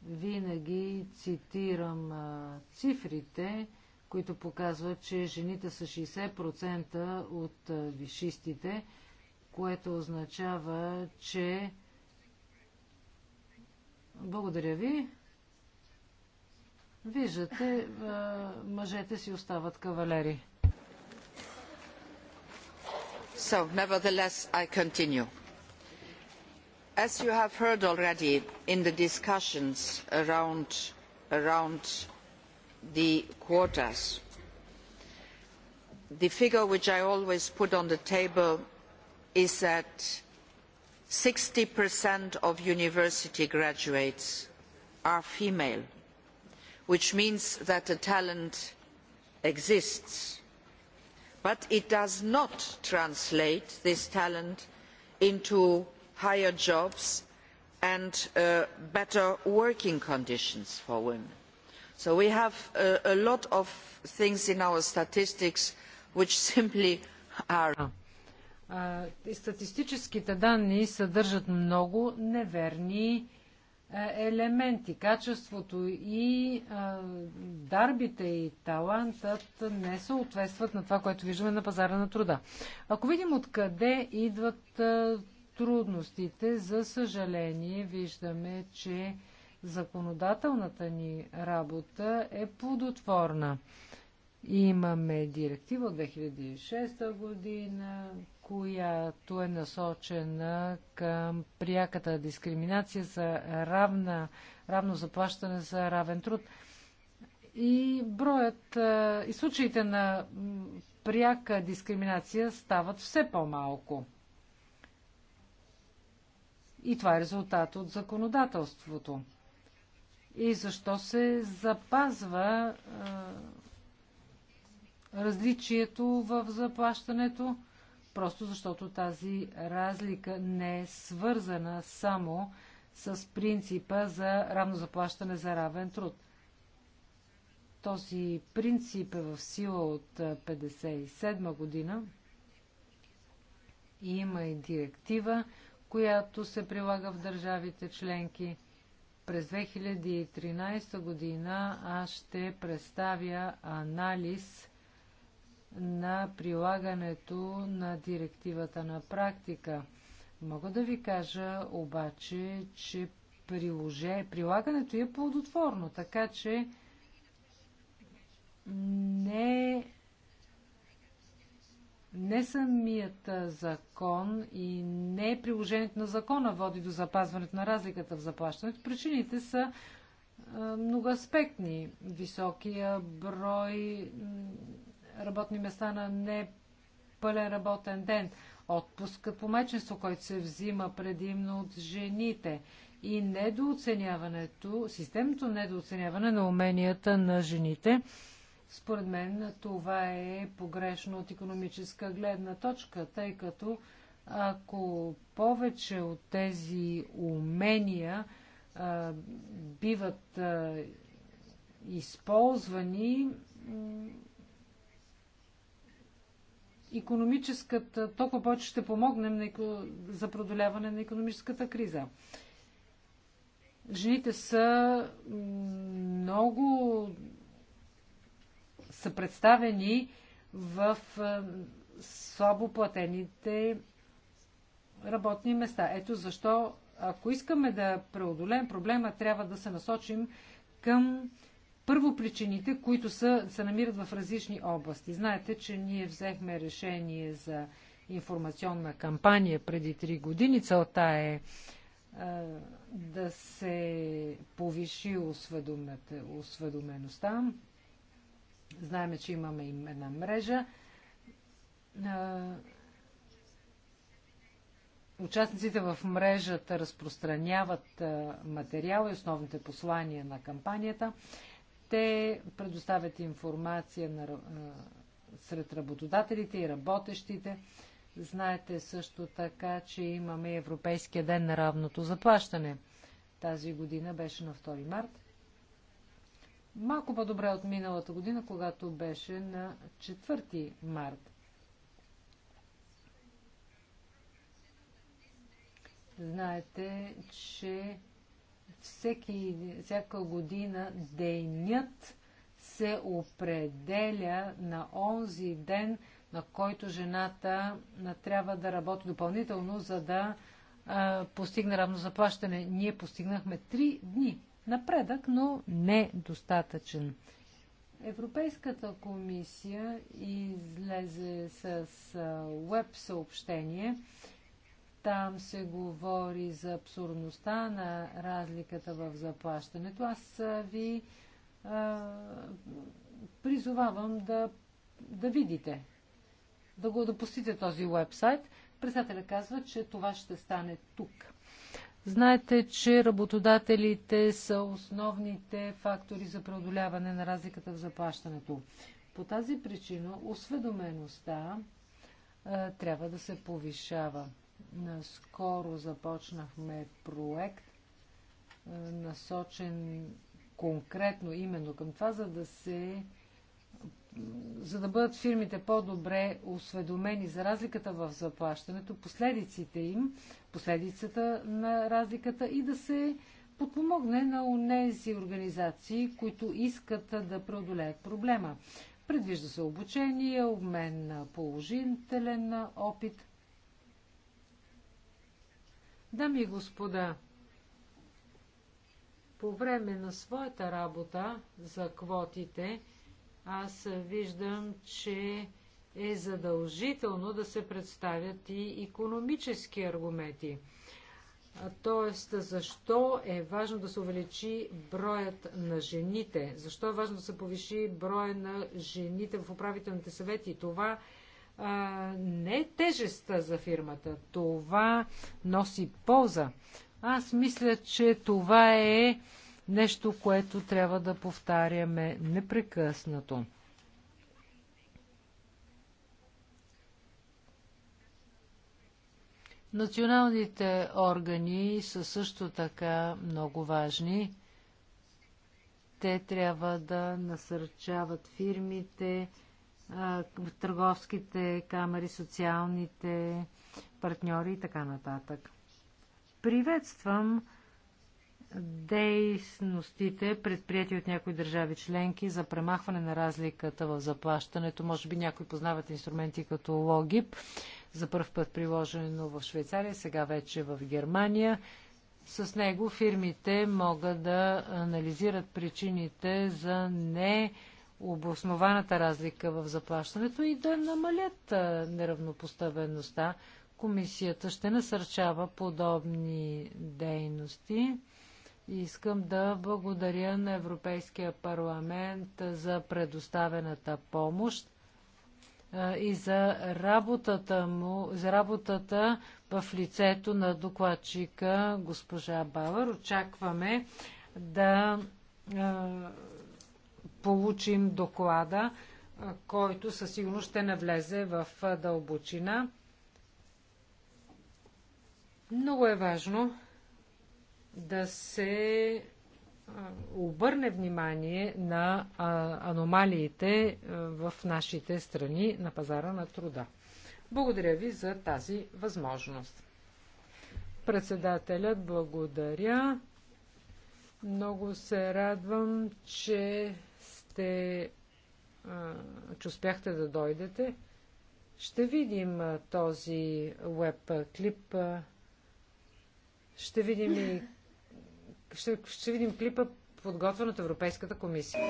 Винаги цитирам цифрите, които показват, че жените са 60% от вишистите, което означава, че. Благодаря ви. Виждате, мъжете си остават кавалери. So, nevertheless, I continue as you have heard already in the discussions around the quotas the figure which i always put on the table is that sixty of university graduates are female which means that the talent exists but it does not translate this talent into higher jobs and uh, better working conditions for women. so we have uh, a lot of things in our statistics which [LAUGHS] simply are. Статистическите данни съдържат много неверни е, елементи. Качеството и дарбите и талантът не съответстват на това, което виждаме на пазара на труда. Ако видим откъде идват трудностите. За съжаление, виждаме, че законодателната ни работа е плодотворна. Имаме директива от 2006 година, която е насочена към пряката дискриминация за равна, равно заплащане за равен труд. И броят и случаите на пряка дискриминация стават все по-малко. И това е резултат от законодателството. И защо се запазва е, различието в заплащането? Просто защото тази разлика не е свързана само с принципа за равно заплащане за равен труд. Този принцип е в сила от 1957 година и има и директива, която се прилага в държавите членки. През 2013 година аз ще представя анализ на прилагането на директивата на практика. Мога да ви кажа обаче, че приложе, прилагането е плодотворно, така че не е не самият закон и не приложението на закона води до запазването на разликата в заплащането. Причините са многоаспектни. Високия брой работни места на непълен работен ден, отпуска по меченство, който се взима предимно от жените и недооценяването, системното недооценяване на уменията на жените – според мен това е погрешно от економическа гледна точка, тъй като ако повече от тези умения а, биват а, използвани, економическата, толкова повече ще помогнем на, за продоляване на економическата криза. Жените са много са представени в е, слабо платените работни места. Ето защо, ако искаме да преодолеем проблема, трябва да се насочим към първопричините, които са, се намират в различни области. Знаете, че ние взехме решение за информационна кампания преди 3 години. Целта е, е да се повиши осведомеността Знаеме, че имаме им една мрежа. Участниците в мрежата разпространяват материала и основните послания на кампанията. Те предоставят информация на, сред работодателите и работещите. Знаете също така, че имаме Европейския ден на равното заплащане. Тази година беше на 2 март малко по-добре от миналата година, когато беше на 4 март. Знаете, че всеки, всяка година денят се определя на онзи ден, на който жената трябва да работи допълнително, за да а, постигне равно заплащане. Ние постигнахме три дни напредък, но не достатъчен. Европейската комисия излезе с веб съобщение. Там се говори за абсурдността на разликата в заплащането. Аз ви а, призовавам да, да видите, да го допустите този вебсайт. Председателя казва, че това ще стане тук. Знаете, че работодателите са основните фактори за преодоляване на разликата в заплащането. По тази причина осведомеността а, трябва да се повишава. Наскоро започнахме проект, а, насочен конкретно именно към това, за да се за да бъдат фирмите по-добре осведомени за разликата в заплащането, последиците им, последицата на разликата и да се подпомогне на унези организации, които искат да преодолеят проблема. Предвижда се обучение, обмен на положителен опит. Дами и господа, по време на своята работа за квотите, аз виждам, че е задължително да се представят и економически аргументи. Тоест, защо е важно да се увеличи броят на жените? Защо е важно да се повиши броя на жените в управителните съвети? Това а, не е тежеста за фирмата. Това носи полза. Аз мисля, че това е Нещо, което трябва да повтаряме непрекъснато. Националните органи са също така много важни. Те трябва да насърчават фирмите, търговските камери, социалните партньори и така нататък. Приветствам дейностите, предприяти от някои държави членки за премахване на разликата в заплащането. Може би някои познават инструменти като логип, за първ път приложено в Швейцария, сега вече в Германия. С него фирмите могат да анализират причините за не обоснованата разлика в заплащането и да намалят неравнопоставеността. Комисията ще насърчава подобни дейности Искам да благодаря на Европейския парламент за предоставената помощ и за работата му, за работата в лицето на докладчика госпожа Бавър. Очакваме да получим доклада, който със сигурност ще навлезе в дълбочина. Много е важно да се обърне внимание на аномалиите в нашите страни на пазара на труда. Благодаря ви за тази възможност. Председателят благодаря. Много се радвам, че сте, че успяхте да дойдете. Ще видим този веб клип. Ще видим и ще, ще видим клипа, подготвен от Европейската комисия.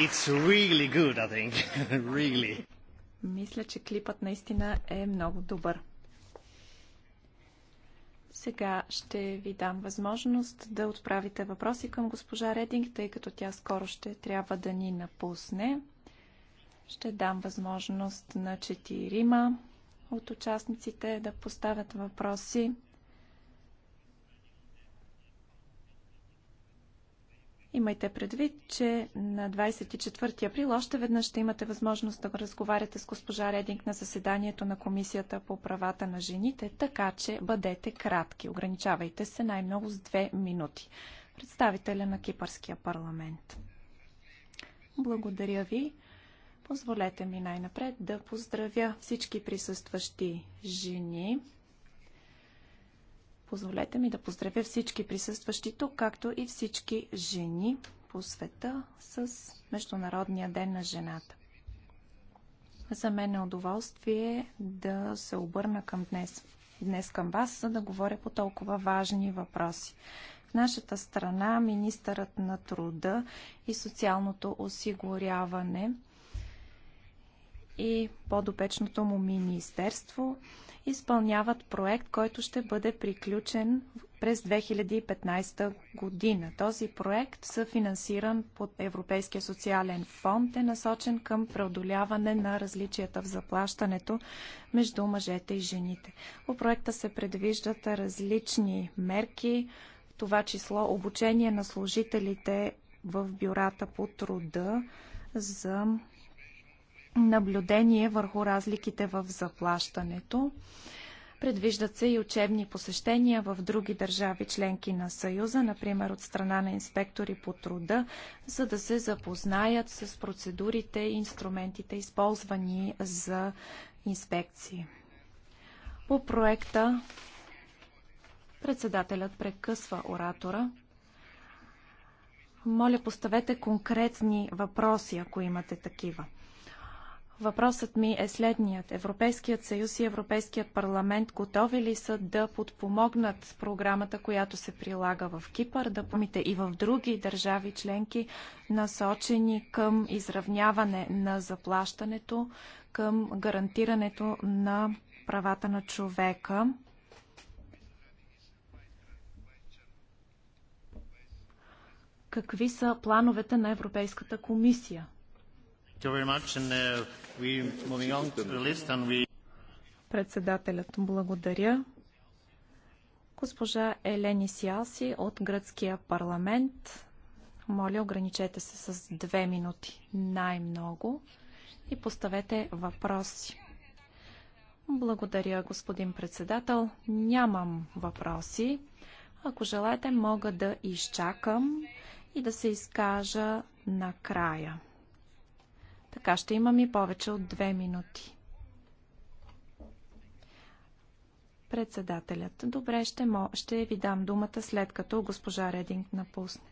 It's really good, I think. [LAUGHS] really. Мисля, че клипът наистина е много добър. Сега ще ви дам възможност да отправите въпроси към госпожа Рединг, тъй като тя скоро ще трябва да ни напусне. Ще дам възможност на четирима от участниците да поставят въпроси. Имайте предвид, че на 24 април още веднъж ще имате възможност да разговаряте с госпожа Рединг на заседанието на Комисията по правата на жените, така че бъдете кратки. Ограничавайте се най-много с две минути. Представителя на Кипърския парламент. Благодаря ви. Позволете ми най-напред да поздравя всички присъстващи жени, Позволете ми да поздравя всички присъстващи тук, както и всички жени по света с Международния ден на жената. За мен е удоволствие да се обърна към днес, днес към вас, за да говоря по толкова важни въпроси. В нашата страна министърът на труда и социалното осигуряване и подопечното му министерство – изпълняват проект, който ще бъде приключен през 2015 година. Този проект, съфинансиран под Европейския социален фонд, е насочен към преодоляване на различията в заплащането между мъжете и жените. По проекта се предвиждат различни мерки, в това число обучение на служителите в бюрата по труда за наблюдение върху разликите в заплащането. Предвиждат се и учебни посещения в други държави членки на Съюза, например от страна на инспектори по труда, за да се запознаят с процедурите и инструментите, използвани за инспекции. По проекта председателят прекъсва оратора. Моля, поставете конкретни въпроси, ако имате такива. Въпросът ми е следният. Европейският съюз и Европейският парламент готови ли са да подпомогнат програмата, която се прилага в Кипър, да помите и в други държави членки, насочени към изравняване на заплащането, към гарантирането на правата на човека? Какви са плановете на Европейската комисия? Uh, Председателят благодаря. Госпожа Елени Сиалси от гръцкия парламент. Моля, ограничете се с две минути най-много и поставете въпроси. Благодаря, господин председател. Нямам въпроси. Ако желаете, мога да изчакам и да се изкажа накрая. Така ще имам и повече от две минути. Председателят. Добре, ще, мо... ще ви дам думата след като госпожа Рединг напусне.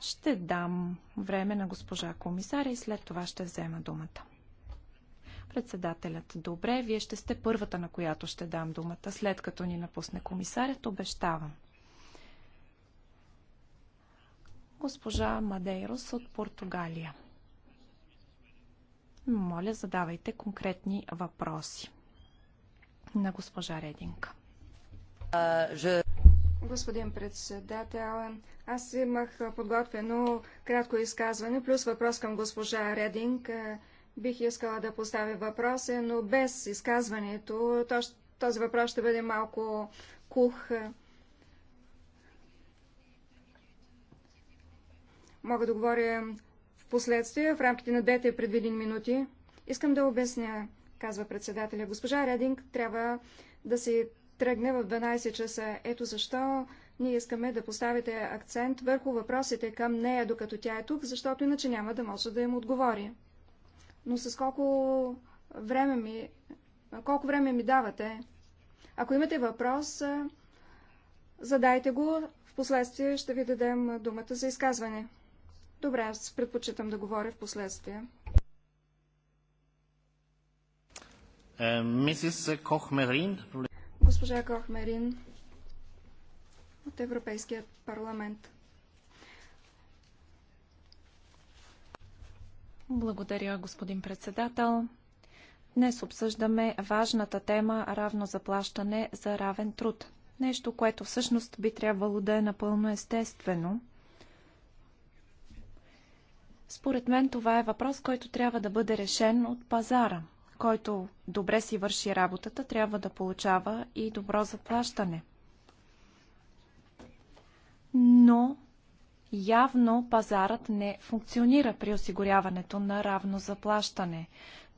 Ще дам време на госпожа комисаря и след това ще взема думата. Председателят. Добре, вие ще сте първата, на която ще дам думата, след като ни напусне комисарят, обещавам. госпожа Мадейрос от Португалия. Моля, задавайте конкретни въпроси на госпожа Рединка. Господин председател, аз имах подготвено кратко изказване, плюс въпрос към госпожа Рединка. Бих искала да поставя въпроса, но без изказването този въпрос ще бъде малко кух. Мога да говоря в последствие, в рамките на двете предвидени минути. Искам да обясня, казва председателя. Госпожа Рединг трябва да се тръгне в 12 часа. Ето защо ние искаме да поставите акцент върху въпросите към нея, докато тя е тук, защото иначе няма да може да им отговори. Но с колко време ми, колко време ми давате? Ако имате въпрос, задайте го, в последствие ще ви дадем думата за изказване. Добре, аз предпочитам да говоря в последствие. Е, мисис Кохмерин. Госпожа Кохмерин от Европейския парламент. Благодаря, господин председател. Днес обсъждаме важната тема равно заплащане за равен труд. Нещо, което всъщност би трябвало да е напълно естествено – според мен това е въпрос, който трябва да бъде решен от пазара. Който добре си върши работата, трябва да получава и добро заплащане. Но явно пазарът не функционира при осигуряването на равно заплащане.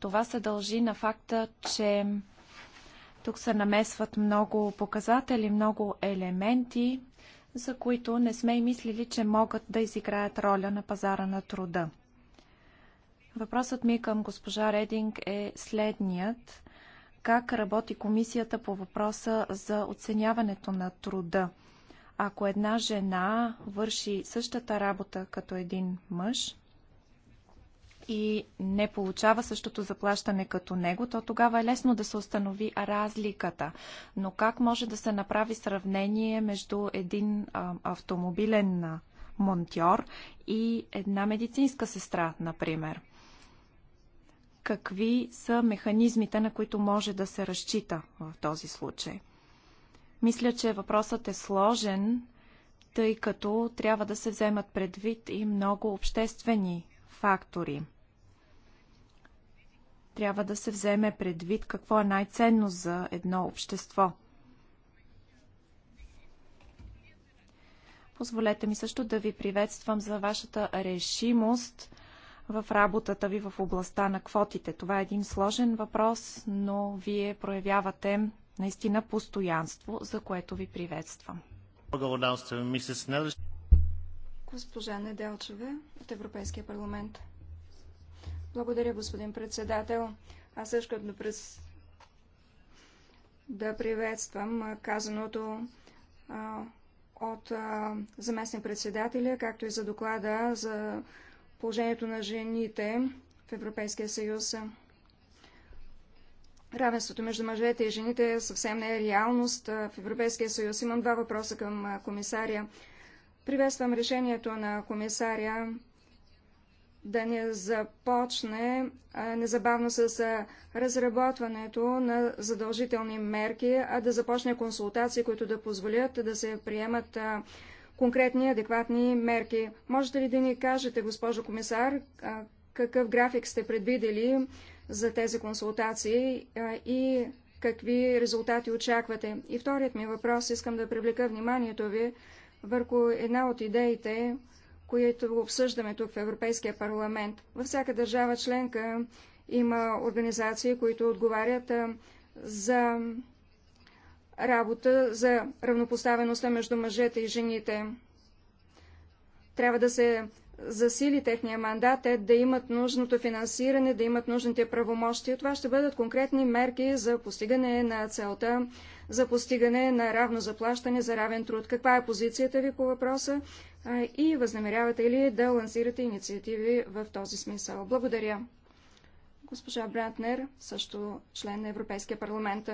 Това се дължи на факта, че тук се намесват много показатели, много елементи, за които не сме и мислили, че могат да изиграят роля на пазара на труда. Въпросът ми към госпожа Рединг е следният. Как работи комисията по въпроса за оценяването на труда? Ако една жена върши същата работа като един мъж, и не получава същото заплащане като него, то тогава е лесно да се установи разликата. Но как може да се направи сравнение между един а, автомобилен монтьор и една медицинска сестра, например? Какви са механизмите, на които може да се разчита в този случай? Мисля, че въпросът е сложен, тъй като трябва да се вземат предвид и много обществени фактори трябва да се вземе предвид какво е най-ценно за едно общество. Позволете ми също да ви приветствам за вашата решимост в работата ви в областта на квотите. Това е един сложен въпрос, но вие проявявате наистина постоянство, за което ви приветствам. Госпожа Неделчева от Европейския парламент. Благодаря, господин председател. Аз също като през да приветствам казаното а, от а, заместник председателя, както и за доклада за положението на жените в Европейския съюз. Равенството между мъжете и жените е съвсем не е реалност в Европейския съюз. Имам два въпроса към комисаря. Приветствам решението на комисаря да не започне незабавно с разработването на задължителни мерки, а да започне консултации, които да позволят да се приемат конкретни, адекватни мерки. Можете ли да ни кажете, госпожо комисар, какъв график сте предвидели за тези консултации и какви резултати очаквате? И вторият ми въпрос, искам да привлека вниманието ви върху една от идеите, които обсъждаме тук в Европейския парламент. Във всяка държава членка има организации, които отговарят за работа за равнопоставеността между мъжете и жените. Трябва да се засили техния мандат, е да имат нужното финансиране, да имат нужните правомощи. Това ще бъдат конкретни мерки за постигане на целта, за постигане на равно заплащане за равен труд. Каква е позицията ви по въпроса и възнамерявате ли да лансирате инициативи в този смисъл? Благодаря. Госпожа Брантнер, също член на Европейския парламент.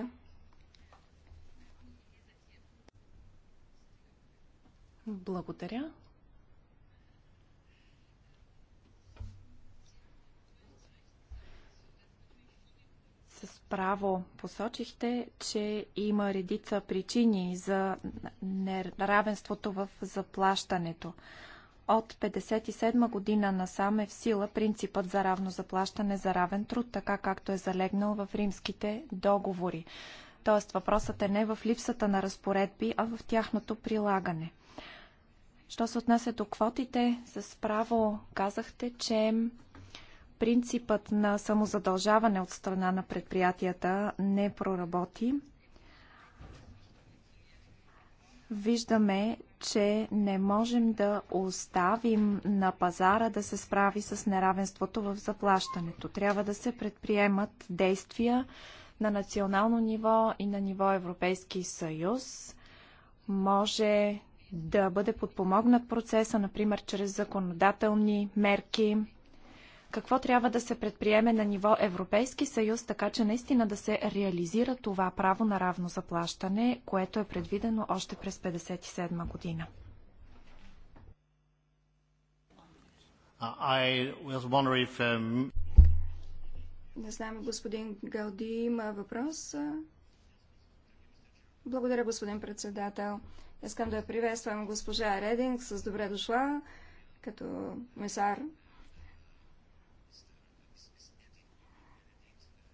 Благодаря. право посочихте, че има редица причини за неравенството в заплащането. От 1957 година насам е в сила принципът за равно заплащане за равен труд, така както е залегнал в римските договори. Тоест въпросът е не в липсата на разпоредби, а в тяхното прилагане. Що се отнася до квотите, с право казахте, че Принципът на самозадължаване от страна на предприятията не проработи. Виждаме, че не можем да оставим на пазара да се справи с неравенството в заплащането. Трябва да се предприемат действия на национално ниво и на ниво Европейски съюз. Може да бъде подпомогнат процеса, например, чрез законодателни мерки, какво трябва да се предприеме на ниво Европейски съюз, така че наистина да се реализира това право на равно заплащане, което е предвидено още през 1957 година? If, um... Не знам, господин Галди има въпрос. Благодаря, господин председател. Искам да приветствам госпожа Рединг с добре дошла като месар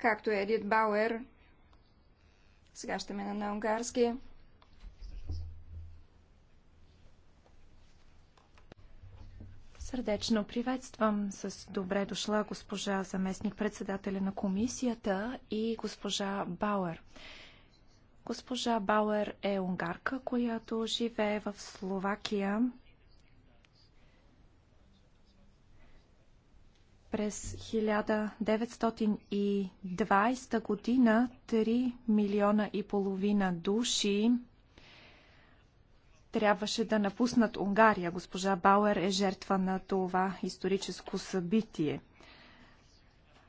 както Едит Бауер. Сега ще мина на унгарски. Сърдечно приветствам с добре дошла госпожа заместник председателя на комисията и госпожа Бауер. Госпожа Бауер е унгарка, която живее в Словакия През 1920 година 3 милиона и половина души трябваше да напуснат Унгария. Госпожа Бауер е жертва на това историческо събитие.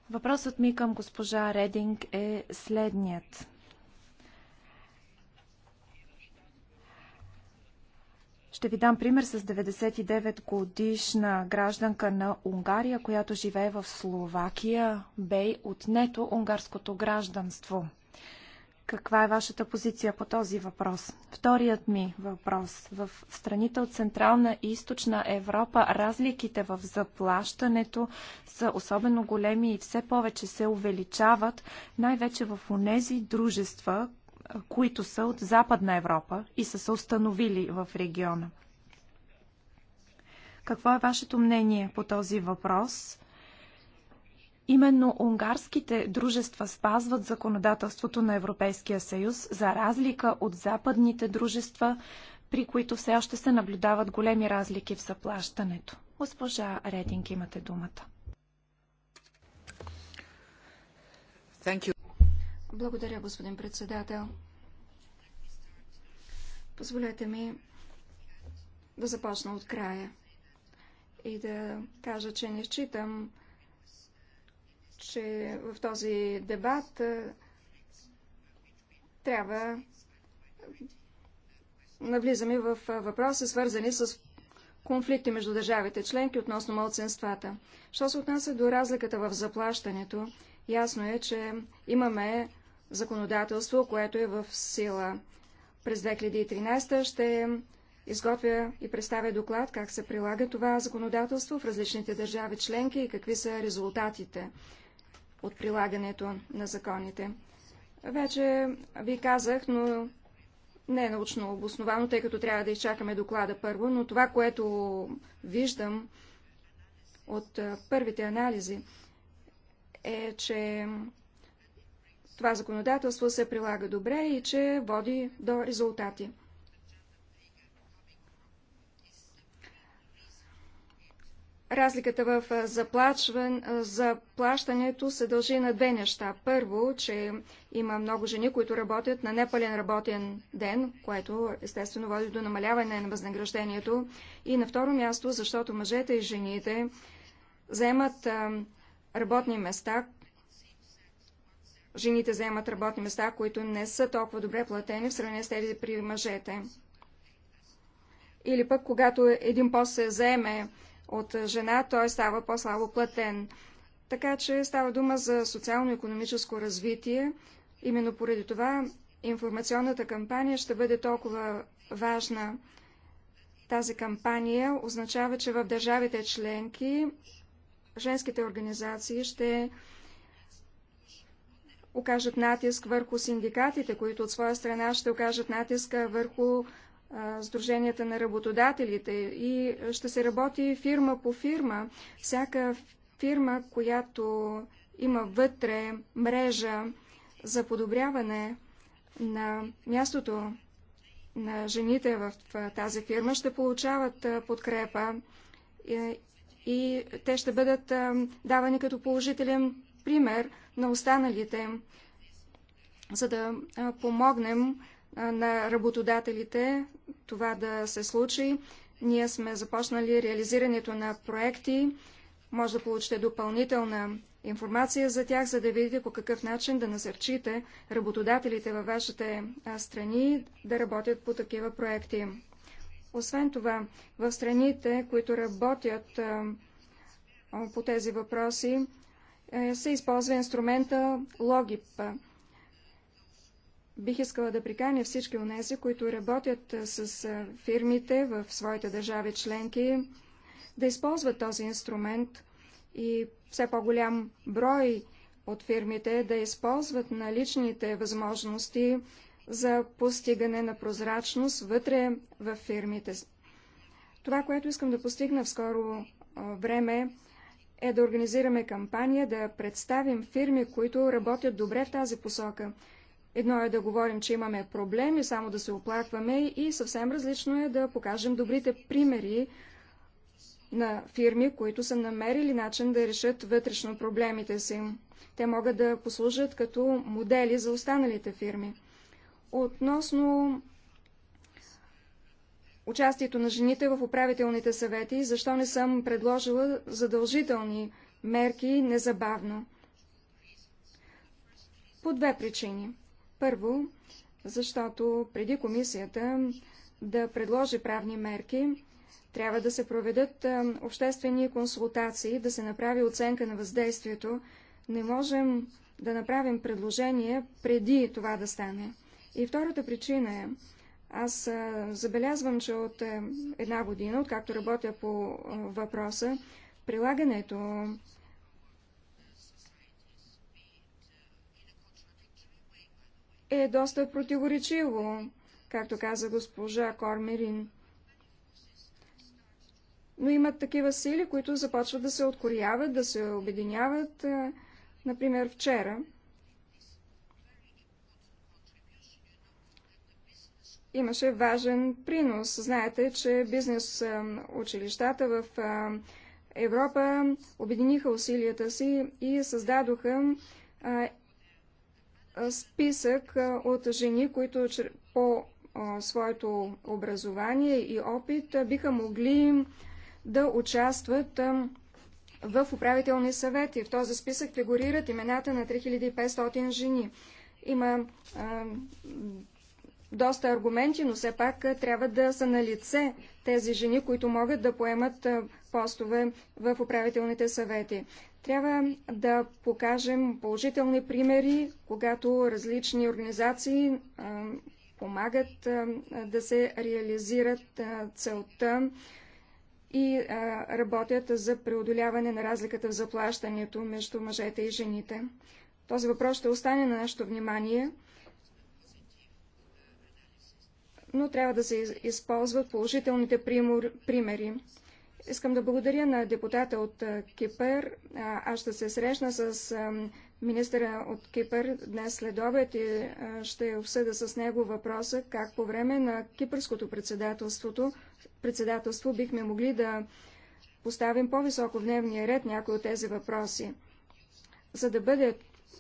Въпросът ми към госпожа Рединг е следният. Ще ви дам пример с 99 годишна гражданка на Унгария, която живее в Словакия. Бей отнето унгарското гражданство. Каква е вашата позиция по този въпрос? Вторият ми въпрос. В страните от Централна и Източна Европа разликите в заплащането са особено големи и все повече се увеличават, най-вече в онези дружества, които са от Западна Европа и са се установили в региона. Какво е вашето мнение по този въпрос? Именно унгарските дружества спазват законодателството на Европейския съюз, за разлика от западните дружества, при които все още се наблюдават големи разлики в заплащането. Госпожа Рединг, имате думата. Thank you. Благодаря, господин председател. Позволете ми да започна от края и да кажа, че не считам, че в този дебат трябва навлизаме в въпроси, свързани с конфликти между държавите членки относно младсенствата. Що се отнася до разликата в заплащането, ясно е, че имаме законодателство, което е в сила. През 2013 ще изготвя и представя доклад как се прилага това законодателство в различните държави членки и какви са резултатите от прилагането на законите. Вече ви казах, но не е научно обосновано, тъй като трябва да изчакаме доклада първо, но това, което виждам от първите анализи е, че това законодателство се прилага добре и че води до резултати. Разликата в заплащането се дължи на две неща. Първо, че има много жени, които работят на непълен работен ден, което естествено води до намаляване на възнаграждението. И на второ място, защото мъжете и жените заемат работни места, жените заемат работни места, които не са толкова добре платени в сравнение с тези при мъжете. Или пък, когато един пост се заеме от жена, той става по-слабо платен. Така че става дума за социално-економическо развитие. Именно поради това информационната кампания ще бъде толкова важна. Тази кампания означава, че в държавите членки женските организации ще окажат натиск върху синдикатите, които от своя страна ще окажат натиска върху Сдруженията на работодателите и ще се работи фирма по фирма. Всяка фирма, която има вътре мрежа за подобряване на мястото на жените в тази фирма, ще получават подкрепа и те ще бъдат давани като положителен пример на останалите, за да помогнем на работодателите това да се случи. Ние сме започнали реализирането на проекти. Може да получите допълнителна информация за тях, за да видите по какъв начин да насърчите работодателите във вашите страни да работят по такива проекти. Освен това, в страните, които работят по тези въпроси, е, се използва инструмента логип. Бих искала да приканя всички от тези, които работят е, с е, фирмите в своите държави членки, да използват този инструмент и все по-голям брой от фирмите да използват наличните възможности за постигане на прозрачност вътре в фирмите. Това, което искам да постигна в скоро време, е да организираме кампания, да представим фирми, които работят добре в тази посока. Едно е да говорим, че имаме проблеми, само да се оплакваме и съвсем различно е да покажем добрите примери на фирми, които са намерили начин да решат вътрешно проблемите си. Те могат да послужат като модели за останалите фирми. Относно участието на жените в управителните съвети, защо не съм предложила задължителни мерки незабавно. По две причини. Първо, защото преди комисията да предложи правни мерки, трябва да се проведат обществени консултации, да се направи оценка на въздействието. Не можем да направим предложение преди това да стане. И втората причина е, аз забелязвам, че от е, една година, откакто работя по въпроса, прилагането е доста противоречиво, както каза госпожа Кормерин. Но имат такива сили, които започват да се откоряват, да се обединяват. Например, вчера имаше важен принос. Знаете, че бизнес училищата в Европа обединиха усилията си и създадоха списък от жени, които по своето образование и опит биха могли да участват в управителни съвети. В този списък фигурират имената на 3500 жени. Има доста аргументи, но все пак трябва да са на лице тези жени, които могат да поемат постове в управителните съвети. Трябва да покажем положителни примери, когато различни организации помагат да се реализират целта и работят за преодоляване на разликата в заплащането между мъжете и жените. Този въпрос ще остане на нашето внимание но трябва да се използват положителните примери. Искам да благодаря на депутата от Кипър. Аз ще се срещна с министъра от Кипър днес след обед и ще обсъда с него въпроса как по време на кипърското председателството, председателство бихме могли да поставим по-високо в дневния ред някои от тези въпроси. За да бъде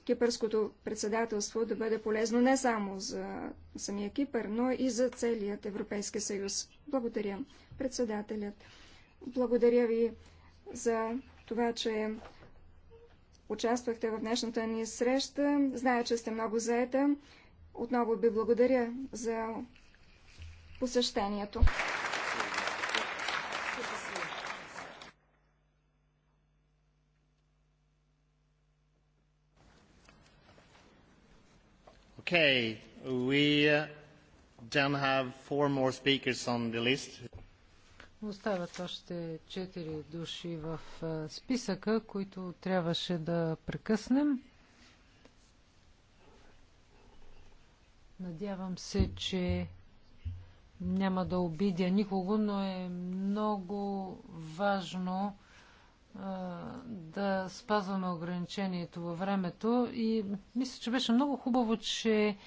кипърското председателство да бъде полезно не само за самия Кипър, но и за целият Европейски съюз. Благодаря, председателят. Благодаря ви за това, че участвахте в днешната ни среща. Зная, че сте много заета. Отново ви благодаря за посещението. Okay, we uh, then have four more speakers on the list. Остават още четири души в списъка, които трябваше да прекъснем. Надявам се, че няма да обидя никого, но е много важно да спазваме ограничението във времето и мисля, че беше много хубаво, че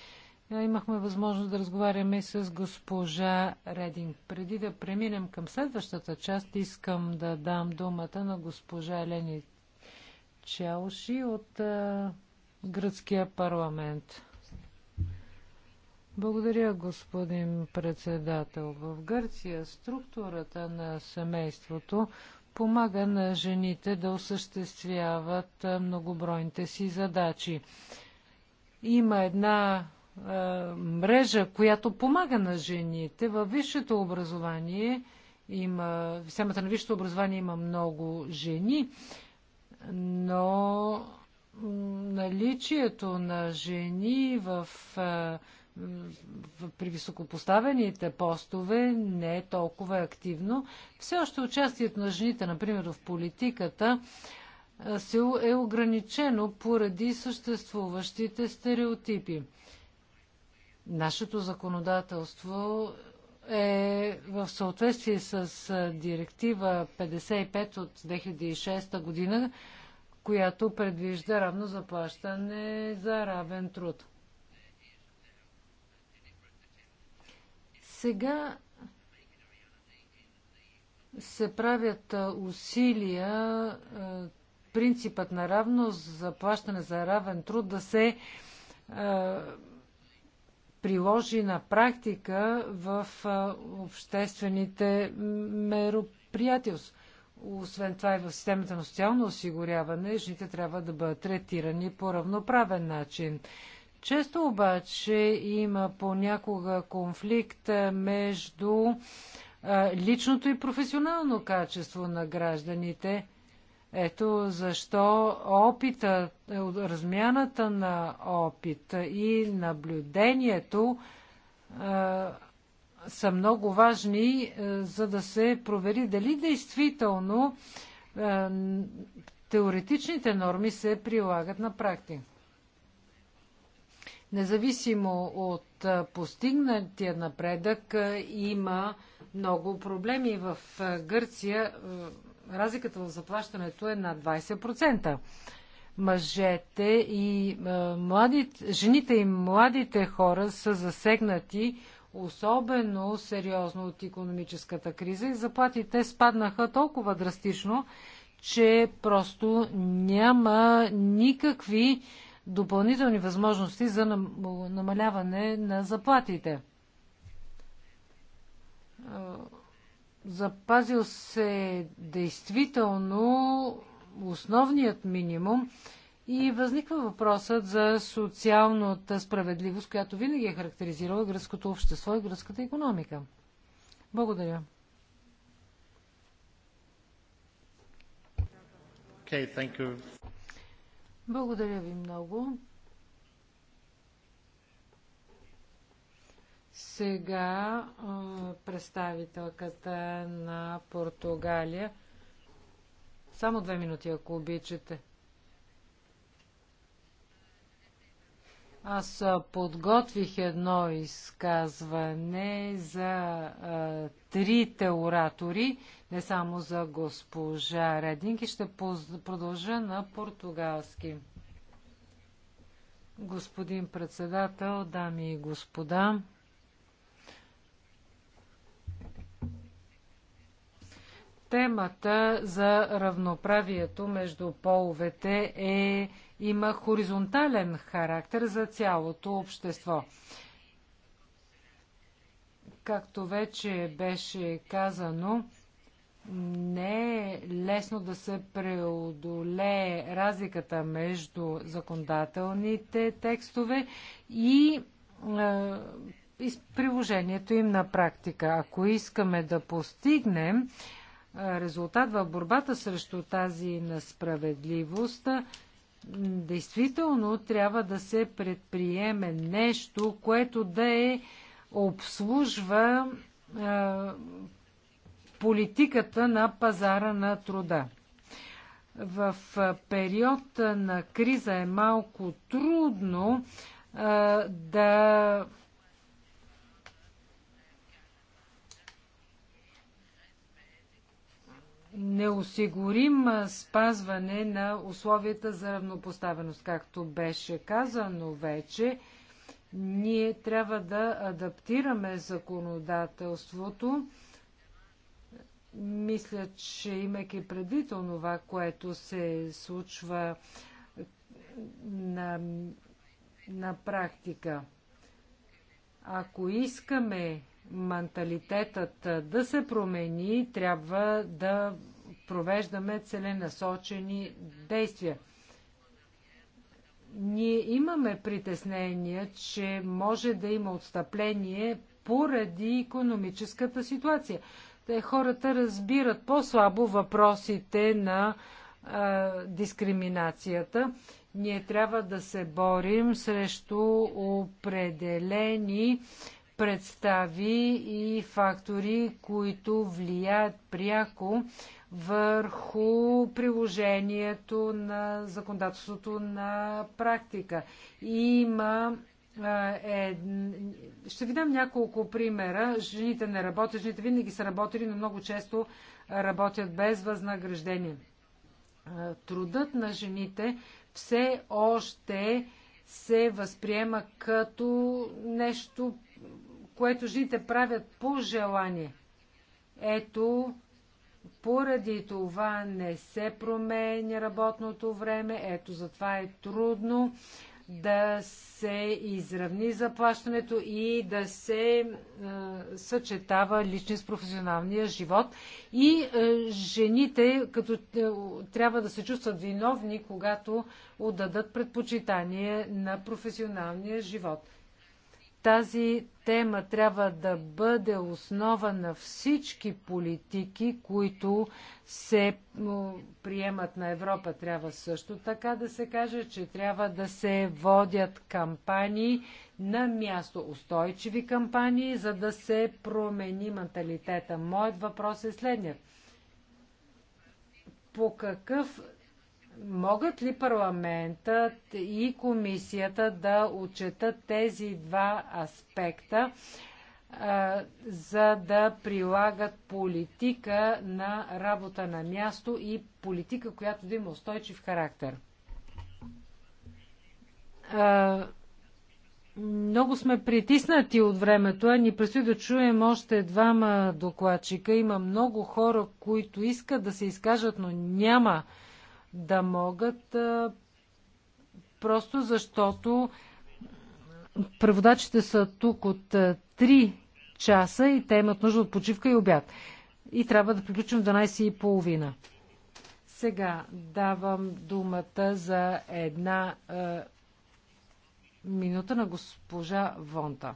имахме възможност да разговаряме с госпожа Рединг. Преди да преминем към следващата част, искам да дам думата на госпожа Елени Челши от а, Гръцкия парламент. Благодаря, господин председател. В Гърция структурата на семейството помага на жените да осъществяват многобройните си задачи. Има една е, мрежа, която помага на жените във висшето образование. Има, в системата на висшето образование има много жени, но наличието на жени в е, при високопоставените постове не е толкова активно. Все още участието на жените, например, в политиката е ограничено поради съществуващите стереотипи. Нашето законодателство е в съответствие с директива 55 от 2006 година, която предвижда равно заплащане за равен труд. Сега се правят усилия принципът на равност, заплащане за равен труд да се приложи на практика в обществените мероприятия. Освен това и в системата на социално осигуряване, жените трябва да бъдат третирани по равноправен начин. Често обаче има понякога конфликт между личното и професионално качество на гражданите. Ето защо опита, е, размяната на опит и наблюдението а, са много важни, а, е, за да се провери дали действително а, е, теоретичните норми се прилагат на практика. Независимо от постигнатия напредък, има много проблеми в Гърция. Разликата в заплащането е на 20%. Мъжете и младите, жените и младите хора са засегнати особено сериозно от економическата криза и заплатите спаднаха толкова драстично, че просто няма никакви допълнителни възможности за намаляване на заплатите. Запазил се действително основният минимум и възниква въпросът за социалната справедливост, която винаги е характеризирала гръцкото общество и гръцката економика. Благодаря. Okay, thank you благодаря ви много. Сега представителката на Португалия. Само две минути, ако обичате. Аз подготвих едно изказване за а, трите оратори, не само за госпожа Рединг и ще продължа на португалски. Господин председател, дами и господа, темата за равноправието между половете е има хоризонтален характер за цялото общество. Както вече беше казано, не е лесно да се преодолее разликата между законодателните текстове и, е, приложението им на практика. Ако искаме да постигнем е, резултат в борбата срещу тази несправедливост, действително трябва да се предприеме нещо, което да е обслужва е, политиката на пазара на труда. В период на криза е малко трудно е, да не осигурим спазване на условията за равнопоставеност. Както беше казано вече, ние трябва да адаптираме законодателството. Мисля, че имайки предвид това, което се случва на, на практика, ако искаме менталитетът да се промени, трябва да провеждаме целенасочени действия. Ние имаме притеснение, че може да има отстъпление поради економическата ситуация. Те хората разбират по-слабо въпросите на а, дискриминацията. Ние трябва да се борим срещу определени представи и фактори, които влияят пряко върху приложението на законодателството на практика. Има е, ще ви дам няколко примера. Жените не работят, жените винаги са работили, но много често работят без възнаграждение. Трудът на жените все още се възприема като нещо което жените правят по желание. Ето, поради това не се променя работното време, ето затова е трудно да се изравни заплащането и да се е, съчетава лични с професионалния живот. И е, жените като е, трябва да се чувстват виновни, когато отдадат предпочитание на професионалния живот. Тази тема трябва да бъде основа на всички политики, които се приемат на Европа. Трябва също така да се каже, че трябва да се водят кампании на място, устойчиви кампании, за да се промени менталитета. Моят въпрос е следният. По какъв могат ли парламентът и комисията да отчетат тези два аспекта, за да прилагат политика на работа на място и политика, която да има устойчив характер? много сме притиснати от времето, а ни предстои да чуем още двама докладчика. Има много хора, които искат да се изкажат, но няма да могат просто защото преводачите са тук от 3 часа и те имат нужда от почивка и обяд. И трябва да приключим в 12.30. Сега давам думата за една а, минута на госпожа Вонта.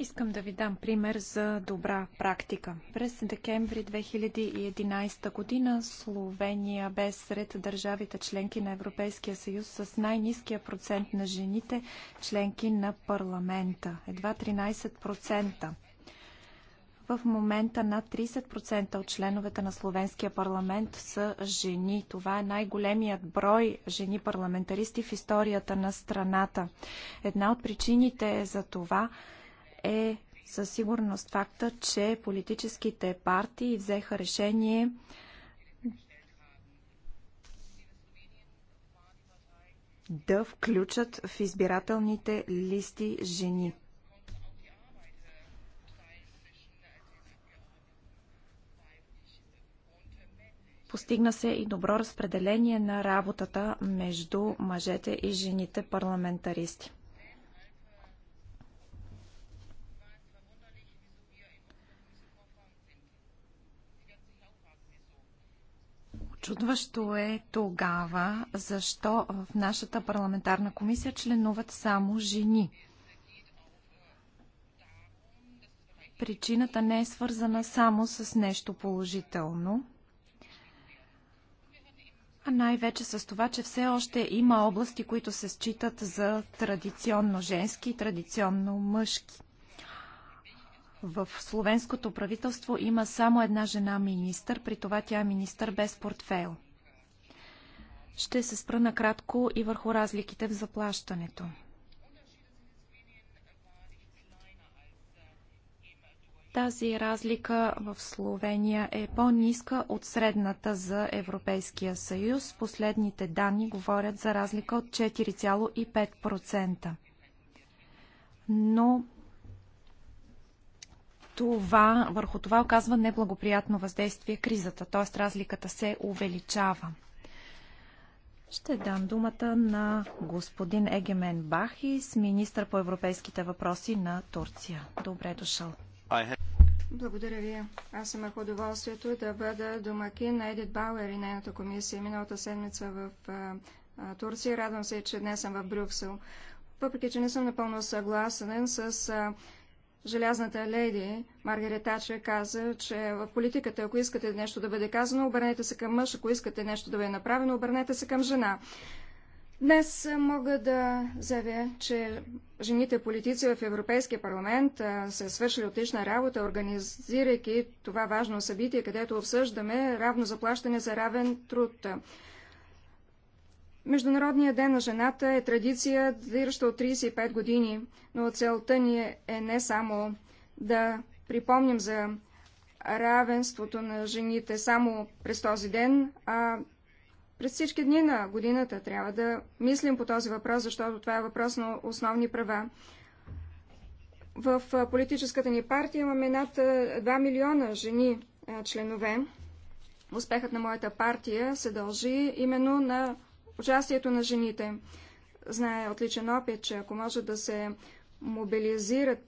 Искам да ви дам пример за добра практика. През декември 2011 година Словения бе сред държавите членки на Европейския съюз с най-низкия процент на жените членки на парламента. Едва 13%. В момента над 30% от членовете на Словенския парламент са жени. Това е най-големият брой жени парламентаристи в историята на страната. Една от причините е за това, е със сигурност факта, че политическите партии взеха решение да включат в избирателните листи жени. Постигна се и добро разпределение на работата между мъжете и жените парламентаристи. Очудващо е тогава, защо в нашата парламентарна комисия членуват само жени. Причината не е свързана само с нещо положително, а най-вече с това, че все още има области, които се считат за традиционно женски и традиционно мъжки. В словенското правителство има само една жена министър, при това тя е министър без портфейл. Ще се спра накратко и върху разликите в заплащането. Тази разлика в Словения е по-ниска от средната за Европейския съюз. Последните данни говорят за разлика от 4,5%. Но това, върху това оказва неблагоприятно въздействие кризата, т.е. разликата се увеличава. Ще дам думата на господин Егемен Бахис, министър по европейските въпроси на Турция. Добре дошъл. Благодаря ви. Аз имах удоволствието да бъда домакин на Едит Бауер и нейната комисия миналата седмица в Турция. Радвам се, че днес съм в Брюксел. Въпреки, че не съм напълно съгласен с Желязната леди Маргарет Тачер каза, че в политиката, ако искате нещо да бъде казано, обърнете се към мъж, ако искате нещо да бъде направено, обърнете се към жена. Днес мога да заявя, че жените политици в Европейския парламент са свършили отлична работа, организирайки това важно събитие, където обсъждаме равно заплащане за равен труд. Международният ден на жената е традиция, датираща от 35 години, но целта ни е не само да припомним за равенството на жените само през този ден, а през всички дни на годината трябва да мислим по този въпрос, защото това е въпрос на основни права. В политическата ни партия имаме над 2 милиона жени членове. Успехът на моята партия се дължи именно на Участието на жените. Знае отличен опит, че ако може да се мобилизират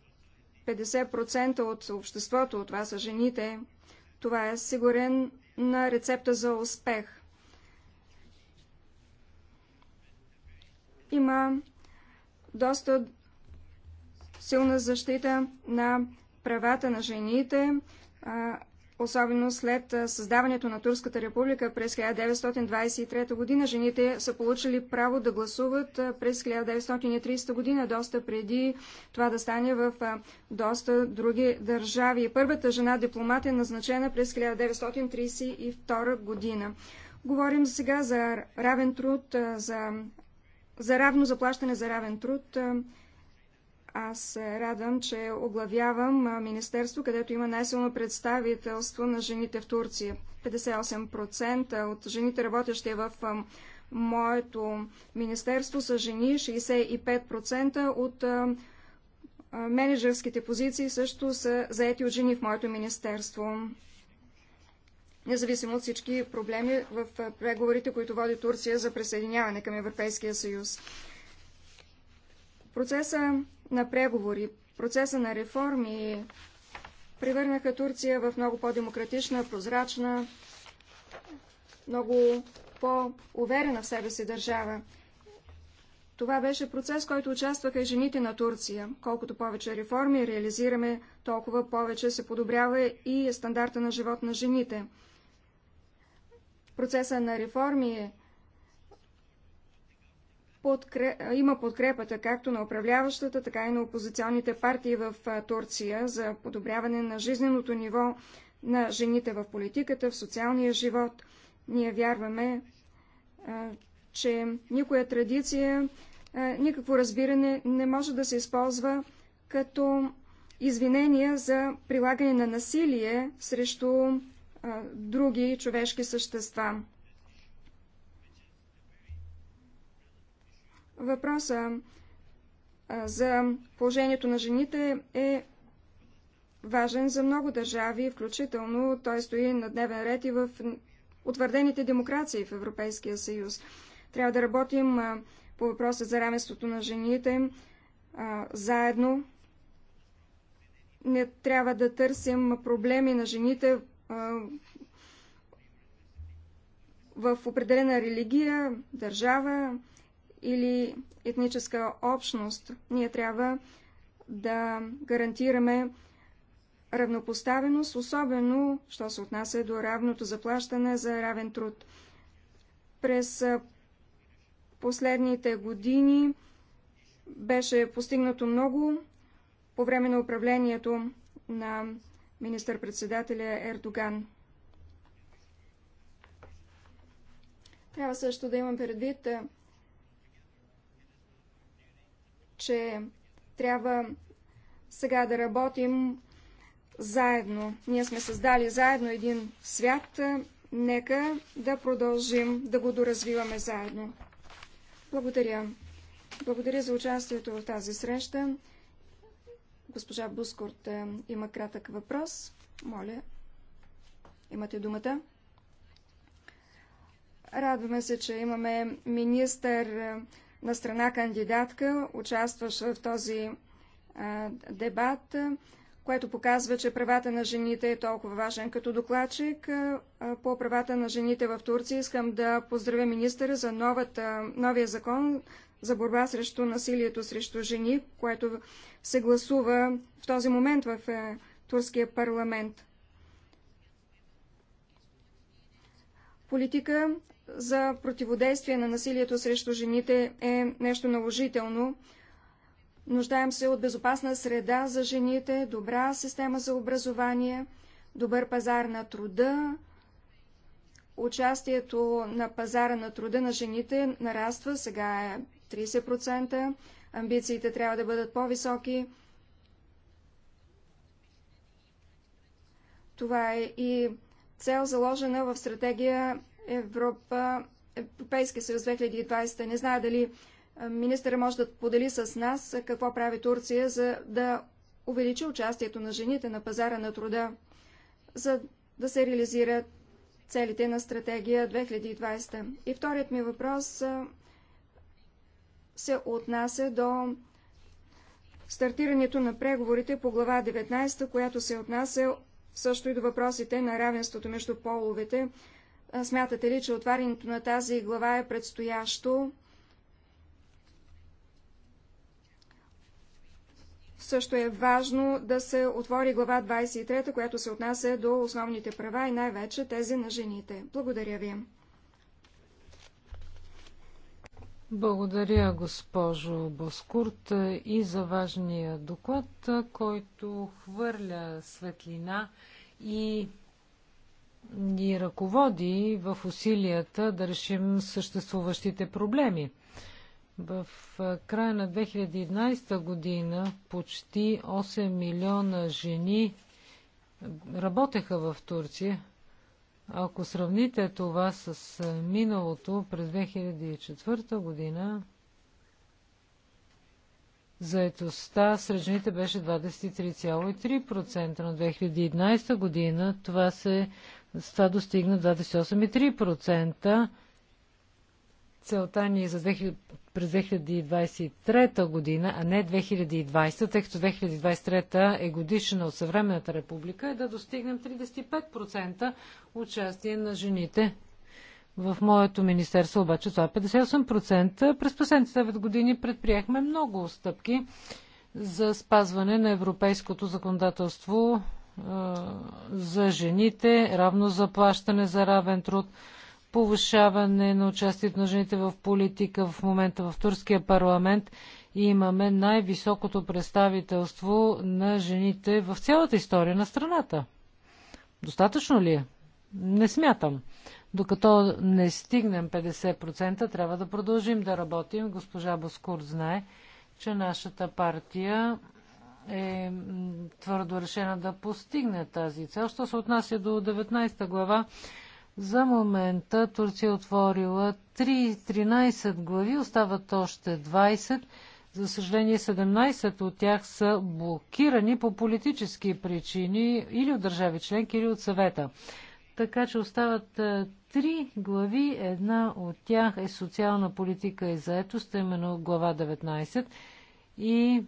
50% от обществото, от това са жените, това е сигурен на рецепта за успех. Има доста силна защита на правата на жените, Особено след създаването на Турската република през 1923 година, жените са получили право да гласуват през 1930 година, доста преди това да стане в доста други държави. Първата жена дипломат е назначена през 1932 година. Говорим сега за равен труд, за, за равно заплащане за равен труд. Аз се радвам, че оглавявам министерство, където има най-силно представителство на жените в Турция. 58% от жените, работещи в моето министерство, са жени, 65% от менеджерските позиции също са заети от жени в моето министерство. Независимо от всички проблеми в преговорите, които води Турция за присъединяване към Европейския съюз. Процеса на преговори, процеса на реформи превърнаха Турция в много по-демократична, прозрачна, много по-уверена в себе си държава. Това беше процес, който участваха и жените на Турция. Колкото повече реформи реализираме, толкова повече се подобрява и стандарта на живот на жените. Процеса на реформи е подкреп... има подкрепата както на управляващата, така и на опозиционните партии в Турция за подобряване на жизненото ниво на жените в политиката, в социалния живот. Ние вярваме, че никоя традиция, никакво разбиране не може да се използва като извинения за прилагане на насилие срещу други човешки същества. Въпроса за положението на жените е важен за много държави, включително той стои на дневен ред и в утвърдените демокрации в Европейския съюз. Трябва да работим по въпроса за равенството на жените заедно. Не трябва да търсим проблеми на жените в определена религия, държава или етническа общност. Ние трябва да гарантираме равнопоставеност, особено, що се отнася до равното заплащане за равен труд. През последните години беше постигнато много по време на управлението на министър-председателя Ердоган. Трябва също да имам предвид, че трябва сега да работим заедно. Ние сме създали заедно един свят. Нека да продължим да го доразвиваме заедно. Благодаря. Благодаря за участието в тази среща. Госпожа Бускорт е, има кратък въпрос. Моля, имате думата. Радваме се, че имаме министър е, на страна кандидатка, участваща в този а, дебат, което показва, че правата на жените е толкова важен. Като докладчик а, по правата на жените в Турция искам да поздравя министъра за новата, новия закон за борба срещу насилието срещу жени, което се гласува в този момент в а, е, турския парламент. Политика за противодействие на насилието срещу жените е нещо наложително. Нуждаем се от безопасна среда за жените, добра система за образование, добър пазар на труда. Участието на пазара на труда на жените нараства, сега е 30%. Амбициите трябва да бъдат по-високи. Това е и цел заложена в стратегия Европа, Европейския съюз 2020. Не знае дали министъра може да подели с нас какво прави Турция, за да увеличи участието на жените на пазара на труда, за да се реализират целите на стратегия 2020. И вторият ми въпрос се отнася до стартирането на преговорите по глава 19, която се отнася също и до въпросите на равенството между половете. Смятате ли, че отварянето на тази глава е предстоящо? Също е важно да се отвори глава 23, която се отнася до основните права и най-вече тези на жените. Благодаря ви. Благодаря, госпожо Боскурт, и за важния доклад, който хвърля светлина и ни ръководи в усилията да решим съществуващите проблеми. В края на 2011 година почти 8 милиона жени работеха в Турция. Ако сравните това с миналото през 2004 година, Заетостта сред жените беше 23,3% на 2011 година. Това се с това достигна 28,3%. Целта ни е за 2000, през 2023 година, а не 2020, тъй като 2023 е годишна от съвременната република, е да достигнем 35% участие на жените. В моето министерство обаче това е 58%. През последните 9 години предприехме много стъпки за спазване на европейското законодателство за жените, равно заплащане за равен труд, повишаване на участието на жените в политика. В момента в Турския парламент имаме най-високото представителство на жените в цялата история на страната. Достатъчно ли е? Не смятам. Докато не стигнем 50%, трябва да продължим да работим. Госпожа Боскур знае, че нашата партия е твърдо решена да постигне тази цел. Що се отнася до 19 глава, за момента Турция е отворила 3, 13 глави, остават още 20. За съжаление, 17 от тях са блокирани по политически причини или от държави членки, или от съвета. Така че остават е, три глави. Една от тях е социална политика и заетост, именно глава 19. И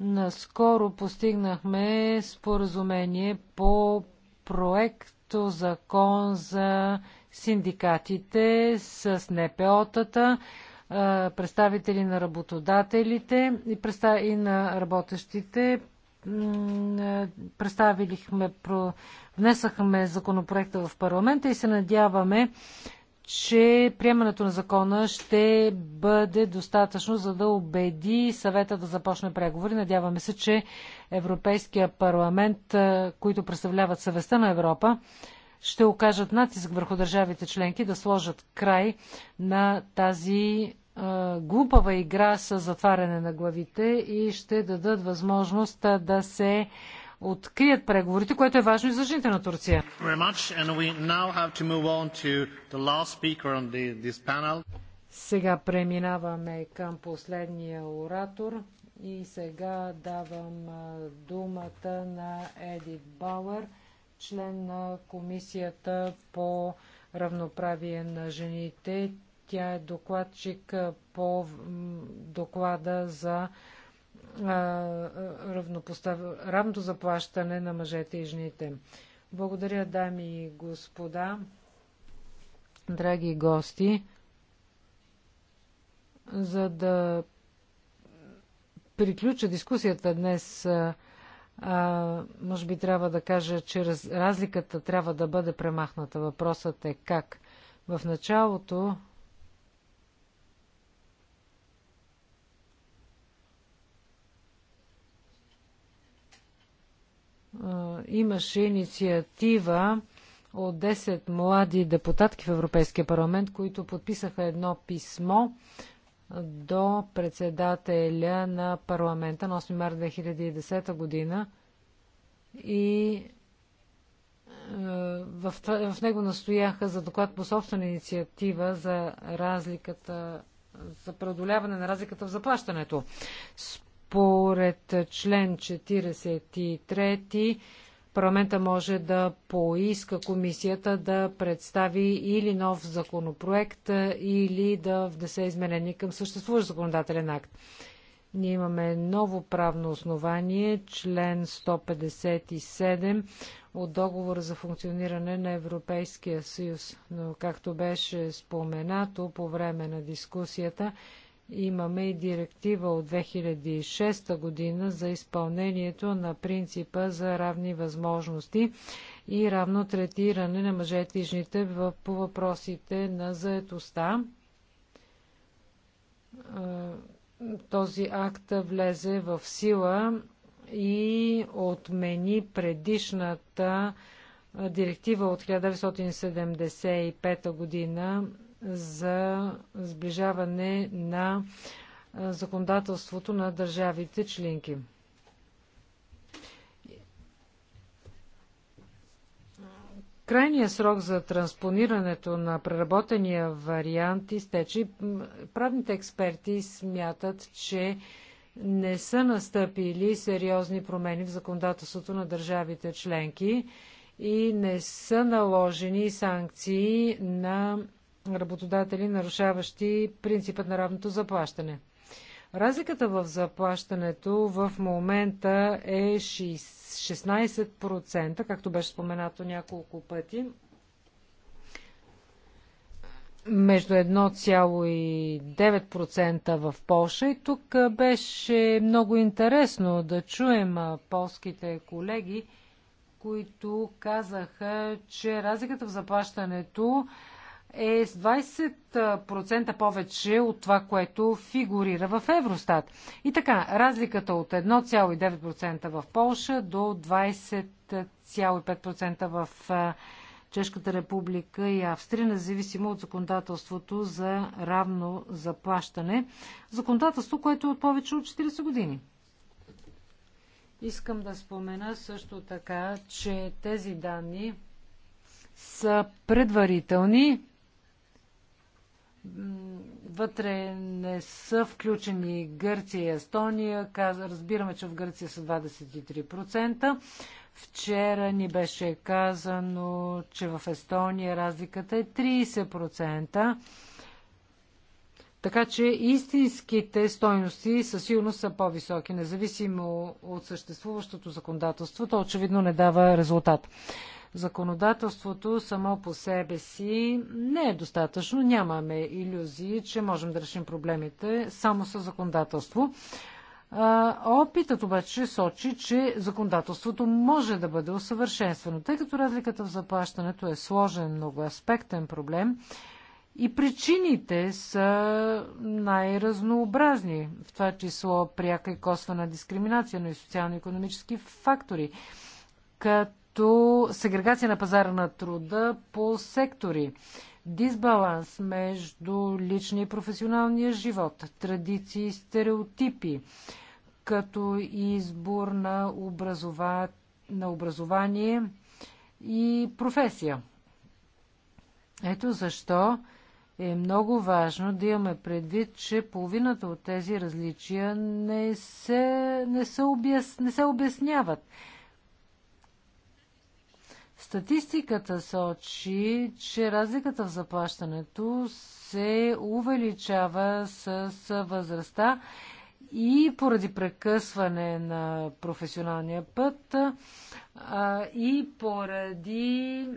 Наскоро постигнахме споразумение по проекто закон за синдикатите с НПО-тата, представители на работодателите и на работещите. Представихме, внесахме законопроекта в парламента и се надяваме че приемането на закона ще бъде достатъчно, за да убеди съвета да започне преговори. Надяваме се, че Европейския парламент, които представляват съвестта на Европа, ще окажат натиск върху държавите членки да сложат край на тази глупава игра с затваряне на главите и ще дадат възможност да се открият преговорите, което е важно и за жените на Турция. Сега преминаваме към последния оратор и сега давам думата на Едит Бауер, член на Комисията по равноправие на жените. Тя е докладчик по доклада за равнопостав... равното заплащане на мъжете и жените. Благодаря, дами и господа, драги гости, за да приключа дискусията днес. А, може би трябва да кажа, че раз, разликата трябва да бъде премахната. Въпросът е как. В началото имаше инициатива от 10 млади депутатки в Европейския парламент, които подписаха едно писмо до председателя на парламента на 8 март 2010 година и в, в него настояха за доклад по собствена инициатива за разликата за преодоляване на разликата в заплащането. Според член 43 парламента може да поиска комисията да представи или нов законопроект, или да внесе изменени към съществуващ законодателен акт. Ние имаме ново правно основание, член 157 от договора за функциониране на Европейския съюз. Но както беше споменато по време на дискусията, Имаме и директива от 2006 година за изпълнението на принципа за равни възможности и равно третиране на мъжете и жените по въпросите на заетостта. Този акт влезе в сила и отмени предишната директива от 1975 година за сближаване на законодателството на държавите членки. Крайният срок за транспонирането на преработения вариант изтече. Правните експерти смятат, че не са настъпили сериозни промени в законодателството на държавите членки и не са наложени санкции на работодатели, нарушаващи принципът на равното заплащане. Разликата в заплащането в момента е 16%, както беше споменато няколко пъти, между 1,9% в Польша. И тук беше много интересно да чуем полските колеги, които казаха, че разликата в заплащането е с 20% повече от това, което фигурира в Евростат. И така, разликата от 1,9% в Полша до 20,5% в Чешката република и Австрия, независимо от законодателството за равно заплащане. Законодателство, което е от повече от 40 години. Искам да спомена също така, че тези данни са предварителни Вътре не са включени Гърция и Естония. Разбираме, че в Гърция са 23%. Вчера ни беше казано, че в Естония разликата е 30%. Така че истинските стойности със сигурност са по-високи, независимо от съществуващото законодателство. То очевидно не дава резултат. Законодателството само по себе си не е достатъчно. Нямаме иллюзии, че можем да решим проблемите само с законодателство. Опитът обаче сочи, че законодателството може да бъде усъвършенствано, тъй като разликата в заплащането е сложен, многоаспектен проблем и причините са най-разнообразни, в това число пряка и косвена дискриминация, но и социално-економически фактори, като като сегрегация на пазара на труда по сектори, дисбаланс между личния и професионалния живот, традиции и стереотипи, като избор на, образова... на образование и професия. Ето защо е много важно да имаме предвид, че половината от тези различия не се, не се, обяс... не се обясняват. Статистиката сочи, че разликата в заплащането се увеличава с възрастта и поради прекъсване на професионалния път а, и поради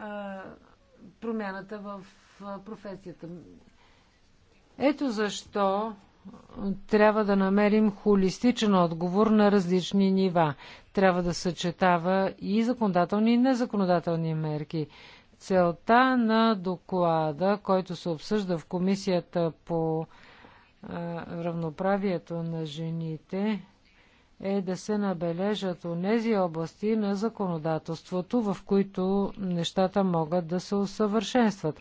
а, промяната в професията. Ето защо трябва да намерим холистичен отговор на различни нива. Трябва да съчетава и законодателни и незаконодателни мерки. Целта на доклада, който се обсъжда в Комисията по а, равноправието на жените, е да се набележат нези области на законодателството, в които нещата могат да се усъвършенстват.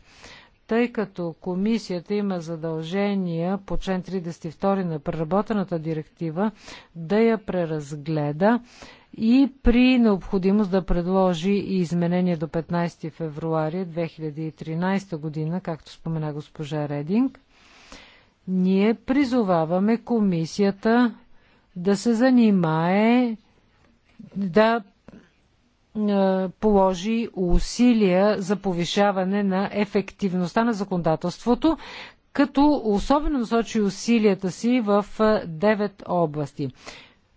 Тъй като комисията има задължения по член 32 на преработената директива да я преразгледа и при необходимост да предложи и изменение до 15 февруари 2013 година, както спомена госпожа Рединг, ние призоваваме комисията да се занимае да е, положи усилия за повишаване на ефективността на законодателството, като особено насочи усилията си в е, девет области.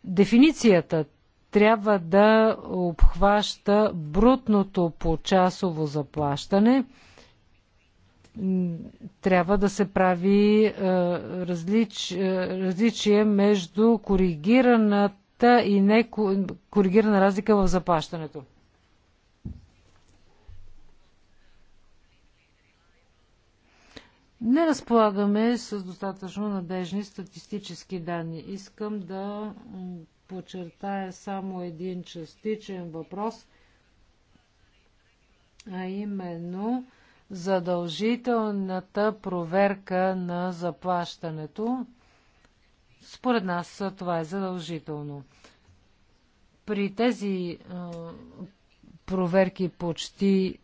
Дефиницията трябва да обхваща брутното почасово заплащане. Трябва да се прави е, различие между коригираната и не коригирана разлика в заплащането. Не разполагаме с достатъчно надежни статистически данни. Искам да подчертая само един частичен въпрос, а именно задължителната проверка на заплащането. Според нас това е задължително. При тези а, проверки почти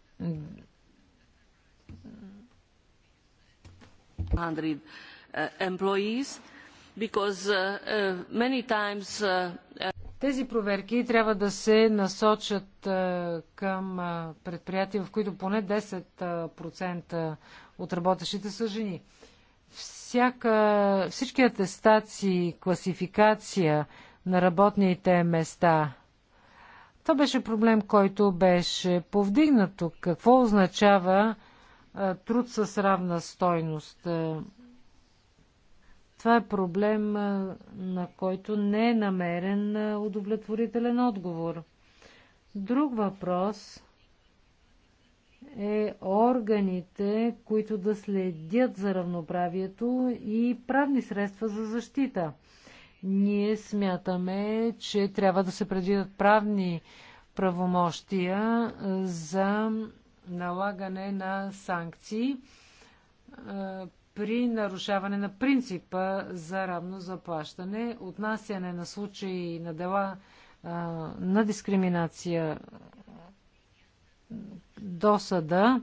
employees because many times тези проверки трябва да се насочат към предприятия, в които поне 10% от работещите са жени всяка, всички атестации, класификация на работните места. Това беше проблем, който беше повдигнато. Какво означава а, труд с равна стойност? Това е проблем, на който не е намерен удовлетворителен отговор. Друг въпрос е органите, които да следят за равноправието и правни средства за защита. Ние смятаме, че трябва да се предвидят правни правомощия за налагане на санкции при нарушаване на принципа за равно заплащане, отнасяне на случаи на дела на дискриминация досада.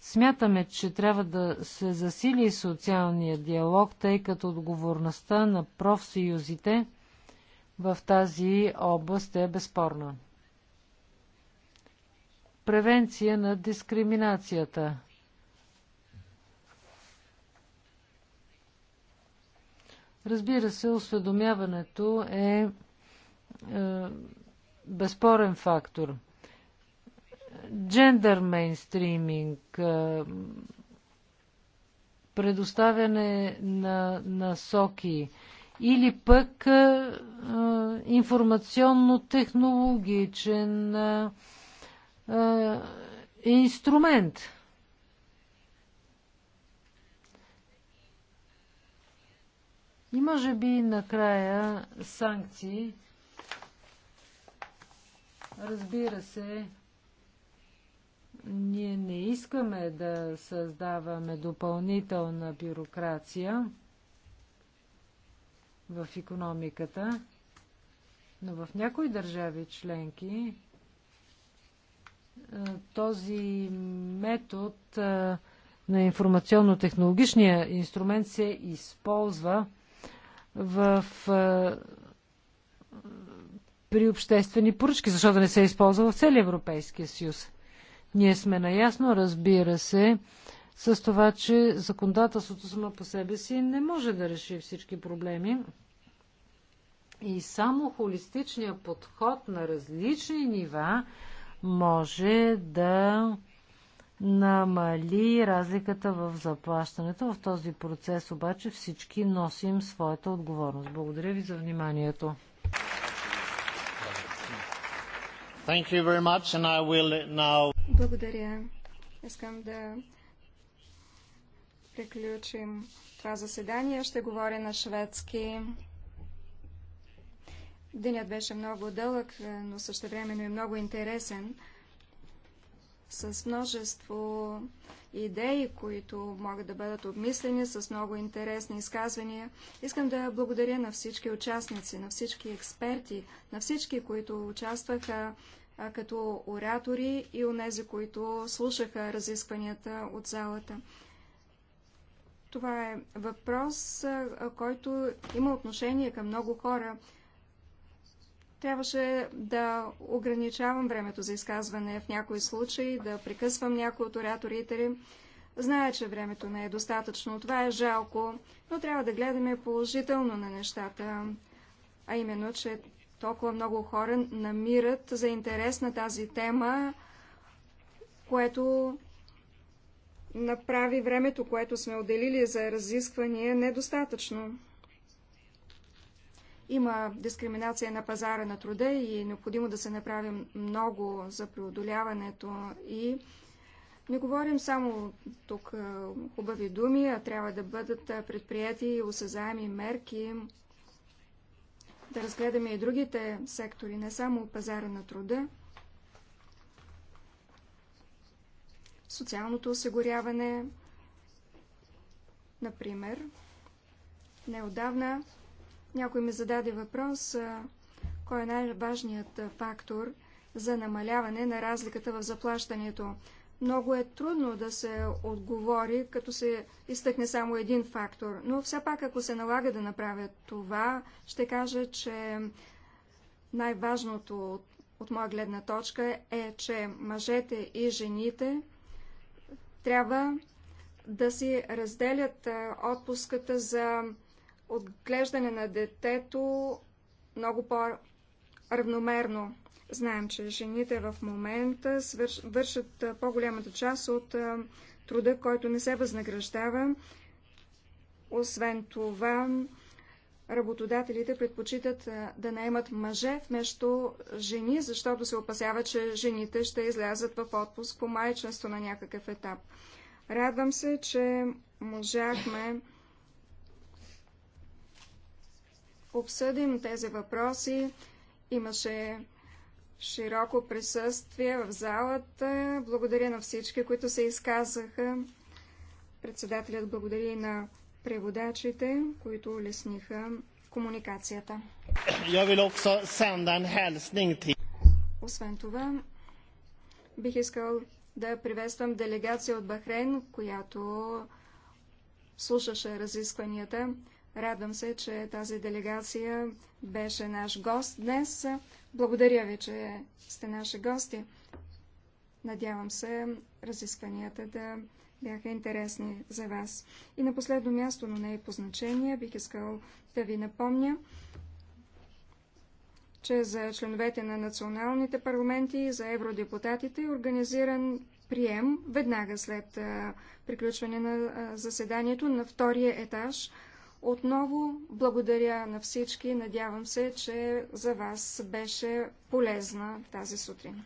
Смятаме, че трябва да се засили социалния диалог, тъй като отговорността на профсъюзите в тази област е безспорна. Превенция на дискриминацията. Разбира се, осведомяването е, е безспорен фактор – джендър мейнстриминг, предоставяне на насоки или пък информационно-технологичен инструмент. И може би накрая санкции. Разбира се, ние не искаме да създаваме допълнителна бюрокрация в економиката, но в някои държави членки е, този метод е, на информационно-технологичния инструмент се използва в, е, при обществени поръчки, защото не се използва в целия Европейския съюз. Ние сме наясно, разбира се, с това, че законодателството само по себе си не може да реши всички проблеми. И само холистичният подход на различни нива може да намали разликата в заплащането. В този процес обаче всички носим своята отговорност. Благодаря ви за вниманието. Now... Благодаря. Искам да приключим това заседание. Ще говоря на шведски. Денят беше много дълъг, но също времено и много интересен. С множество идеи, които могат да бъдат обмислени с много интересни изказвания. Искам да благодаря на всички участници, на всички експерти, на всички, които участваха като оратори и у нези, които слушаха разискванията от залата. Това е въпрос, който има отношение към много хора. Трябваше да ограничавам времето за изказване в някои случаи, да прекъсвам някои от ораторите. Зная, че времето не е достатъчно. Това е жалко, но трябва да гледаме положително на нещата. А именно, че толкова много хора намират за интерес на тази тема, което направи времето, което сме отделили за разисквания, недостатъчно. Има дискриминация на пазара на труда и е необходимо да се направи много за преодоляването и не говорим само тук е, хубави думи, а трябва да бъдат е, предприяти осъзаеми мерки, да разгледаме и другите сектори, не само пазара на труда, социалното осигуряване, например. Неодавна някой ми зададе въпрос, кой е най-важният фактор за намаляване на разликата в заплащането. Много е трудно да се отговори, като се изтъкне само един фактор, но все пак, ако се налага да направя това, ще кажа, че най-важното от, от моя гледна точка е, че мъжете и жените трябва да си разделят отпуската за отглеждане на детето много по-равномерно. Знаем, че жените в момента вършат по-голямата част от труда, който не се възнаграждава. Освен това, работодателите предпочитат да наемат мъже вместо жени, защото се опасява, че жените ще излязат в отпуск по майчинство на някакъв етап. Радвам се, че можахме обсъдим тези въпроси. Имаше широко присъствие в залата. Благодаря на всички, които се изказаха. Председателят благодари на преводачите, които лесниха комуникацията. Освен това, бих искал да приветствам делегация от Бахрейн, която слушаше разискванията. Радвам се, че тази делегация беше наш гост днес. Благодаря ви, че сте наши гости. Надявам се разискванията да бяха интересни за вас. И на последно място, но не е по значение, бих искал да ви напомня, че за членовете на националните парламенти и за евродепутатите е организиран прием веднага след приключване на заседанието на втория етаж – отново благодаря на всички. Надявам се, че за вас беше полезна тази сутрин.